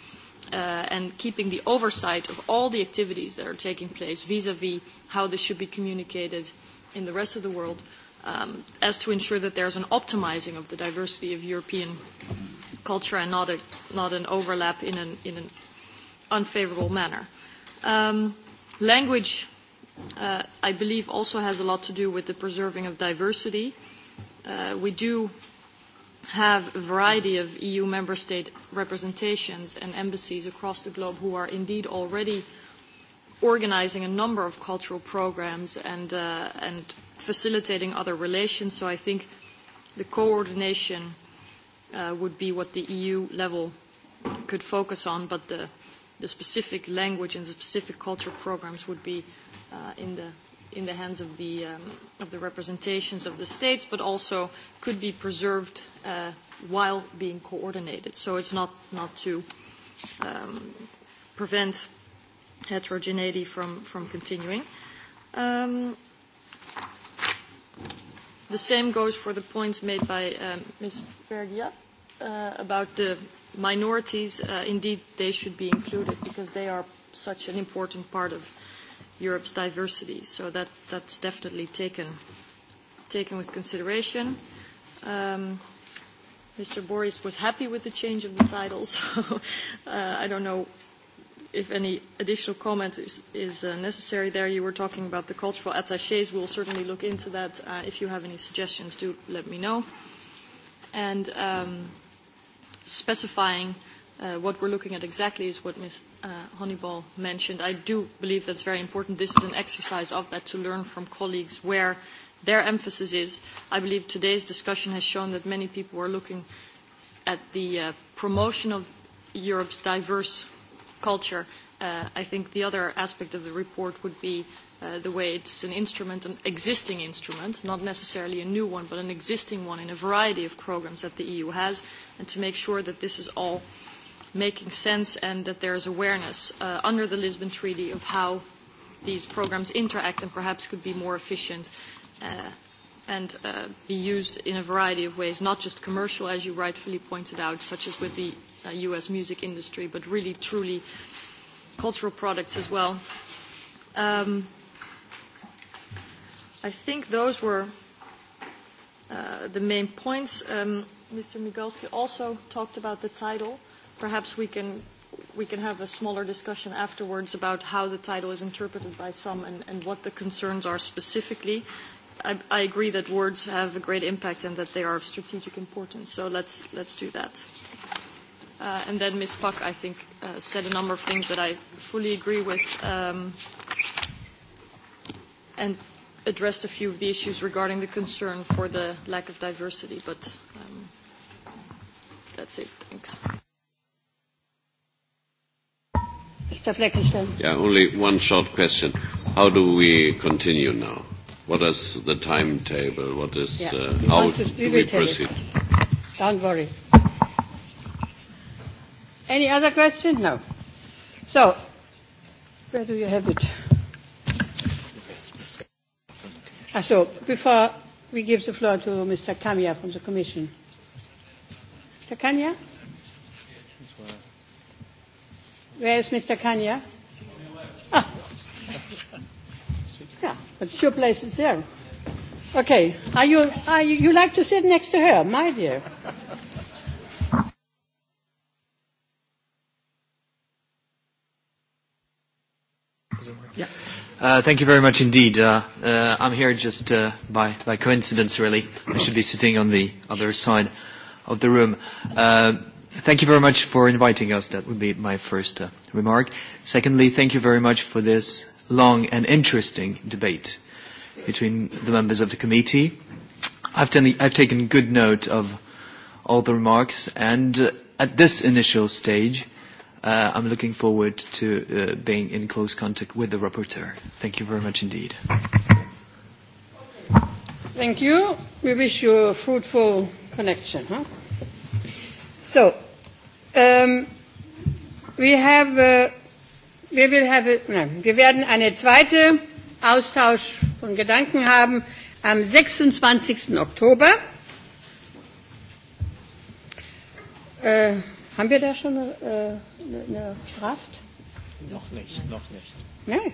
uh, and keeping the oversight of all the activities that are taking place vis-à-vis -vis how this should be communicated in the rest of the world um, as to ensure that there's an optimizing of the diversity of European culture and not, a, not an overlap in an, in an unfavorable manner. Um, language, uh, I believe, also has a lot to do with the preserving of diversity. Uh, we do have a variety of EU member state representations and embassies across the globe who are indeed already – organizing a number of cultural programs and, uh, and facilitating other relations. So I think the coordination uh, would be what the EU level could focus on, but the, the specific language and the specific cultural programs would be uh, in the in the hands of the um, of the representations of the states, but also could be preserved uh, while being coordinated. So it's not not to um, prevent heterogeneity from, from continuing. Um, the same goes for the points made by um, Ms. Bergia uh, about the minorities. Uh, indeed, they should be included because they are such an important part of Europe's diversity. So that, that's definitely taken, taken with consideration. Um, Mr. Boris was happy with the change of the title, *laughs* so uh, I don't know if any additional comment is, is uh, necessary there, you were talking about the cultural attachés. We'll certainly look into that. Uh, if you have any suggestions, do let me know. And um, specifying uh, what we're looking at exactly is what Ms. Uh, Honeyball mentioned. I do believe that's very important. This is an exercise of that to learn from colleagues where their emphasis is. I believe today's discussion has shown that many people are looking at the uh, promotion of Europe's diverse culture. Uh, I think the other aspect of the report would be uh, the way it's an instrument, an existing instrument, not necessarily a new one, but an existing one in a variety of programs that the EU has, and to make sure that this is all making sense and that there is awareness uh, under the Lisbon Treaty of how these programs interact and perhaps could be more efficient uh, and uh, be used in a variety of ways, not just commercial, as you rightfully pointed out, such as with the uh, US music industry, but really truly cultural products as well. Um, I think those were uh, the main points. Um, Mr. Migalski also talked about the title. Perhaps we can we can have a smaller discussion afterwards about how the title is interpreted by some and, and what the concerns are specifically. I, I agree that words have a great impact and that they are of strategic importance, so let's, let's do that. Uh, and then Ms. Pak, I think, uh, said a number of things that I fully agree with um, and addressed a few of the issues regarding the concern for the lack of diversity. But um, that's it. Thanks. Mr. Fleckenstein. Yeah, only one short question. How do we continue now? What is the timetable? What is yeah. uh, how do we proceed? Don't worry. Any other question? No. So, where do you have it? Ah, so, before we give the floor to Mr. Kanya from the Commission. Mr. Kanya? Where is Mr. Kanya? Ah. *laughs* Yeah, but it's your place is there. Okay. Are you, are you, you like to sit next to her, my dear? Yeah. Uh, thank you very much indeed. Uh, uh, I'm here just uh, by, by coincidence, really. I should be sitting on the other side of the room. Uh, thank you very much for inviting us. That would be my first uh, remark. Secondly, thank you very much for this long and interesting debate between the members of the committee. I've, ten, I've taken good note of all the remarks, and uh, at this initial stage, uh, I'm looking forward to uh, being in close contact with the rapporteur. Thank you very much indeed. Thank you. We wish you a fruitful connection. Huh? So, um, we have, uh, we will have, a, nein, wir werden eine zweite Austausch von Gedanken haben am 26. Oktober. Äh, Haben wir da schon äh, eine, eine Kraft? Noch nicht, noch nicht. Nee.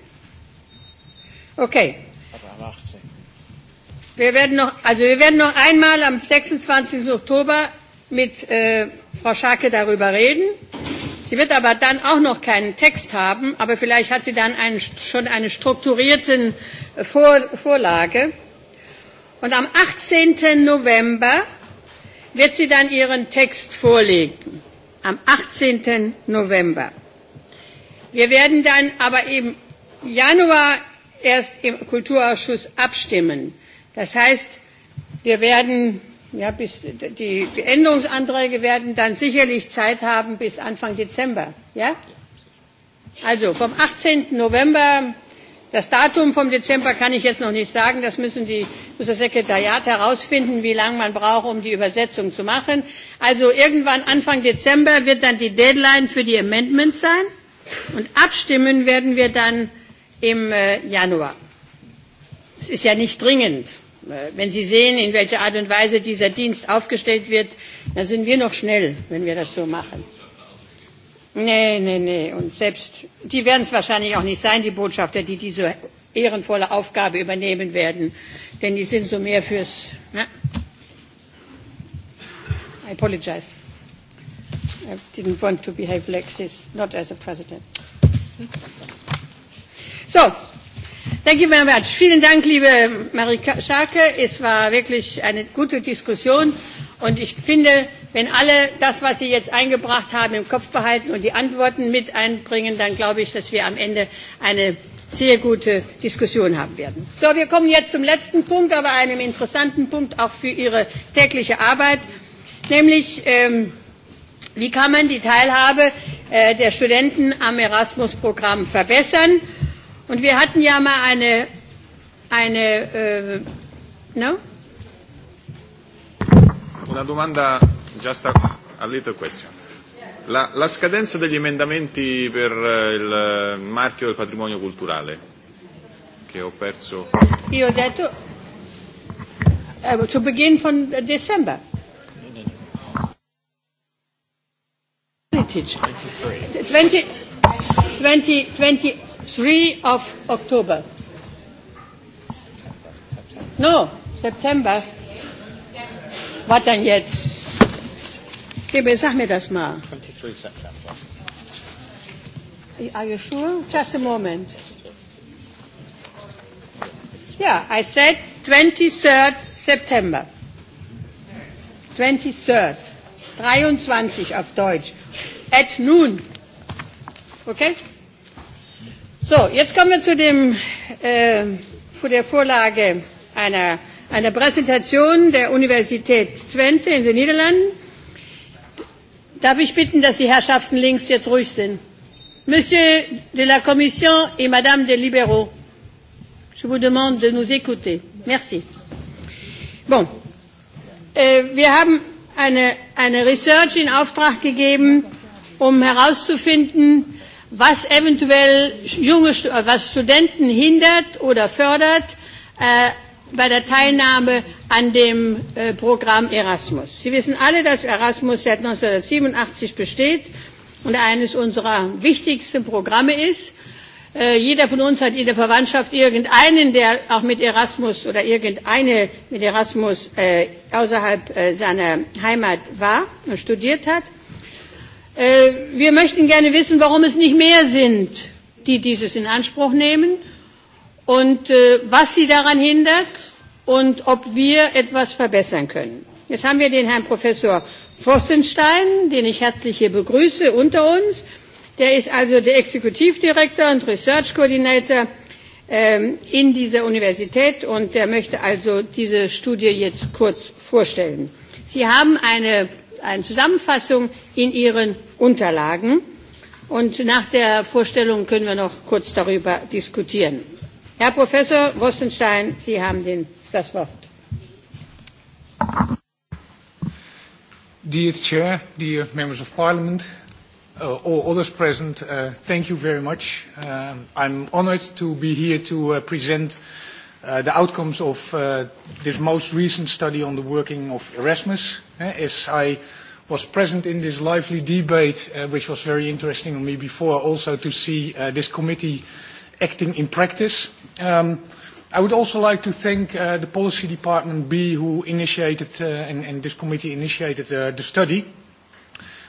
Okay. Aber am 18. Wir werden noch, also wir werden noch einmal am 26. Oktober mit äh, Frau Schake darüber reden. Sie wird aber dann auch noch keinen Text haben, aber vielleicht hat sie dann einen, schon eine strukturierte äh, Vor Vorlage. Und am 18. November wird sie dann ihren Text vorlegen am 18. November. Wir werden dann aber im Januar erst im Kulturausschuss abstimmen. Das heißt, wir werden, ja, bis, die, Änderungsanträge werden dann sicherlich Zeit haben bis Anfang Dezember. Ja? Also vom 18. November Das Datum vom Dezember kann ich jetzt noch nicht sagen. Das müssen muss das Sekretariat herausfinden, wie lange man braucht, um die Übersetzung zu machen. Also irgendwann Anfang Dezember wird dann die Deadline für die Amendments sein. Und abstimmen werden wir dann im äh, Januar. Es ist ja nicht dringend. Äh, wenn Sie sehen, in welcher Art und Weise dieser Dienst aufgestellt wird, dann sind wir noch schnell, wenn wir das so machen. Nee, nee, nee. Und selbst, die werden es wahrscheinlich auch nicht sein, die Botschafter, die diese ehrenvolle Aufgabe übernehmen werden. Denn die sind so mehr fürs... Ne? I apologize. I didn't want to behave like this, not as a president. So, thank you very much. Vielen Dank, liebe Marie Scharke. Es war wirklich eine gute Diskussion und ich finde, Wenn alle das, was Sie jetzt eingebracht haben, im Kopf behalten und die Antworten mit einbringen, dann glaube ich, dass wir am Ende eine sehr gute Diskussion haben werden. So, wir kommen jetzt zum letzten Punkt, aber einem interessanten Punkt auch für Ihre tägliche Arbeit, nämlich ähm, wie kann man die Teilhabe äh, der Studenten am Erasmus-Programm verbessern? Und wir hatten ja mal eine, eine äh, no? Una domanda Just a, little question. La, scadenza degli emendamenti per eh, il marchio del patrimonio culturale, che ho perso. Io ho detto eh, to begin from December. Heritage. 23 of October. No, September. Was denn jetzt? Gebe, sag mir das 23 September. Are you sure? Just a moment. Yeah, I said 23rd September. 23rd. 23 auf Deutsch. At noon. Okay? So, jetzt kommen wir zu, dem, äh, zu der Vorlage einer, einer Präsentation der Universität Twente in den Niederlanden Darf ich bitten, dass die Herrschaften links jetzt ruhig sind? Monsieur de la Commission et Madame des Libéraux, je vous demande de nous écouter. Merci. Bon. Äh, wir haben eine, eine Research in Auftrag gegeben, um herauszufinden, was eventuell junge, äh, was Studenten hindert oder fördert, äh, bei der Teilnahme an dem äh, Programm Erasmus. Sie wissen alle, dass Erasmus seit 1987 besteht und eines unserer wichtigsten Programme ist. Äh, jeder von uns hat in der Verwandtschaft irgendeinen, der auch mit Erasmus oder irgendeine mit Erasmus äh, außerhalb äh, seiner Heimat war und studiert hat. Wir möchten gerne wissen, warum es nicht mehr sind, die dieses in Anspruch nehmen und äh, was sie daran hindert und ob wir etwas verbessern können. Jetzt haben wir den Herrn Professor Pfossenstein, den ich herzlich hier begrüße, unter uns. Der ist also der Exekutivdirektor und Research Coordinator ähm, in dieser Universität und der möchte also diese Studie jetzt kurz vorstellen. Sie haben eine, eine Zusammenfassung in Ihren Unterlagen und nach der Vorstellung können wir noch kurz darüber diskutieren. Herr Professor Wostenstein, Sie haben den, das Wort. Dear Chair, dear members of Parliament, uh, all others present, uh, thank you very much. Uh, I'm honored to be here to uh, present uh, the outcomes of uh, this most recent study on the working of Erasmus. Uh, as I was present in this lively debate, uh, which was very interesting on me before, also to see uh, this committee uh, acting in practice. Um, I would also like to thank uh, the Policy Department B who initiated uh, and, and this committee initiated uh, the study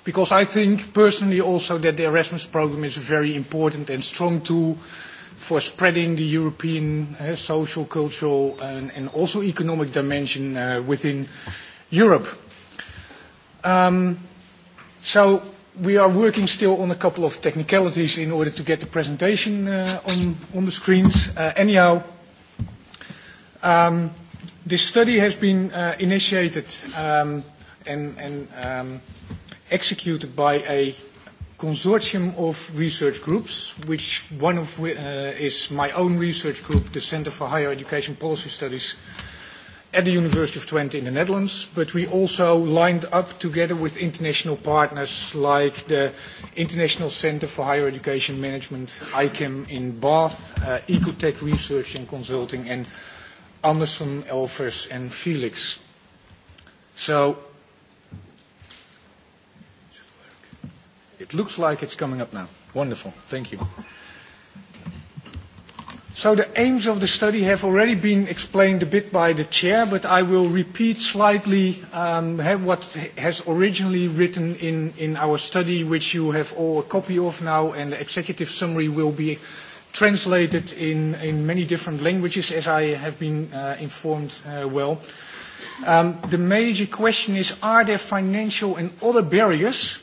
because I think personally also that the Erasmus program is a very important and strong tool for spreading the European uh, social, cultural and, and also economic dimension uh, within Europe. Um, so we are working still on a couple of technicalities in order to get the presentation uh, on, on the screens. Uh, anyhow, um, this study has been uh, initiated um, and, and um, executed by a consortium of research groups, which one of uh, is my own research group, the Center for Higher Education Policy Studies, at the University of Twente in the Netherlands, but we also lined up together with international partners like the International Centre for Higher Education Management, ICAM in Bath, uh, Ecotech Research and Consulting, and Anderson, Elvers and Felix. So it looks like it's coming up now. Wonderful. Thank you. So the aims of the study have already been explained a bit by the chair, but I will repeat slightly um, what has originally written in, in our study, which you have all a copy of now, and the executive summary will be translated in, in many different languages, as I have been uh, informed uh, well. Um, the major question is, are there financial and other barriers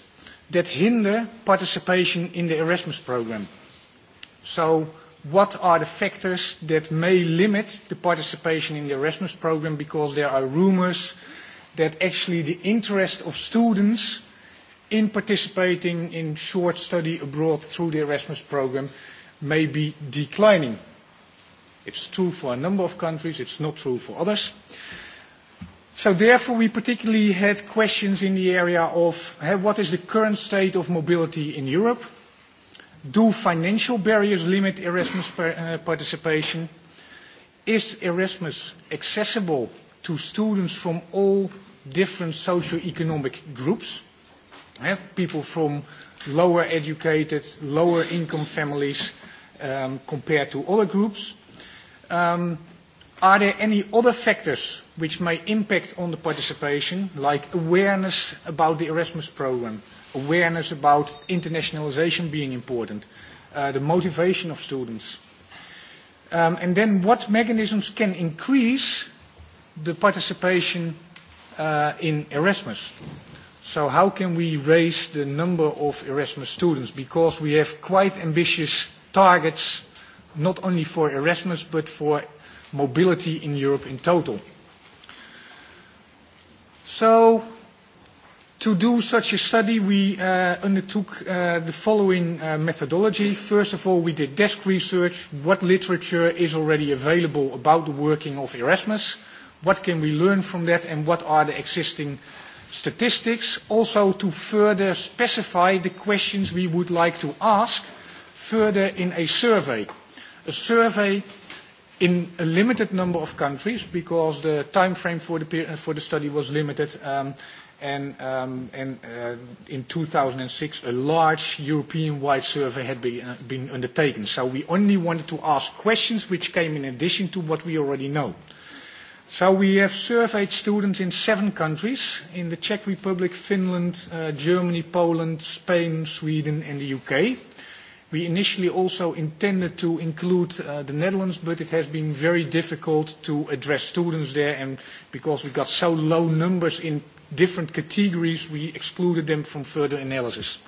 that hinder participation in the Erasmus program? So what are the factors that may limit the participation in the Erasmus program because there are rumors that actually the interest of students in participating in short study abroad through the Erasmus program may be declining. It's true for a number of countries, it's not true for others. So therefore we particularly had questions in the area of hey, eh, what is the current state of mobility in Europe, do financial barriers limit Erasmus uh, participation? Is Erasmus accessible to students from all different socio-economic groups? People from lower educated, lower income families um, compared to other groups. Um, are there any other factors which may impact on the participation, like awareness about the Erasmus program? awareness about internationalization being important, uh, the motivation of students. Um, and then what mechanisms can increase the participation uh, in Erasmus? So how can we raise the number of Erasmus students? Because we have quite ambitious targets, not only for Erasmus, but for mobility in Europe in total. So to do such a study, we uh, undertook uh, the following uh, methodology. First of all, we did desk research. What literature is already available about the working of Erasmus? What can we learn from that, and what are the existing statistics? Also, to further specify the questions we would like to ask further in a survey. A survey in a limited number of countries, because the time frame for the, for the study was limited, um, and, um, and uh, in 2006 a large European-wide survey had been, uh, been undertaken. So we only wanted to ask questions which came in addition to what we already know. So we have surveyed students in seven countries, in the Czech Republic, Finland, uh, Germany, Poland, Spain, Sweden and the UK. We initially also intended to include uh, the Netherlands, but it has been very difficult to address students there, and because we got so low numbers in different categories, we excluded them from further analysis.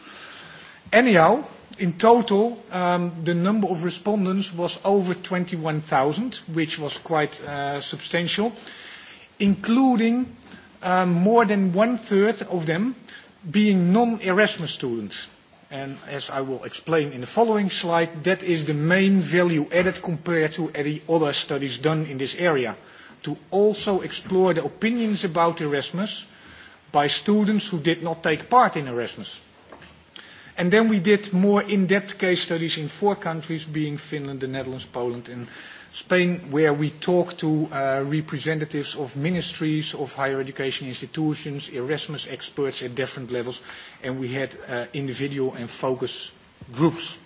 Anyhow, in total, um, the number of respondents was over 21,000, which was quite uh, substantial, including um, more than one-third of them being non-Erasmus students. And as I will explain in the following slide, that is the main value added compared to any other studies done in this area, to also explore the opinions about Erasmus, by students who did not take part in Erasmus. And then we did more in-depth case studies in four countries, being Finland, the Netherlands, Poland, and Spain, where we talked to uh, representatives of ministries, of higher education institutions, Erasmus experts at different levels, and we had uh, individual and focus groups.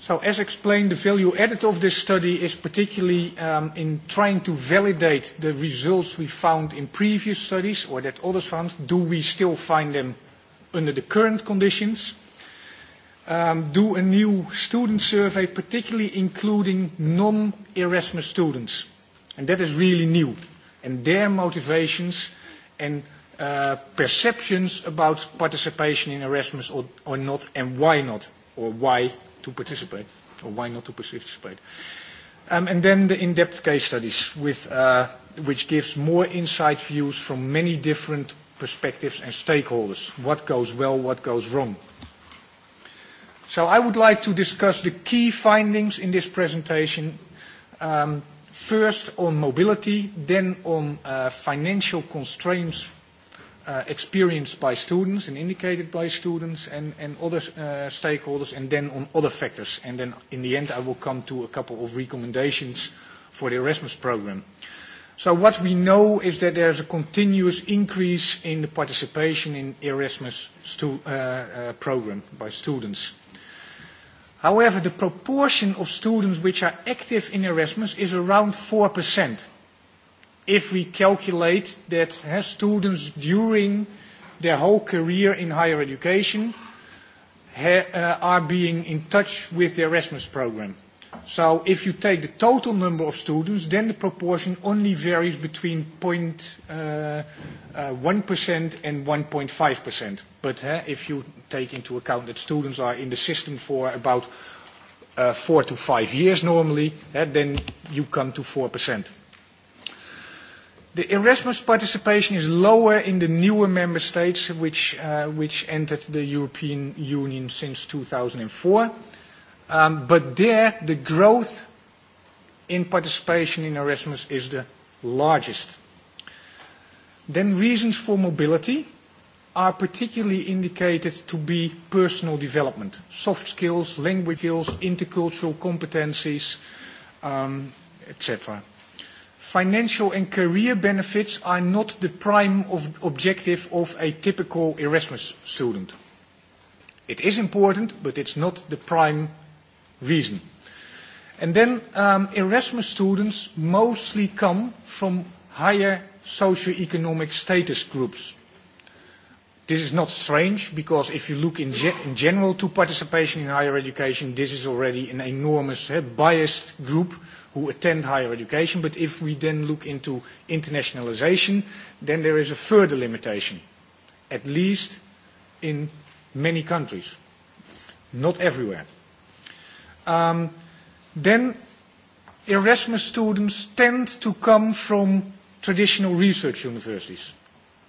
So as explained, the value added of this study is particularly um, in trying to validate the results we found in previous studies or that others found. Do we still find them under the current conditions? Um, do a new student survey, particularly including non-Erasmus students. And that is really new. And their motivations and uh, perceptions about participation in Erasmus or, or not and why not or why to participate, or why not to participate. Um, and then the in-depth case studies, with, uh, which gives more insight views from many different perspectives and stakeholders. What goes well, what goes wrong. So I would like to discuss the key findings in this presentation, um, first on mobility, then on uh, financial constraints uh, experienced by students and indicated by students and, and other uh, stakeholders and then on other factors. And then in the end I will come to a couple of recommendations for the Erasmus program. So what we know is that there's a continuous increase in the participation in Erasmus stu uh, uh, program by students. However, the proportion of students which are active in Erasmus is around 4% if we calculate that uh, students during their whole career in higher education ha, uh, are being in touch with the Erasmus program. So if you take the total number of students, then the proportion only varies between 0.1% uh, uh, and 1.5%. But uh, if you take into account that students are in the system for about uh, four to five years normally, uh, then you come to 4%. The Erasmus participation is lower in the newer member states which, uh, which entered the European Union since 2004. Um, but there, the growth in participation in Erasmus is the largest. Then reasons for mobility are particularly indicated to be personal development, soft skills, language skills, intercultural competencies, um, etc financial and career benefits are not the prime of objective of a typical Erasmus student. It is important, but it's not the prime reason. And then um, Erasmus students mostly come from higher socioeconomic status groups. This is not strange because if you look in, ge in general to participation in higher education, this is already an enormous uh, biased group who attend higher education. But if we then look into internationalization, then there is a further limitation, at least in many countries, not everywhere. Um, then Erasmus students tend to come from traditional research universities.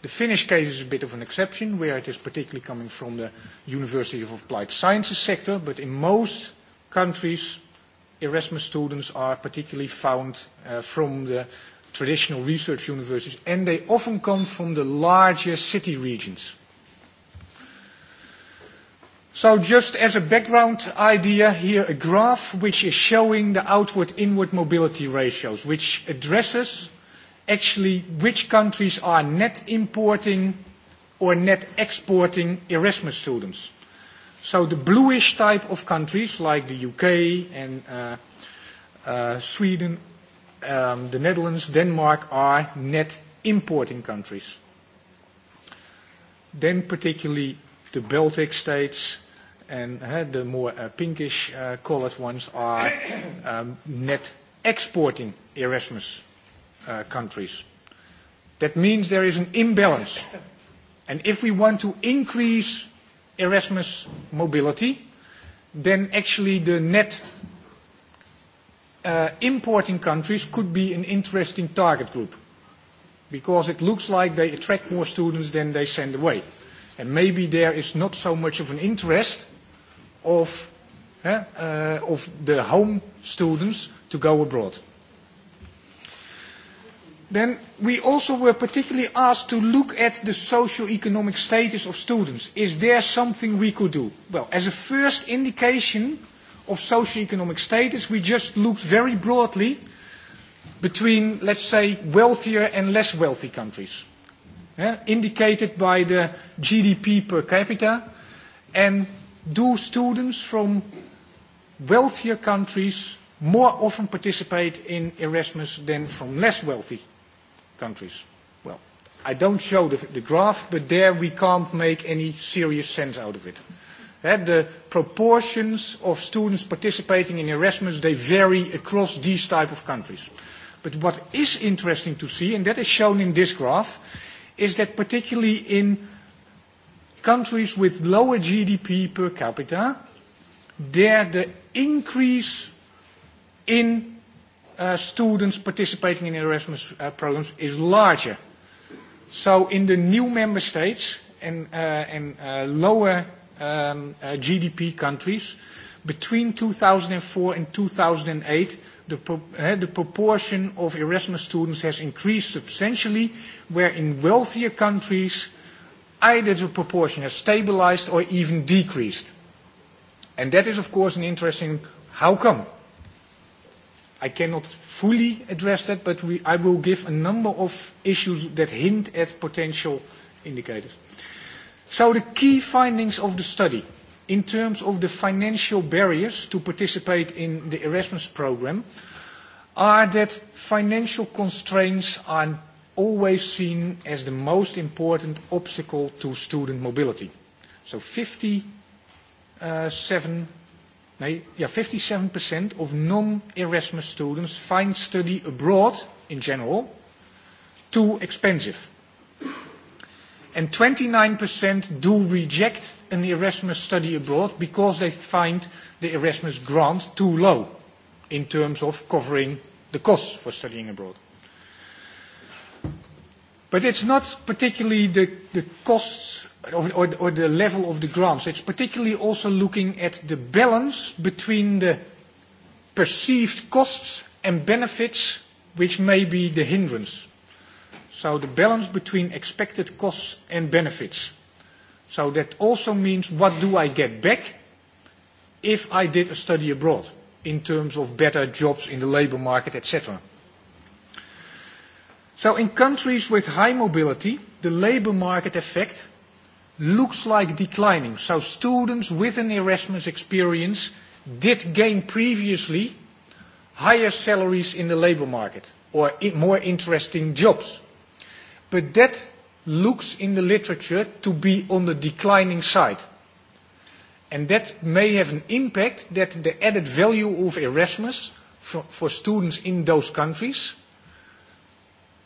The Finnish case is a bit of an exception, where it is particularly coming from the University of Applied Sciences sector, but in most countries Erasmus students are particularly found uh, from the traditional research universities, and they often come from the larger city regions. So just as a background idea, here a graph which is showing the outward-inward mobility ratios, which addresses actually which countries are net importing or net exporting Erasmus students. So the bluish type of countries like the UK and uh, uh, Sweden, um, the Netherlands, Denmark are net importing countries. Then particularly the Baltic states and uh, the more uh, pinkish uh, colored ones are *coughs* um, net exporting Erasmus uh, countries. That means there is an imbalance. And if we want to increase Erasmus mobility, then actually the net uh, importing countries could be an interesting target group because it looks like they attract more students than they send away. And maybe there is not so much of an interest of, uh, of the home students to go abroad then we also were particularly asked to look at the socio-economic status of students. Is there something we could do? Well, as a first indication of socio-economic status, we just looked very broadly between, let's say, wealthier and less wealthy countries, yeah? indicated by the GDP per capita. And do students from wealthier countries more often participate in Erasmus than from less wealthy countries. Well, I don't show the, the graph, but there we can't make any serious sense out of it. That eh, the proportions of students participating in Erasmus, they vary across these type of countries. But what is interesting to see, and that is shown in this graph, is that particularly in countries with lower GDP per capita, there the increase in Uh, students participating in Erasmus uh, programs is larger. So in the new member states and, uh, and uh, lower um, uh, GDP countries, between 2004 and 2008, the, pro uh, the proportion of Erasmus students has increased substantially, where in wealthier countries, either the proportion has stabilized or even decreased. And that is, of course, an interesting how come? I cannot fully address that, but we, I will give a number of issues that hint at potential indicators. So the key findings of the study in terms of the financial barriers to participate in the Erasmus program are that financial constraints are always seen as the most important obstacle to student mobility. So 57 Nee, yeah, 57% of non-Erasmus students find study abroad, in general, too expensive. And 29% do reject an Erasmus study abroad because they find the Erasmus grant too low in terms of covering the costs for studying abroad. But it's not particularly the, the costs or, or, or the level of the grants. It's particularly also looking at the balance between the perceived costs and benefits, which may be the hindrance. So the balance between expected costs and benefits. So that also means what do I get back if I did a study abroad in terms of better jobs in the labor market, etc. So in countries with high mobility, the labor market effect looks like declining. So students with an Erasmus experience did gain previously higher salaries in the labor market or more interesting jobs. But that looks in the literature to be on the declining side. And that may have an impact that the added value of Erasmus for, for students in those countries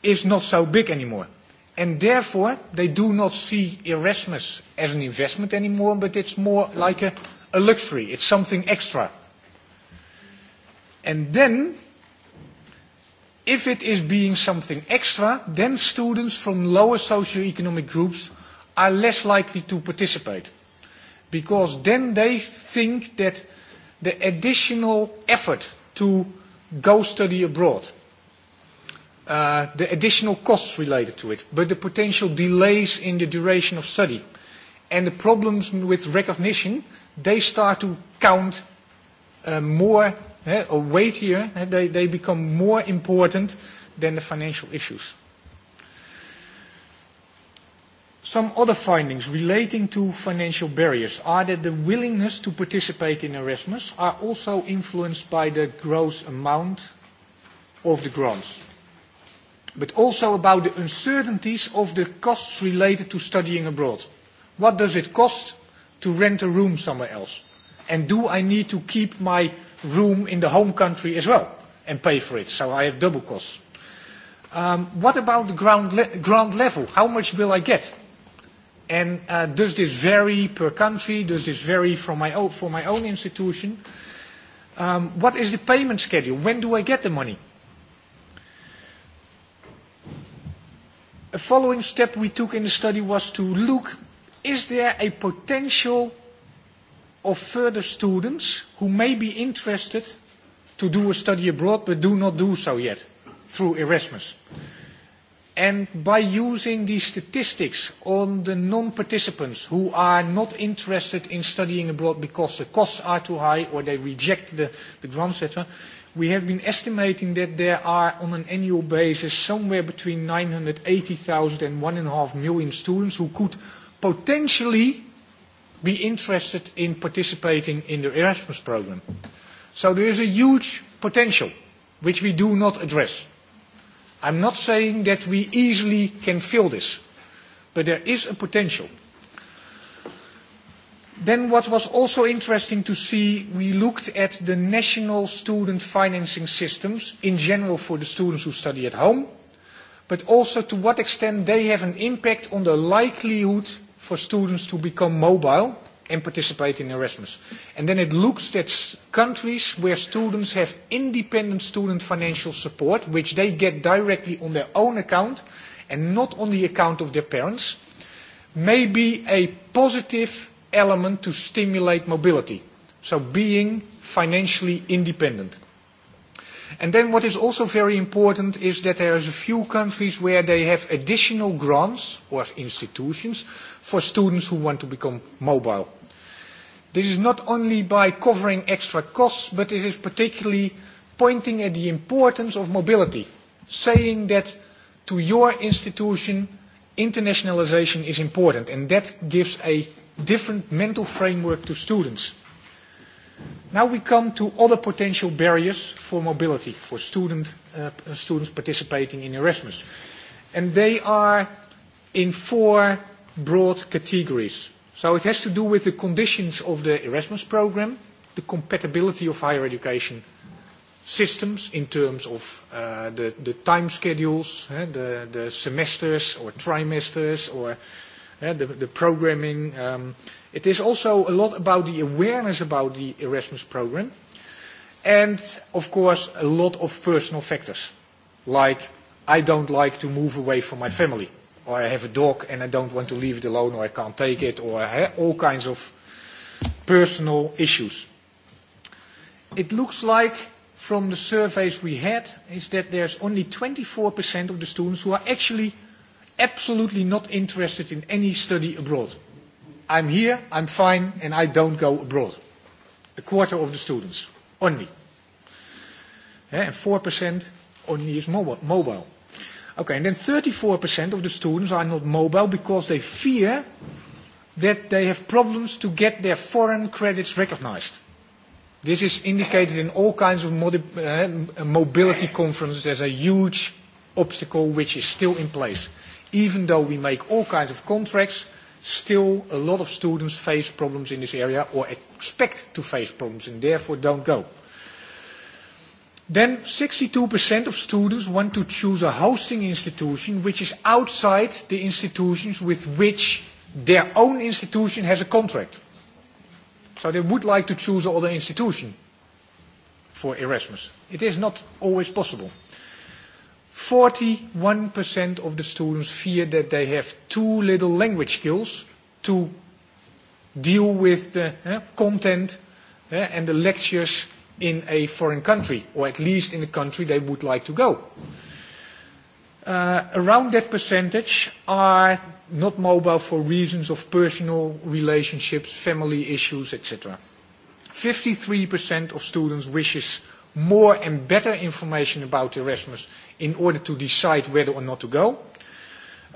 is not so big anymore. And therefore, they do not see Erasmus as an investment anymore, but it's more like a, a luxury. It's something extra. And then, if it is being something extra, then students from lower socio-economic groups are less likely to participate. Because then they think that the additional effort to go study abroad – uh, the additional costs related to it, but the potential delays in the duration of study and the problems with recognition, they start to count uh, more eh, or weightier. Eh, they, they become more important than the financial issues. Some other findings relating to financial barriers are that the willingness to participate in Erasmus are also influenced by the gross amount of the grants but also about the uncertainties of the costs related to studying abroad. What does it cost to rent a room somewhere else? And do I need to keep my room in the home country as well and pay for it, so I have double costs? Um, what about the ground, le ground level? How much will I get? And uh, does this vary per country? Does this vary from my own, for my own institution? Um, what is the payment schedule? When do I get the money? A following step we took in the study was to look, is there a potential of further students who may be interested to do a study abroad but do not do so yet through Erasmus? And by using the statistics on the non-participants who are not interested in studying abroad because the costs are too high or they reject the, the grants, etc., We have been estimating that there are, on an annual basis, somewhere between 980,000 and 1.5 million students who could potentially be interested in participating in the Erasmus program. So there is a huge potential which we do not address. I'm not saying that we easily can fill this, but there is a potential. Then what was also interesting to see, we looked at the national student financing systems in general for the students who study at home, but also to what extent they have an impact on the likelihood for students to become mobile and participate in Erasmus. And then it looks at countries where students have independent student financial support, which they get directly on their own account and not on the account of their parents, may be a positive element to stimulate mobility. So being financially independent. And then what is also very important is that there is a few countries where they have additional grants or institutions for students who want to become mobile. This is not only by covering extra costs, but it is particularly pointing at the importance of mobility, saying that to your institution, internationalization is important, and that gives a different mental framework to students. Now we come to other potential barriers for mobility for student, uh, students participating in Erasmus. And they are in four broad categories. So it has to do with the conditions of the Erasmus program, the compatibility of higher education systems in terms of uh, the, the time schedules, eh, the, the semesters or trimesters or Eh, the, the programming. Um, it is also a lot about the awareness about the Erasmus program and, of course, a lot of personal factors, like I don't like to move away from my family, or I have a dog and I don't want to leave it alone, or I can't take it, or I eh, all kinds of personal issues. It looks like from the surveys we had is that there's only 24% of the students who are actually absolutely not interested in any study abroad. I'm here, I'm fine, and I don't go abroad. A quarter of the students, only. Yeah, and 4% only is mobile. Okay, and then 34% of the students are not mobile because they fear that they have problems to get their foreign credits recognized. This is indicated in all kinds of modi- uh, mobility conferences as a huge obstacle which is still in place even though we make all kinds of contracts, still a lot of students face problems in this area or expect to face problems and therefore don't go. Then 62% of students want to choose a hosting institution which is outside the institutions with which their own institution has a contract. So they would like to choose another institution for Erasmus. It is not always possible. 41% of the students fear that they have too little language skills to deal with the uh, content uh, and the lectures in a foreign country, or at least in the country they would like to go. Uh, around that percentage are not mobile for reasons of personal relationships, family issues, etc. 53% of students wishes more and better information about Erasmus in order to decide whether or not to go.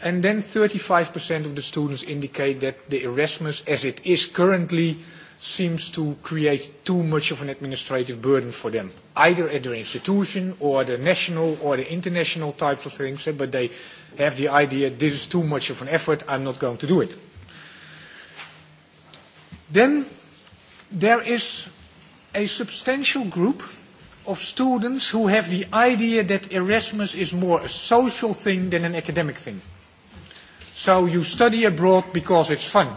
And then 35% of the students indicate that the Erasmus, as it is currently, seems to create too much of an administrative burden for them, either at their institution or the national or the international types of things, eh, but they have the idea this is too much of an effort, I'm not going to do it. Then there is a substantial group of students who have the idea that Erasmus is more a social thing than an academic thing. So you study abroad because it's fun,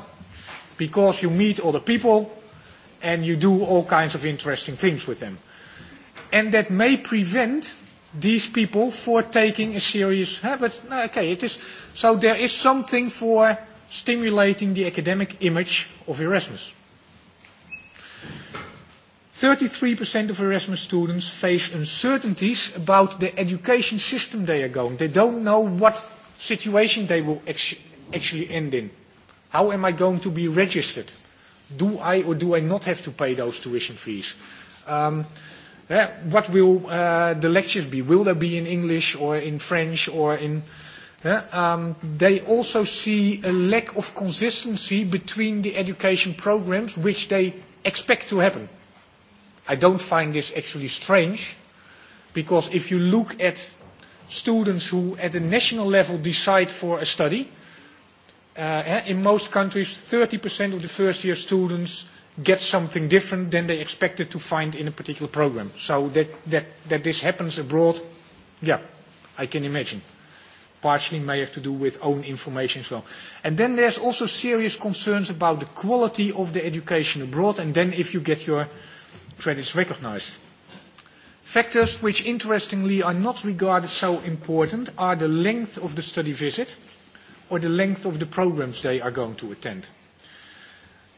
because you meet other people and you do all kinds of interesting things with them. And that may prevent these people for taking a serious habit. No, okay, it is, so there is something for stimulating the academic image of Erasmus. 33% of Erasmus students face uncertainties about the education system they are going. They don't know what situation they will actually end in. How am I going to be registered? Do I or do I not have to pay those tuition fees? Um, yeah, what will uh, the lectures be? Will they be in English or in French or in... Yeah, um, they also see a lack of consistency between the education programs which they expect to happen. I don't find this actually strange because if you look at students who at the national level decide for a study, uh, eh, in most countries 30% of the first year students get something different than they expected to find in a particular program. So that, that, that this happens abroad, yeah, I can imagine. Partially may have to do with own information as well. And then there's also serious concerns about the quality of the education abroad, and then if you get your credits recognized. Factors which interestingly are not regarded so important are the length of the study visit or the length of the programs they are going to attend.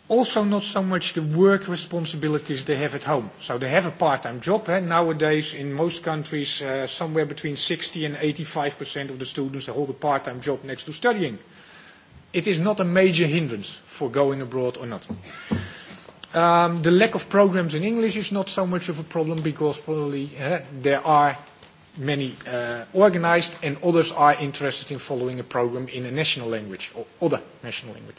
Also not so much the work responsibilities they have at home. So they have a part-time job. Eh? Nowadays in most countries uh, somewhere between 60 and 85% of the students hold a part-time job next to studying. It is not a major hindrance for going abroad or not. Um, the lack of programs in English is not so much of a problem because probably uh, there are many uh, organized and others are interested in following a program in a national language or other national language.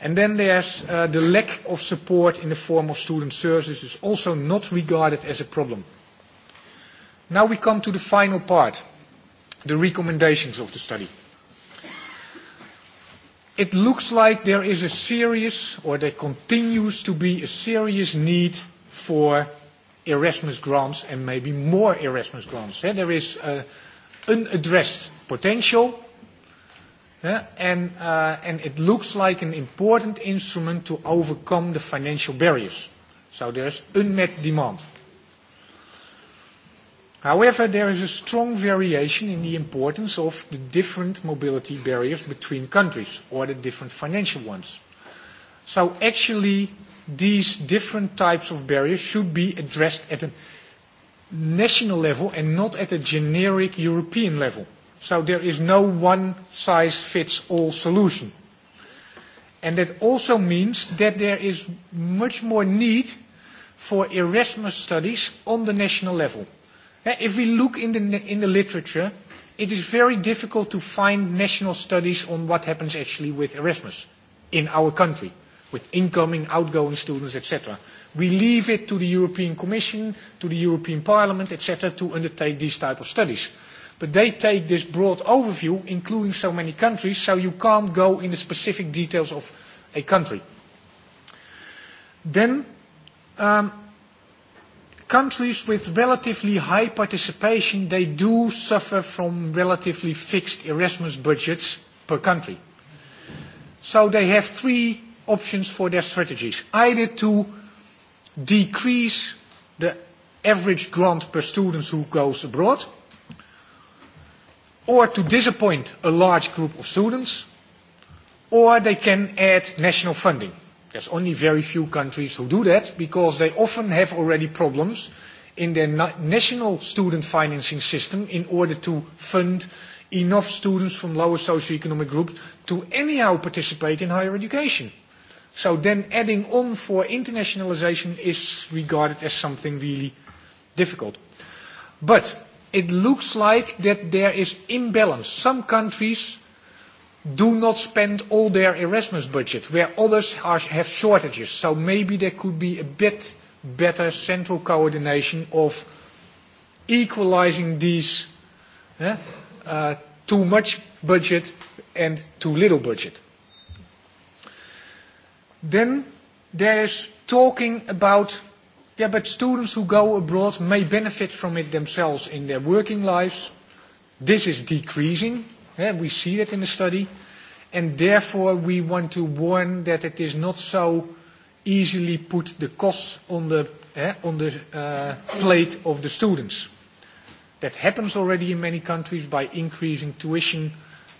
And then there's uh, the lack of support in the form of student services is also not regarded as a problem. Now we come to the final part, the recommendations of the study it looks like there is a serious, or there continues to be a serious need for Erasmus grants and maybe more Erasmus grants. There is uh, unaddressed potential, and, uh, and it looks like an important instrument to overcome the financial barriers. So there's unmet demand. However, there is a strong variation in the importance of the different mobility barriers between countries or the different financial ones. So actually, these different types of barriers should be addressed at a national level and not at a generic European level. So there is no one-size-fits-all solution. And that also means that there is much more need for Erasmus studies on the national level Eh, if we look in the, in the literature, it is very difficult to find national studies on what happens actually with Erasmus in our country, with incoming, outgoing students, etc. We leave it to the European Commission, to the European Parliament, etc., to undertake these type of studies. But they take this broad overview, including so many countries, so you can't go in the specific details of a country. Then, um, countries with relatively high participation, they do suffer from relatively fixed Erasmus budgets per country. So they have three options for their strategies. Either to decrease the average grant per student who goes abroad, or to disappoint a large group of students, or they can add national funding. There's only very few countries who do that because they often have already problems in their national student financing system in order to fund enough students from lower socioeconomic groups to anyhow participate in higher education. So then adding on for internationalization is regarded as something really difficult. But it looks like that there is imbalance. Some countries do not spend all their Erasmus budget where others are, have shortages. So maybe there could be a bit better central coordination of equalizing these eh, uh, too much budget and too little budget. Then there is talking about, yeah, but students who go abroad may benefit from it themselves in their working lives. This is decreasing Yeah, we see that in the study. And therefore, we want to warn that it is not so easily put the costs on the, eh, on the uh, plate of the students. That happens already in many countries by increasing tuition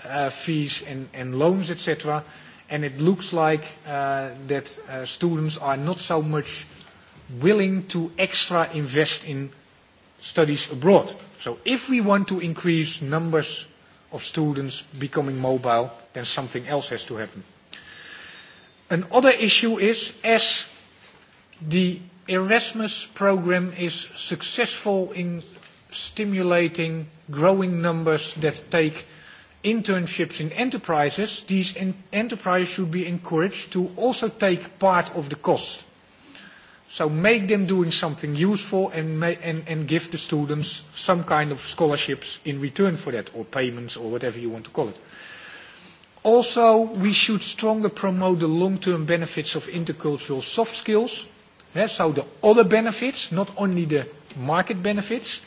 uh, fees and, and loans, etc. And it looks like uh, that uh, students are not so much willing to extra invest in studies abroad. So if we want to increase numbers of students becoming mobile, then something else has to happen. Another issue is, as the Erasmus program is successful in stimulating growing numbers that take internships in enterprises, these enterprises should be encouraged to also take part of the cost. So make them doing something useful and, may, and, and give the students some kind of scholarships in return for that, or payments, or whatever you want to call it. Also, we should stronger promote the long-term benefits of intercultural soft skills. Yeah, so the other benefits, not only the market benefits.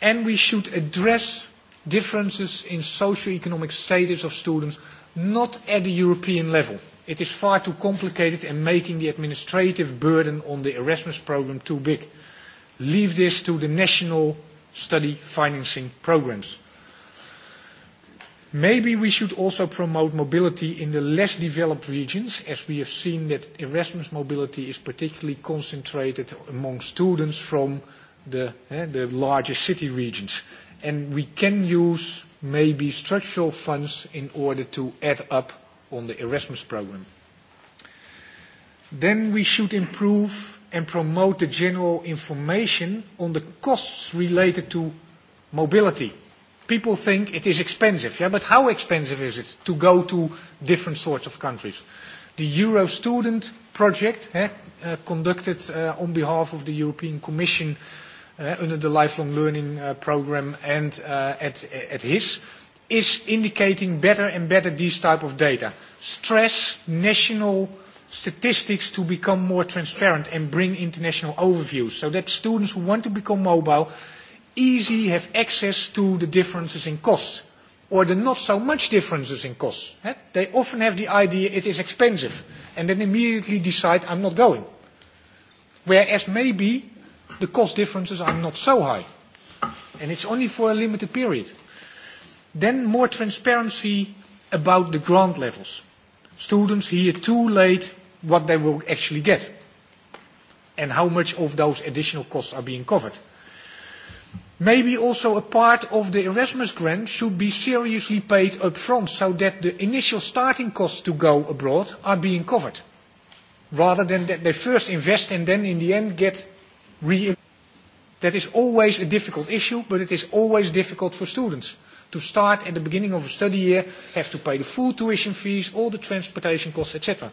And we should address differences in socio-economic status of students, not at the European level it is far too complicated and making the administrative burden on the Erasmus programme too big. Leave this to the national study financing programmes. Maybe we should also promote mobility in the less developed regions, as we have seen that Erasmus mobility is particularly concentrated among students from the, eh, the larger city regions. And we can use maybe structural funds in order to add up on the Erasmus programme. Then we should improve and promote the general information on the costs related to mobility. People think it is expensive, yeah, but how expensive is it to go to different sorts of countries? The Euro Student project, eh, uh, conducted uh, on behalf of the European Commission uh, under the Lifelong Learning uh, Programme and uh, at, at HIS, is indicating better and better these type of data. Stress national statistics to become more transparent and bring international overviews so that students who want to become mobile easily have access to the differences in costs or the not so much differences in costs. They often have the idea it is expensive and then immediately decide I'm not going. Whereas maybe the cost differences are not so high. And it's only for a limited period. Then more transparency about the grant levels. Students hear too late what they will actually get and how much of those additional costs are being covered. Maybe also a part of the Erasmus grant should be seriously paid up front so that the initial starting costs to go abroad are being covered rather than that they first invest and then in the end get re That is always a difficult issue, but it is always difficult for students to start at the beginning of a study year have to pay the full tuition fees, all the transportation costs, etc.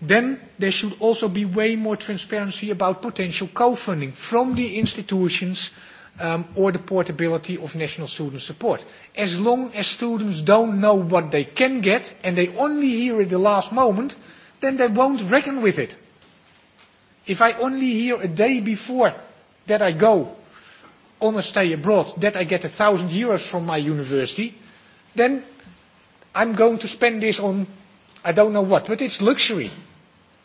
Then there should also be way more transparency about potential co-funding from the institutions um, or the portability of national student support. As long as students don't know what they can get and they only hear at the last moment, then they won't reckon with it. If I only hear a day before that I go on a stay abroad that I get a thousand euros from my university, then I'm going to spend this on I don't know what, but it's luxury.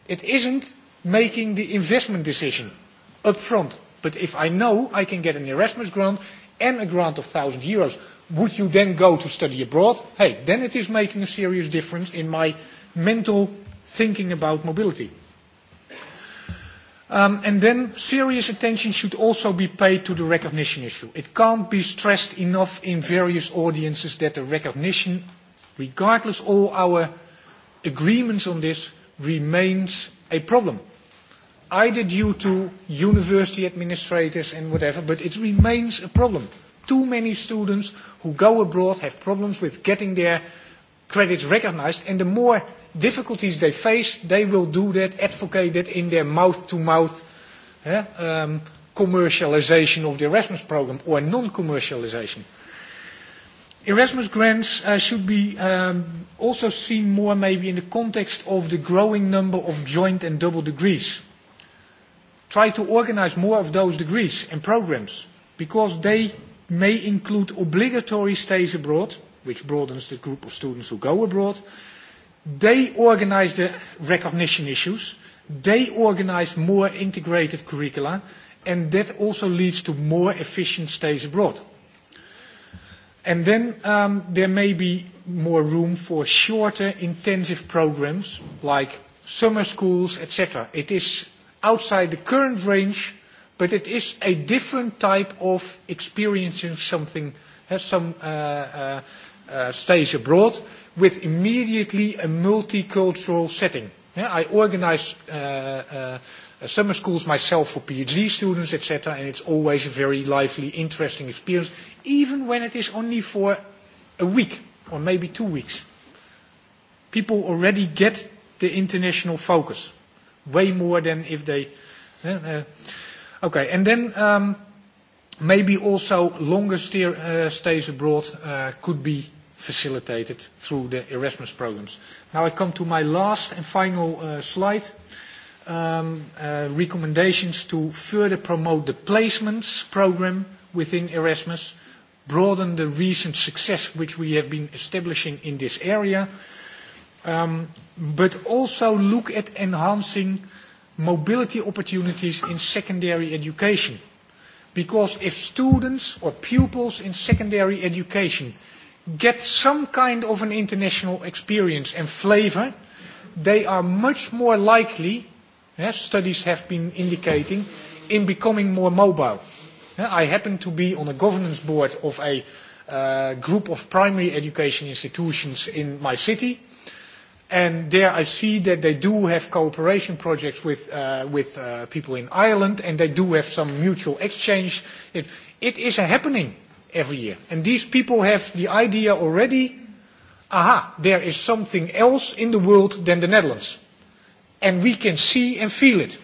It isn't making the investment decision up front. But if I know I can get an Erasmus grant and a grant of 1,000 euros, would you then go to study abroad? Hey, then it is making a serious difference in my mental thinking about mobility. Um, and then serious attention should also be paid to the recognition issue. It can't be stressed enough in various audiences that the recognition, regardless of all our agreements on this, remains a problem. Either due to university administrators and whatever, but it remains a problem. Too many students who go abroad have problems with getting their credits recognized, and the more difficulties they face, they will do that, advocate that in their mouth-to-mouth -mouth, yeah, um, commercialization of the Erasmus program or non-commercialization. Erasmus grants uh, should be um, also seen more maybe in the context of the growing number of joint and double degrees. Try to organize more of those degrees and programs because they may include obligatory stays abroad, which broadens the group of students who go abroad, They organise the recognition issues. They organise more integrated curricula, and that also leads to more efficient stays abroad. And then um, there may be more room for shorter intensive programs like summer schools, etc. It is outside the current range, but it is a different type of experiencing something, has uh, some uh, uh, uh, stays abroad with immediately a multicultural setting. Yeah, I organize uh, uh, summer schools myself for PhD students, etc., and it's always a very lively, interesting experience, even when it is only for a week or maybe two weeks. People already get the international focus way more than if they. Uh, uh, okay, and then um, maybe also longer steer, uh, stays abroad uh, could be facilitated through the Erasmus programs. Now I come to my last and final uh, slide. Um, uh, recommendations to further promote the placements program within Erasmus, broaden the recent success which we have been establishing in this area, um, but also look at enhancing mobility opportunities in secondary education. Because if students or pupils in secondary education get some kind of an international experience and flavor, they are much more likely, yes, studies have been indicating, in becoming more mobile. I happen to be on a governance board of a uh, group of primary education institutions in my city. And there I see that they do have cooperation projects with, uh, with uh, people in Ireland, and they do have some mutual exchange. It, it is a happening every year. And these people have the idea already, aha, there is something else in the world than the Netherlands. And we can see and feel it.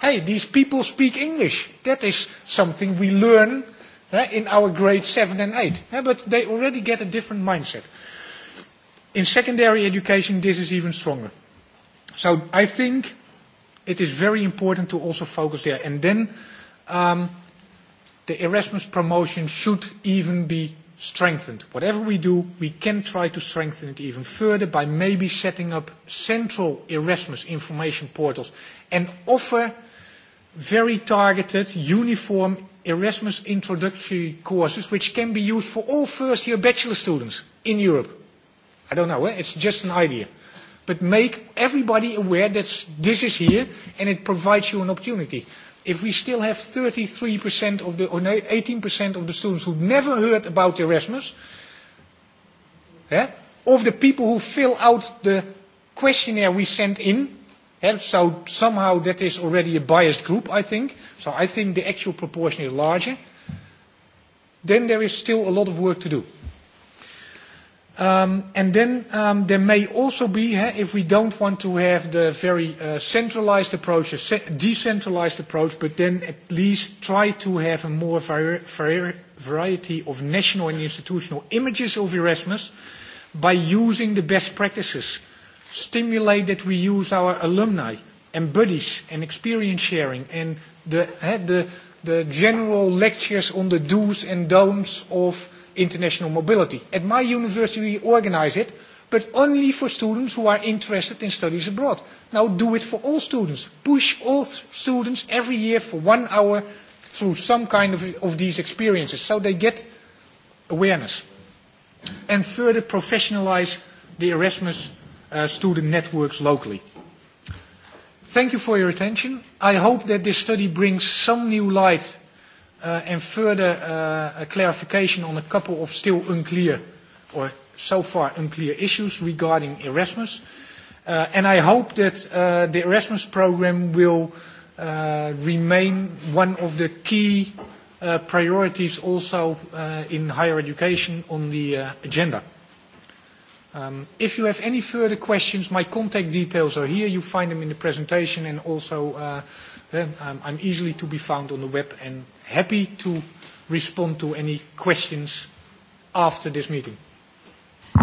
Hey, these people speak English. That is something we learn eh, in our grade 7 and 8. Eh, but they already get a different mindset. In secondary education, this is even stronger. So I think it is very important to also focus there. And then um, the Erasmus promotion should even be strengthened. Whatever we do, we can try to strengthen it even further by maybe setting up central Erasmus information portals and offer very targeted, uniform Erasmus introductory courses which can be used for all first-year bachelor students in Europe. I don't know, eh? it's just an idea. But make everybody aware that this is here and it provides you an opportunity if we still have 33% of the, or 18% no, of the students who never heard about Erasmus, yeah, of the people who fill out the questionnaire we sent in, yeah, so somehow that is already a biased group, I think. So I think the actual proportion is larger. Then there is still a lot of work to do. Um, and then um, there may also be, if we don't want to have the very uh, centralized approach, a se- decentralized approach, but then at least try to have a more variety of national and institutional images of Erasmus by using the best practices. Stimulate that we use our alumni and buddies and experience sharing and the, the general lectures on the do's and don'ts of international mobility. At my university, we organise it, but only for students who are interested in studies abroad. Now do it for all students. Push all students every year for one hour through some kind of, of these experiences so they get awareness. And further professionalise the Erasmus uh, student networks locally. Thank you for your attention. I hope that this study brings some new light and eh, further uh, clarification on a couple of still unclear or so far unclear issues regarding Erasmus. Eh, and I hope that the Erasmus program will remain one of the key priorities also in higher education on the agenda. Um, if you have any further questions, my contact details are here. You find them in the presentation and also um, I'm easily to be found on the web and happy to respond to any questions after this meeting.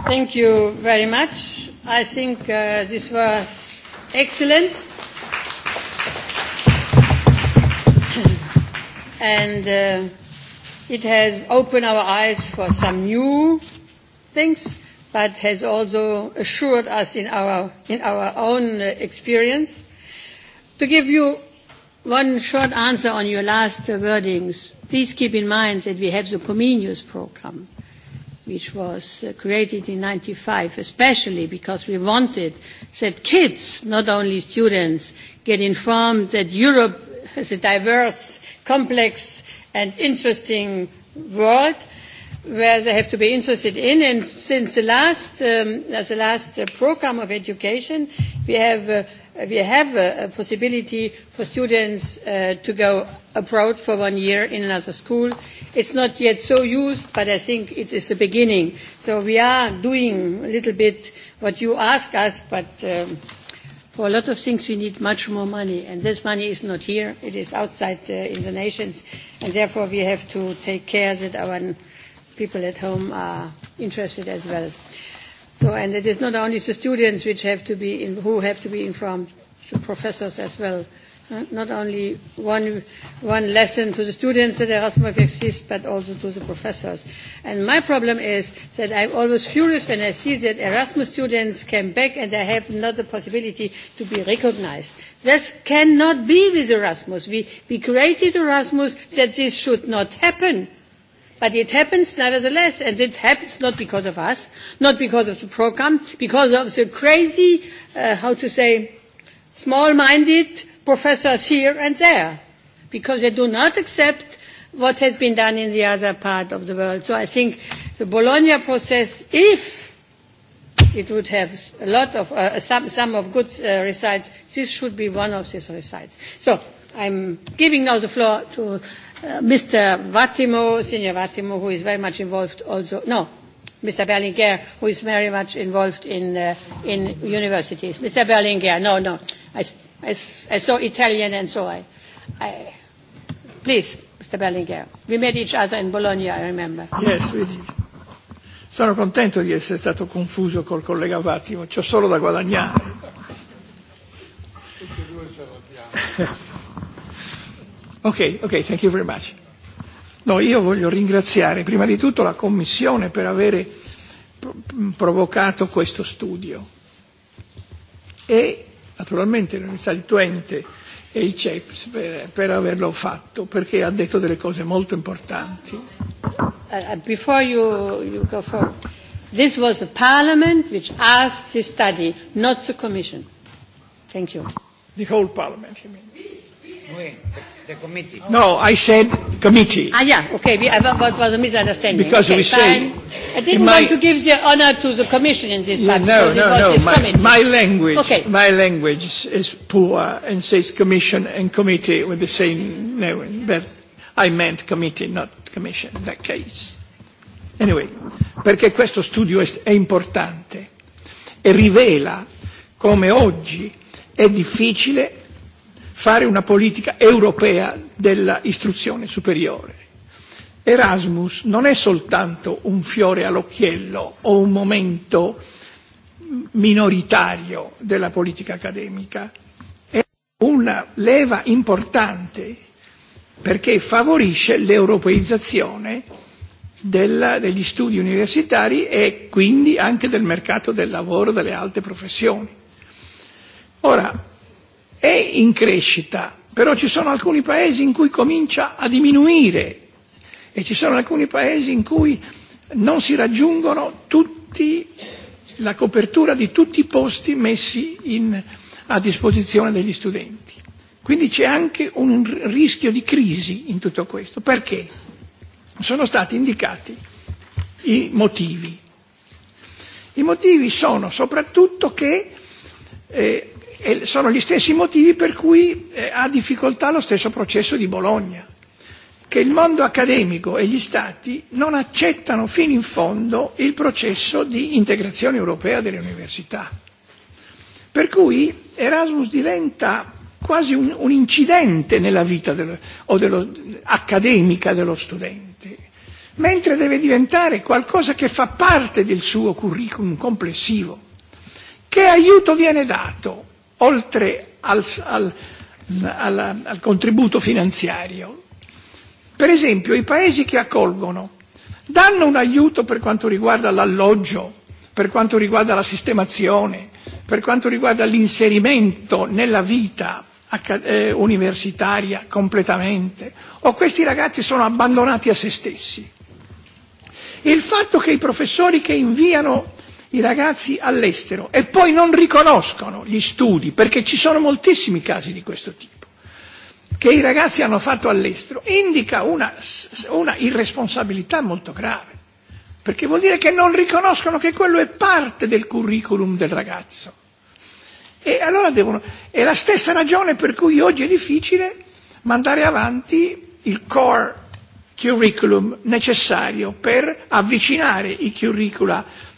Thank you very much. I think uh, this was excellent. *coughs* and uh, it has opened our eyes for some new things, but has also assured us in our, in our own uh, experience. To give you One short answer on your last uh, wordings. Please keep in mind that we have the Comenius program, which was uh, created in 95, especially because we wanted that kids, not only students, get informed that Europe has a diverse, complex, and interesting world where they have to be interested in. And since the last, um, the last uh, program of education, we have uh, Uh, we have a, a possibility for students uh, to go abroad for one year in another school. It's not yet so used, but I think it is the beginning. So we are doing a little bit what you ask us, but um, for a lot of things we need much more money, and this money is not here. It is outside uh, in the nations, and therefore we have to take care that our people at home are interested as well. So, and it is not only the students which have to be in, who have to be informed, the professors as well. Uh, not only one, one lesson to the students that Erasmus exists, but also to the professors. And my problem is that I'm always furious when I see that Erasmus students came back and they have not the possibility to be recognized. This cannot be with Erasmus. We, we created Erasmus that this should not happen. But it happens nevertheless, and it happens not because of us, not because of the program, because of the crazy, uh, how to say, small-minded professors here and there, because they do not accept what has been done in the other part of the world. So I think the Bologna process, if it would have a lot of, uh, some, some of good uh, results, this should be one of these results. So I'm giving now the floor to Mr. Vattimo, Senior Vattimo, who is very much involved also, no, Mr. Berlinguer, who is very much involved in, uh, in universities. Mr. Berlinguer, no, no, I, I, I saw Italian and so I, I, please, Mr. Berlinguer. We met each other in Bologna, I remember. Yes, we did. Sono contento di essere stato confuso col collega Vattimo, c'ho solo da guadagnare. E *laughs* Ok, ok, thank you very much. No, io voglio ringraziare prima di tutto la Commissione per aver provocato questo studio e naturalmente l'Università di Twente e il CEPS per, per averlo fatto, perché ha detto delle cose molto importanti. Uh, uh before you, you go forward, this was the Parliament which asked study, not the Commission. Thank you. The whole Parliament, you mean? the committee. No, I said committee. Ah, yeah, okay, we, I, what was a misunderstanding. Because okay, we fine. say... I didn't my, want to give the honor to the commission in this yeah, part, no, no, no, my, committee. my language, okay. my language is poor and says commission and committee with the same name, but I meant committee, not commission in that case. Anyway, perché questo studio è, è importante e rivela come oggi è difficile fare una politica europea dell'istruzione superiore. Erasmus non è soltanto un fiore all'occhiello o un momento minoritario della politica accademica, è una leva importante perché favorisce l'europeizzazione della, degli studi universitari e quindi anche del mercato del lavoro delle alte professioni. Ora, è in crescita, però ci sono alcuni paesi in cui comincia a diminuire e ci sono alcuni paesi in cui non si raggiungono tutti la copertura di tutti i posti messi in, a disposizione degli studenti. Quindi c'è anche un rischio di crisi in tutto questo. Perché? Sono stati indicati i motivi. I motivi sono soprattutto che eh, E sono gli stessi motivi per cui eh, ha difficoltà lo stesso processo di Bologna, che il mondo accademico e gli Stati non accettano fino in fondo il processo di integrazione europea delle università. Per cui Erasmus diventa quasi un, un incidente nella vita dello, o dello, accademica dello studente, mentre deve diventare qualcosa che fa parte del suo curriculum complessivo. Che aiuto viene dato oltre al, al, al, al contributo finanziario. Per esempio i paesi che accolgono danno un aiuto per quanto riguarda l'alloggio, per quanto riguarda la sistemazione, per quanto riguarda l'inserimento nella vita eh, universitaria completamente o questi ragazzi sono abbandonati a se stessi. Il fatto che i professori che inviano i ragazzi all'estero e poi non riconoscono gli studi, perché ci sono moltissimi casi di questo tipo, che i ragazzi hanno fatto all'estero, indica una, una irresponsabilità molto grave, perché vuol dire che non riconoscono che quello è parte del curriculum del ragazzo. E allora devono... È la stessa ragione per cui oggi è difficile mandare avanti il core curriculum necessario per avvicinare i curricula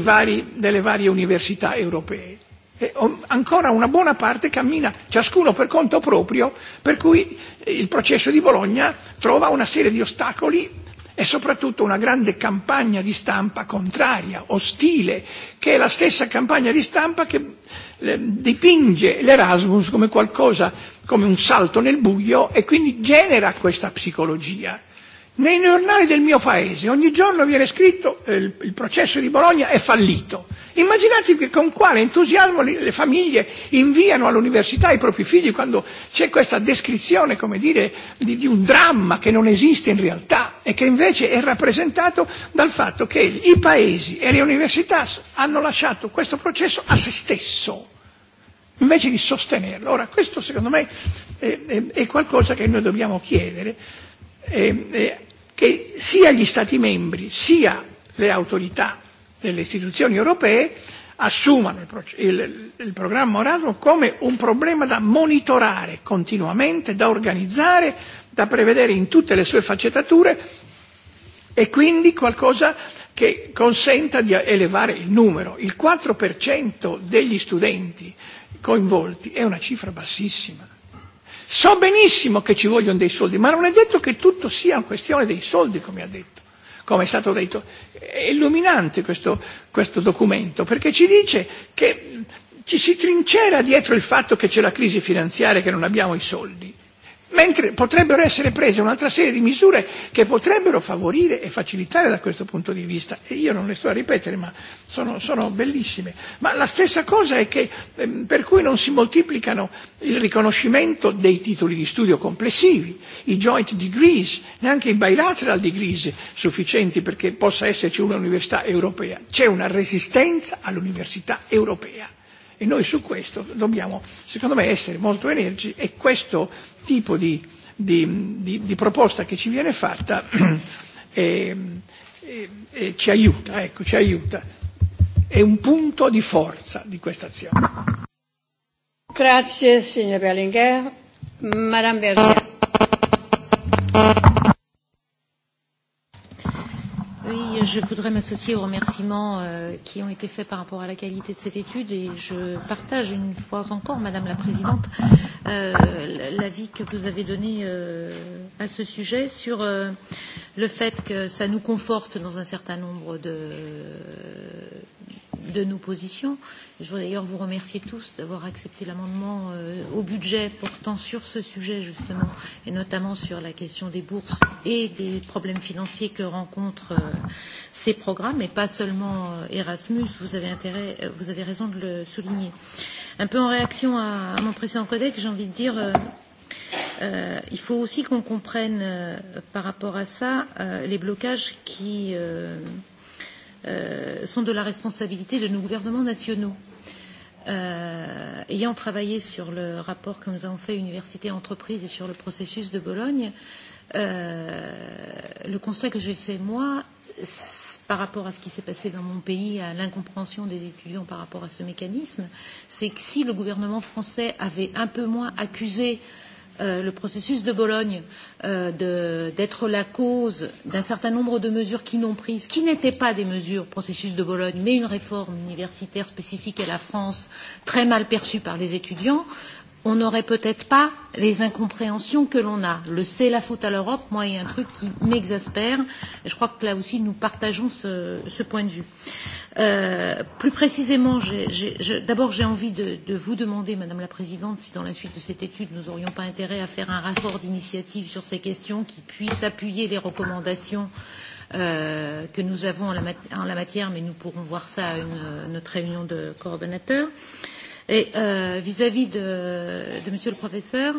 vari, delle varie università europee. E ancora una buona parte cammina ciascuno per conto proprio, per cui eh, il processo di Bologna trova una serie di ostacoli e soprattutto una grande campagna di stampa contraria, ostile, che è la stessa campagna di stampa che dipinge l'Erasmus come qualcosa, come un salto nel buio e quindi genera questa psicologia Nei giornali del mio paese ogni giorno viene scritto eh, il, il processo di Bologna è fallito. Immaginate che con quale entusiasmo le, le famiglie inviano all'università i propri figli quando c'è questa descrizione, come dire, di, di un dramma che non esiste in realtà e che invece è rappresentato dal fatto che i paesi e le università hanno lasciato questo processo a se stesso invece di sostenerlo. Ora, questo secondo me è, è, è qualcosa che noi dobbiamo chiedere Eh, eh, che sia gli Stati membri sia le autorità delle istituzioni europee assumano il, il, il programma Erasmus come un problema da monitorare continuamente, da organizzare, da prevedere in tutte le sue faccettature e quindi qualcosa che consenta di elevare il numero. Il 4% degli studenti coinvolti è una cifra bassissima so benissimo che ci vogliono dei soldi, ma non è detto che tutto sia una questione dei soldi, come ha detto, come è stato detto. È illuminante questo, questo documento, perché ci dice che ci si trincera dietro il fatto che c'è la crisi finanziaria e che non abbiamo i soldi mentre potrebbero essere prese un'altra serie di misure che potrebbero favorire e facilitare da questo punto di vista e io non le sto a ripetere ma sono, sono bellissime ma la stessa cosa è che ehm, per cui non si moltiplicano il riconoscimento dei titoli di studio complessivi i joint degrees neanche i bilateral degrees sufficienti perché possa esserci un'università europea c'è una resistenza all'università europea e noi su questo dobbiamo, secondo me, essere molto energici e questo tipo di, di, di, di proposta che ci viene fatta e e, e ci aiuta, ecco, ci aiuta. È un punto di forza di questa azione. Grazie signor Berlinguer. Madame Berger. je voudrais m'associer aux remerciements euh, qui ont été faits par rapport à la qualité de cette étude et je partage une fois encore, Madame la Présidente, euh, l'avis que vous avez donné euh, à ce sujet sur le fait que ça nous conforte dans un certain nombre de, de nos positions je voudrais d'ailleurs vous remercier tous d'avoir accepté l'amendement euh, au budget portant sur ce sujet justement, et notamment sur la question des bourses et des problèmes financiers que rencontrent euh, ces programmes, et pas seulement euh, Erasmus. Vous avez, intérêt, euh, vous avez raison de le souligner. Un peu en réaction à, à mon précédent collègue, j'ai envie de dire. Euh, Euh, il faut aussi qu'on comprenne euh, par rapport à ça euh, les blocages qui euh, euh, sont de la responsabilité de nos gouvernements nationaux. Euh, euh, ayant travaillé sur le rapport que nous avons fait Université-Entreprise et sur le processus de Bologne, euh, le constat que j'ai fait moi par rapport à ce qui s'est passé dans mon pays, à l'incompréhension des étudiants par rapport à ce mécanisme, c'est que si le gouvernement français avait un peu moins accusé euh, Euh, le processus de Bologne euh, d'être la cause d'un certain nombre de mesures qui n'ont prises, qui n'étaient pas des mesures processus de Bologne, mais une réforme universitaire spécifique à la France, très mal perçue par les étudiants, euh, on n'aurait peut-être pas les incompréhensions que l'on a. Le c'est la faute à l'Europe, moi, il y a un truc qui m'exaspère. Je crois que là aussi, nous partageons ce, ce point de vue. Euh, plus précisément, d'abord, j'ai envie de, de vous demander, Madame la Présidente, si dans la suite de cette étude, nous n'aurions pas intérêt à faire un rapport d'initiative sur ces questions qui puisse appuyer les recommandations euh, que nous avons en la, en la matière, mais nous pourrons voir ça à une, notre réunion de coordonnateurs. Euh, Et euh, vis-à-vis euh, -vis de, de Monsieur le Professeur,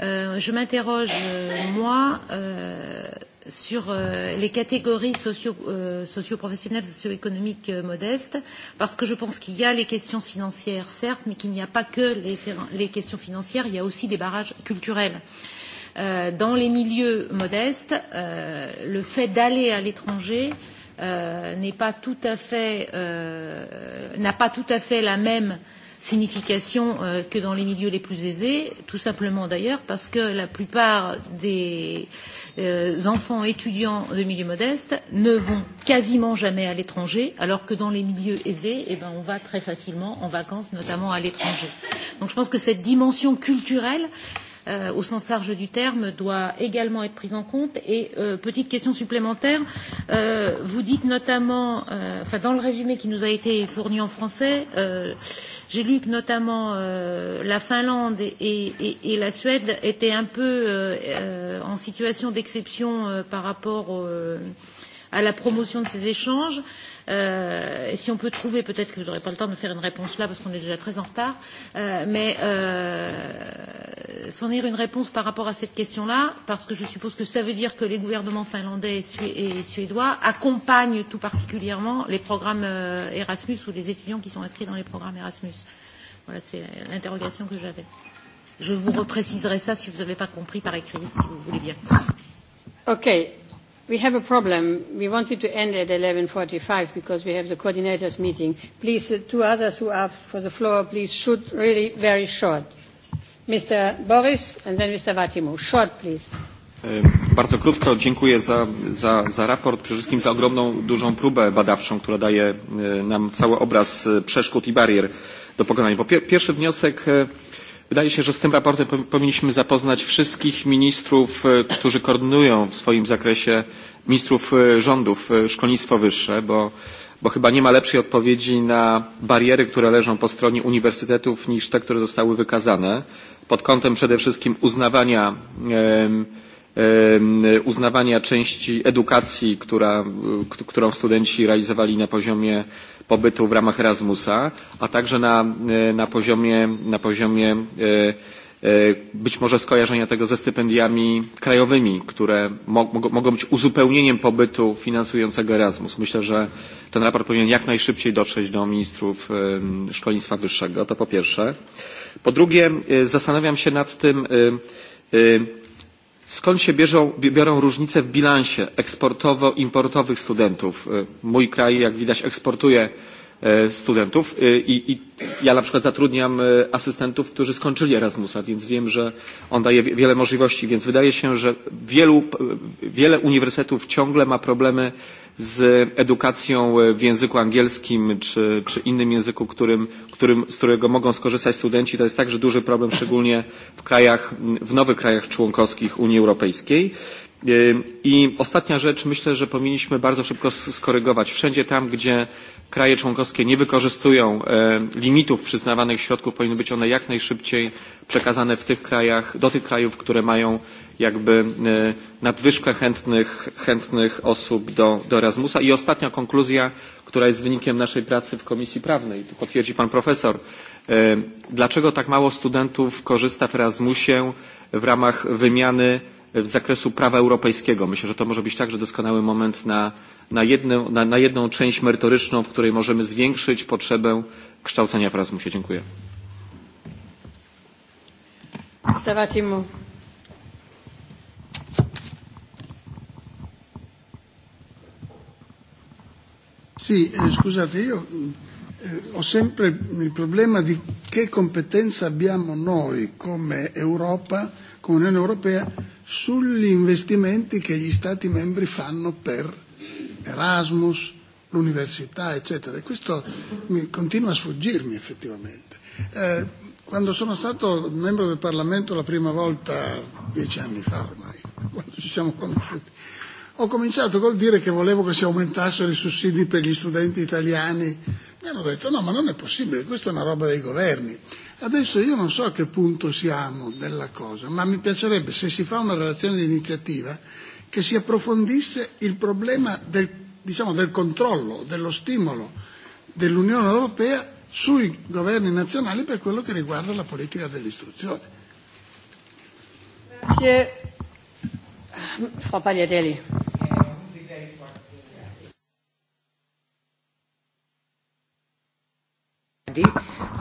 euh, je m'interroge euh, moi euh, sur euh, les catégories socio, euh, socio socio-économiques euh, modestes, parce que je pense qu'il y a les questions financières, certes, mais qu'il n'y a pas que les, les questions financières, il y a aussi des barrages culturels. Euh, dans les milieux modestes, euh, le fait d'aller à l'étranger euh, n'est pas tout à fait, euh, n'a pas tout à fait la même euh, signification euh, que dans les milieux les plus aisés, tout simplement d'ailleurs parce que la plupart des euh, enfants étudiants de milieux modestes ne vont quasiment jamais à l'étranger, alors que dans les milieux aisés, eh ben, on va très facilement en vacances, notamment à l'étranger. Donc je pense que cette dimension culturelle euh, euh, au sens large du terme doit également être prise en compte. Et euh, petite question supplémentaire, euh, vous dites notamment, euh, enfin dans le résumé qui nous a été fourni en français, euh, j'ai lu que notamment euh, la Finlande et, et, et la Suède étaient un peu euh, euh, en situation d'exception euh, par rapport au euh, à la promotion de ces échanges. Euh, et si on peut trouver, peut-être que vous n'aurez pas le temps de faire une réponse là parce qu'on est déjà très en retard, euh, mais euh, fournir une réponse par rapport à cette question-là, parce que je suppose que ça veut dire que les gouvernements finlandais et, sué et suédois accompagnent tout particulièrement les programmes euh, Erasmus ou les étudiants qui sont inscrits dans les programmes Erasmus. Voilà, c'est l'interrogation que j'avais. Je vous repréciserai ça si vous n'avez pas compris par écrit, si vous voulez bien. Okay, we have a problem. We wanted to end at 11.45 because we have the coordinators meeting. Please, the uh, two others who asked for the floor, please shoot really very short. Mr. Boris and then Mr. Vatimu. Short, please. Bardzo krótko dziękuję za, za, za raport, przede wszystkim za ogromną, dużą próbę badawczą, która daje e, nam cały obraz e, przeszkód i barier do pokonania. Po pierwszy wniosek e, Wydaje się, że z tym raportem powinniśmy zapoznać wszystkich ministrów, e, którzy koordynują w swoim zakresie ministrów e, rządów e, szkolnictwo wyższe, bo, bo chyba nie ma lepszej odpowiedzi na bariery, które leżą po stronie uniwersytetów niż te, które zostały wykazane pod kątem przede wszystkim uznawania yy, uznawania części edukacji, która, którą studenci realizowali na poziomie pobytu w ramach Erasmusa, a także na, e, na poziomie, na poziomie e, e, być może skojarzenia tego ze stypendiami krajowymi, które mogą być uzupełnieniem pobytu finansującego Erasmus. Myślę, że ten raport powinien jak najszybciej dotrzeć do ministrów szkolnictwa wyższego, to po pierwsze. Po drugie, zastanawiam się nad tym, Skąd się bierzą, biorą różnice w bilansie eksportowo-importowych studentów? Mój kraj, jak widać, eksportuje E, studentów e, i, i ja na przykład zatrudniam e, asystentów, którzy skończyli Erasmusa, więc wiem, że on daje wiele możliwości, więc wydaje się, że wielu, wiele uniwersytetów ciągle ma problemy z edukacją w języku angielskim czy, czy innym języku, którym, którym, z którego mogą skorzystać studenci. To jest także duży problem, szczególnie w, krajach, w nowych krajach członkowskich Unii Europejskiej. I ostatnia rzecz, myślę, że powinniśmy bardzo szybko skorygować. Wszędzie tam, gdzie kraje członkowskie nie wykorzystują e, limitów przyznawanych środków, powinny być one jak najszybciej przekazane w tych krajach, do tych krajów, które mają jakby e, nadwyżkę chętnych, chętnych osób do, do Erasmusa. I ostatnia konkluzja, która jest wynikiem naszej pracy w Komisji Prawnej, tu potwierdzi Pan Profesor. E, dlaczego tak mało studentów korzysta w Erasmusie w ramach wymiany z zakresu prawa europejskiego? Myślę, że to może być także doskonały moment na na, jedną, na, na jedną część merytoryczną, w której możemy zwiększyć potrzebę kształcenia w Erasmusie. Dziękuję. Savatimu. Sì, eh, scusate, io eh, ho sempre il problema di che competenza abbiamo noi come Europa, come Unione Europea, sugli investimenti che gli Stati membri fanno per Erasmus, l'università, eccetera. E questo mi, continua a sfuggirmi effettivamente. Eh, quando sono stato membro del Parlamento la prima volta, dieci anni fa ormai, *laughs* quando ci siamo conosciuti, ho cominciato col dire che volevo che si aumentassero i sussidi per gli studenti italiani. Mi hanno detto no, ma non è possibile, questa è una roba dei governi. Adesso io non so a che punto siamo della cosa, ma mi piacerebbe se si fa una relazione di iniziativa che si approfondisse il problema del, diciamo, del controllo, dello stimolo dell'Unione Europea sui governi nazionali per quello che riguarda la politica dell'istruzione. Grazie. Frau Pagliadelli.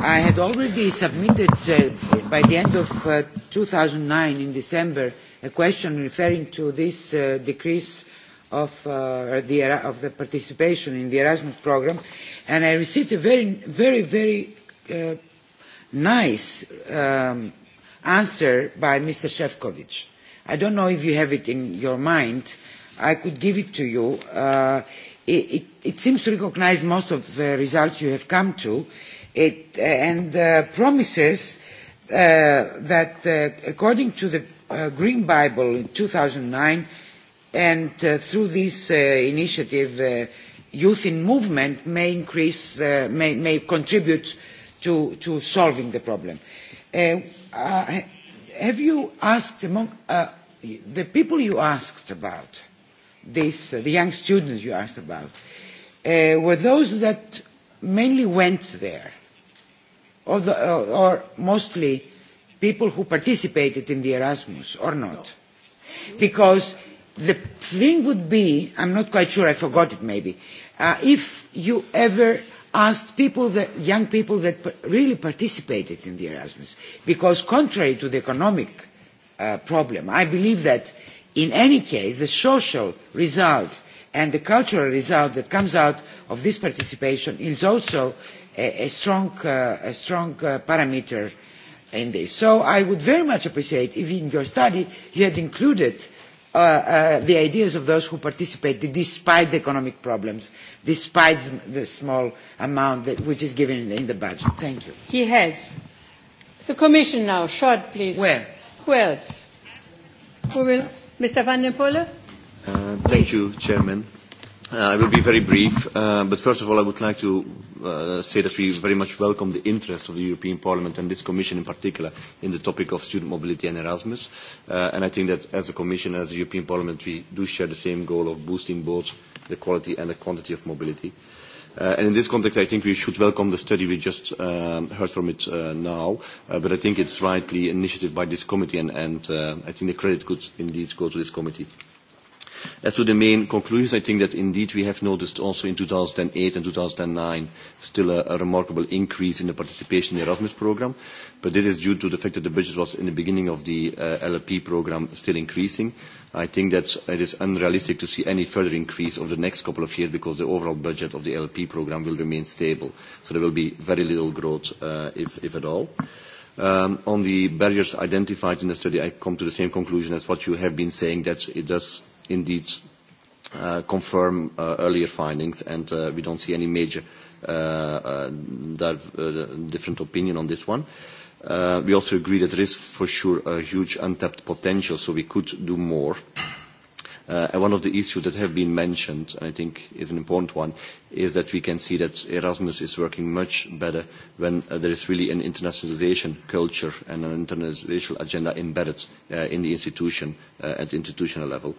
I had already submitted uh, by the end of uh, 2009 in December a question referring to this uh, decrease of, uh, the, of the participation in the Erasmus programme, and I received a very, very, very uh, nice um, answer by Mr. Shevkovich. I don't know if you have it in your mind. I could give it to you. Uh, it, it, it seems to recognise most of the results you have come to it, and uh, promises uh, that uh, according to the Uh, Green Bible in 2009, and uh, through this uh, initiative, uh, youth in movement may increase, uh, may, may contribute to, to solving the problem. Uh, uh, have you asked among uh, the people you asked about, this, uh, the young students you asked about, uh, were those that mainly went there, or, the, or, or mostly people who participated in the Erasmus or not? Because the thing would be, I'm not quite sure, I forgot it maybe, uh, if you ever asked people that, young people that really participated in the Erasmus. Because contrary to the economic uh, problem, I believe that in any case, the social result and the cultural result that comes out of this participation is also a, a strong, uh, a strong uh, parameter in this. So I would very much appreciate if in your study you had included uh, uh, the ideas of those who participated despite the economic problems, despite the small amount that, which is given in the, in the budget. Thank you. He has. The Commission now, short please. Where? Who else? Who will? Mr. Van den Polen? Uh, thank you, Chairman. Uh, I will be very brief, uh, but first of all, I would like to uh, say that we very much welcome the interest of the European Parliament and this Commission in particular in the topic of student mobility and Erasmus. Uh, and I think that as a Commission, as a European Parliament, we do share the same goal of boosting both the quality and the quantity of mobility. Uh, and in this context, I think we should welcome the study we just um, heard from it uh, now. Uh, but I think it's rightly initiative by this committee, and, and uh, I think the credit could indeed go to this committee. Uh, As to the main conclusions, I think that indeed we have noticed also in 2008 and 2009 still a, a remarkable increase in the participation in the Erasmus program, but this is due to the fact that the budget was in the beginning of the uh, LLP program still increasing. I think that it is unrealistic to see any further increase over the next couple of years because the overall budget of the LLP program will remain stable. So there will be very little growth, uh, if, if at all. Um, on the barriers identified in the study, I come to the same conclusion as what you have been saying, that it does indeed uh, confirm uh, earlier findings, and uh, we don't see any major different opinion on this one. we also agree that there is for sure a huge untapped potential, so we could do more. and one of the issues that have been mentioned, and I think is an important one, is that we can see that Erasmus is working much better when there is really an internationalization culture and an internationalization agenda embedded in the institution at institutional level.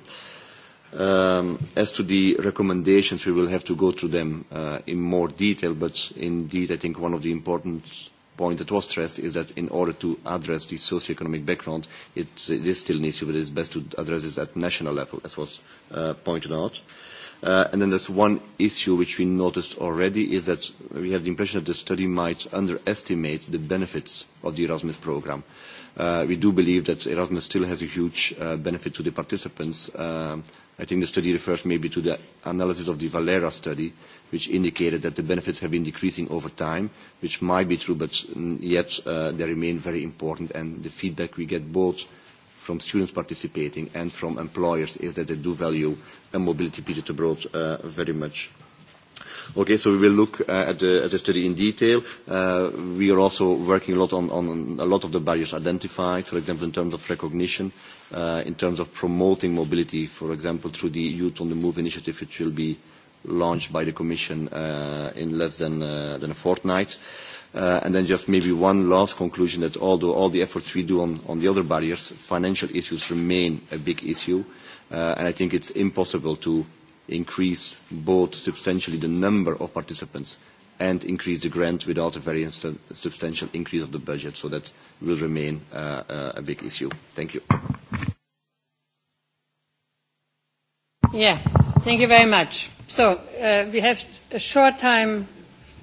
Um, as to the recommendations, we will have to go through them uh, in more detail, but indeed I think one of the important points that was stressed is that in order to address the socio-economic background, it, it is still an issue, but it is best to address it at national level, as was uh, pointed out. Uh, and then there's one issue which we noticed already is that we have the impression that the study might underestimate the benefits of the Erasmus programme. Uh, we do believe that Erasmus still has a huge uh, benefit to the participants, uh i think the study refers maybe to the analysis of the Valera study, which indicated that the benefits have been decreasing over time, which might be true, but yet uh, they remain very important. And the feedback we get both from students participating and from employers is that they do value a mobility period abroad uh, very much. Okay, so we will look uh, at, the, at the study in detail. Uh, we are also working a lot on, on a lot of the barriers identified, for example, in terms of recognition, uh, in terms of promoting mobility, for example, through the Youth on the Move initiative, which will be launched by the Commission uh, in less than, uh, than a fortnight. Uh, and then just maybe one last conclusion that although all the efforts we do on, on the other barriers, financial issues remain a big issue. Uh, and I think it's impossible to increase both substantially the number of participants and increase the grant without a very substantial increase of the budget. So that will remain uh, uh, a big issue. Thank you. Yeah, thank you very much. So uh, we have a short time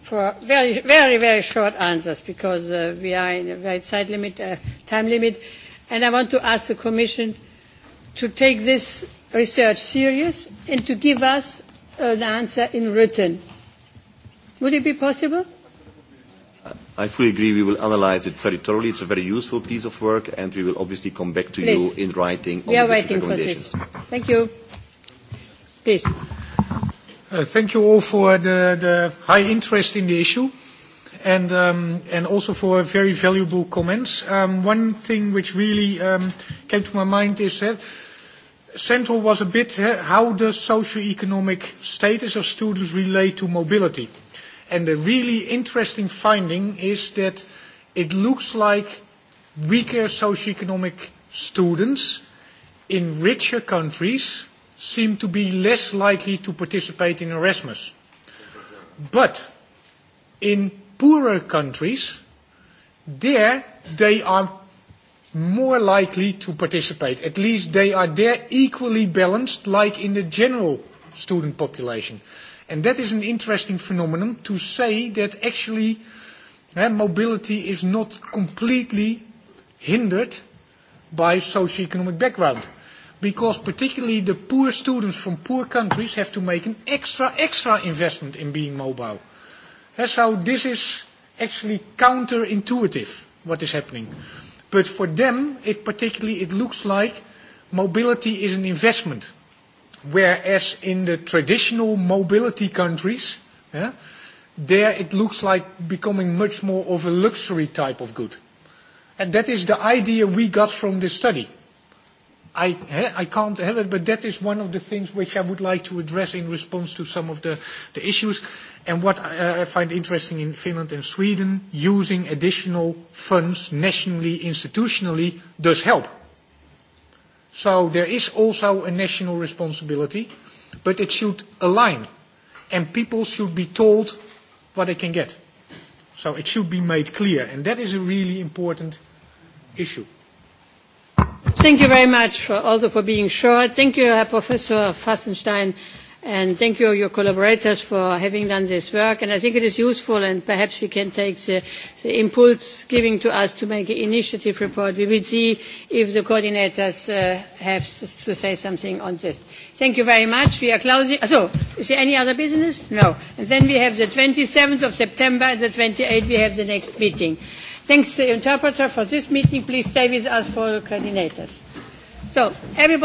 for very, very, very short answers because uh, we are in a very tight limit, uh, time limit. And I want to ask the Commission to take this research serious and to give us an answer in written. Would it be possible? I fully agree. We will analyze it very thoroughly. It's a very useful piece of work, and we will obviously come back to Please. you in writing on we are waiting recommendations. For this. Thank you. Please. Uh, thank you all for the, the high interest in the issue and um, and also for very valuable comments. Um, one thing which really um, came to my mind is that uh, central was a bit eh, how the socio-economic status of students relate to mobility. And the really interesting finding is that it looks like weaker socio-economic students in richer countries seem to be less likely to participate in Erasmus. But in poorer countries, there they are more likely to participate. At least they are there equally balanced like in the general student population. And that is an interesting phenomenon to say that actually eh, mobility is not completely hindered by socioeconomic background. Because particularly the poor students from poor countries have to make an extra, extra investment in being mobile. And eh, so this is actually counterintuitive what is happening. But for them, it particularly, it looks like mobility is an investment. Whereas in the traditional mobility countries, yeah, there it looks like becoming much more of a luxury type of good. And that is the idea we got from this study. I, I can't have it, but that is one of the things which I would like to address in response to some of the, the issues and what I, find interesting in Finland and Sweden, using additional funds nationally, institutionally, does help. So there is also a national responsibility, but it should align, and people should be told what they can get. So it should be made clear, and that is a really important issue. Thank you very much for, also for being short. Thank you, Herr Professor Fassenstein And thank you, your collaborators, for having done this work. And I think it is useful, and perhaps we can take the, the impulse given to us to make an initiative report. We will see if the coordinators uh, have to say something on this. Thank you very much. We are closing. So, is there any other business? No. And then we have the 27th of September and the 28th we have the next meeting. Thanks the interpreter for this meeting. Please stay with us for the coordinators. So, everybody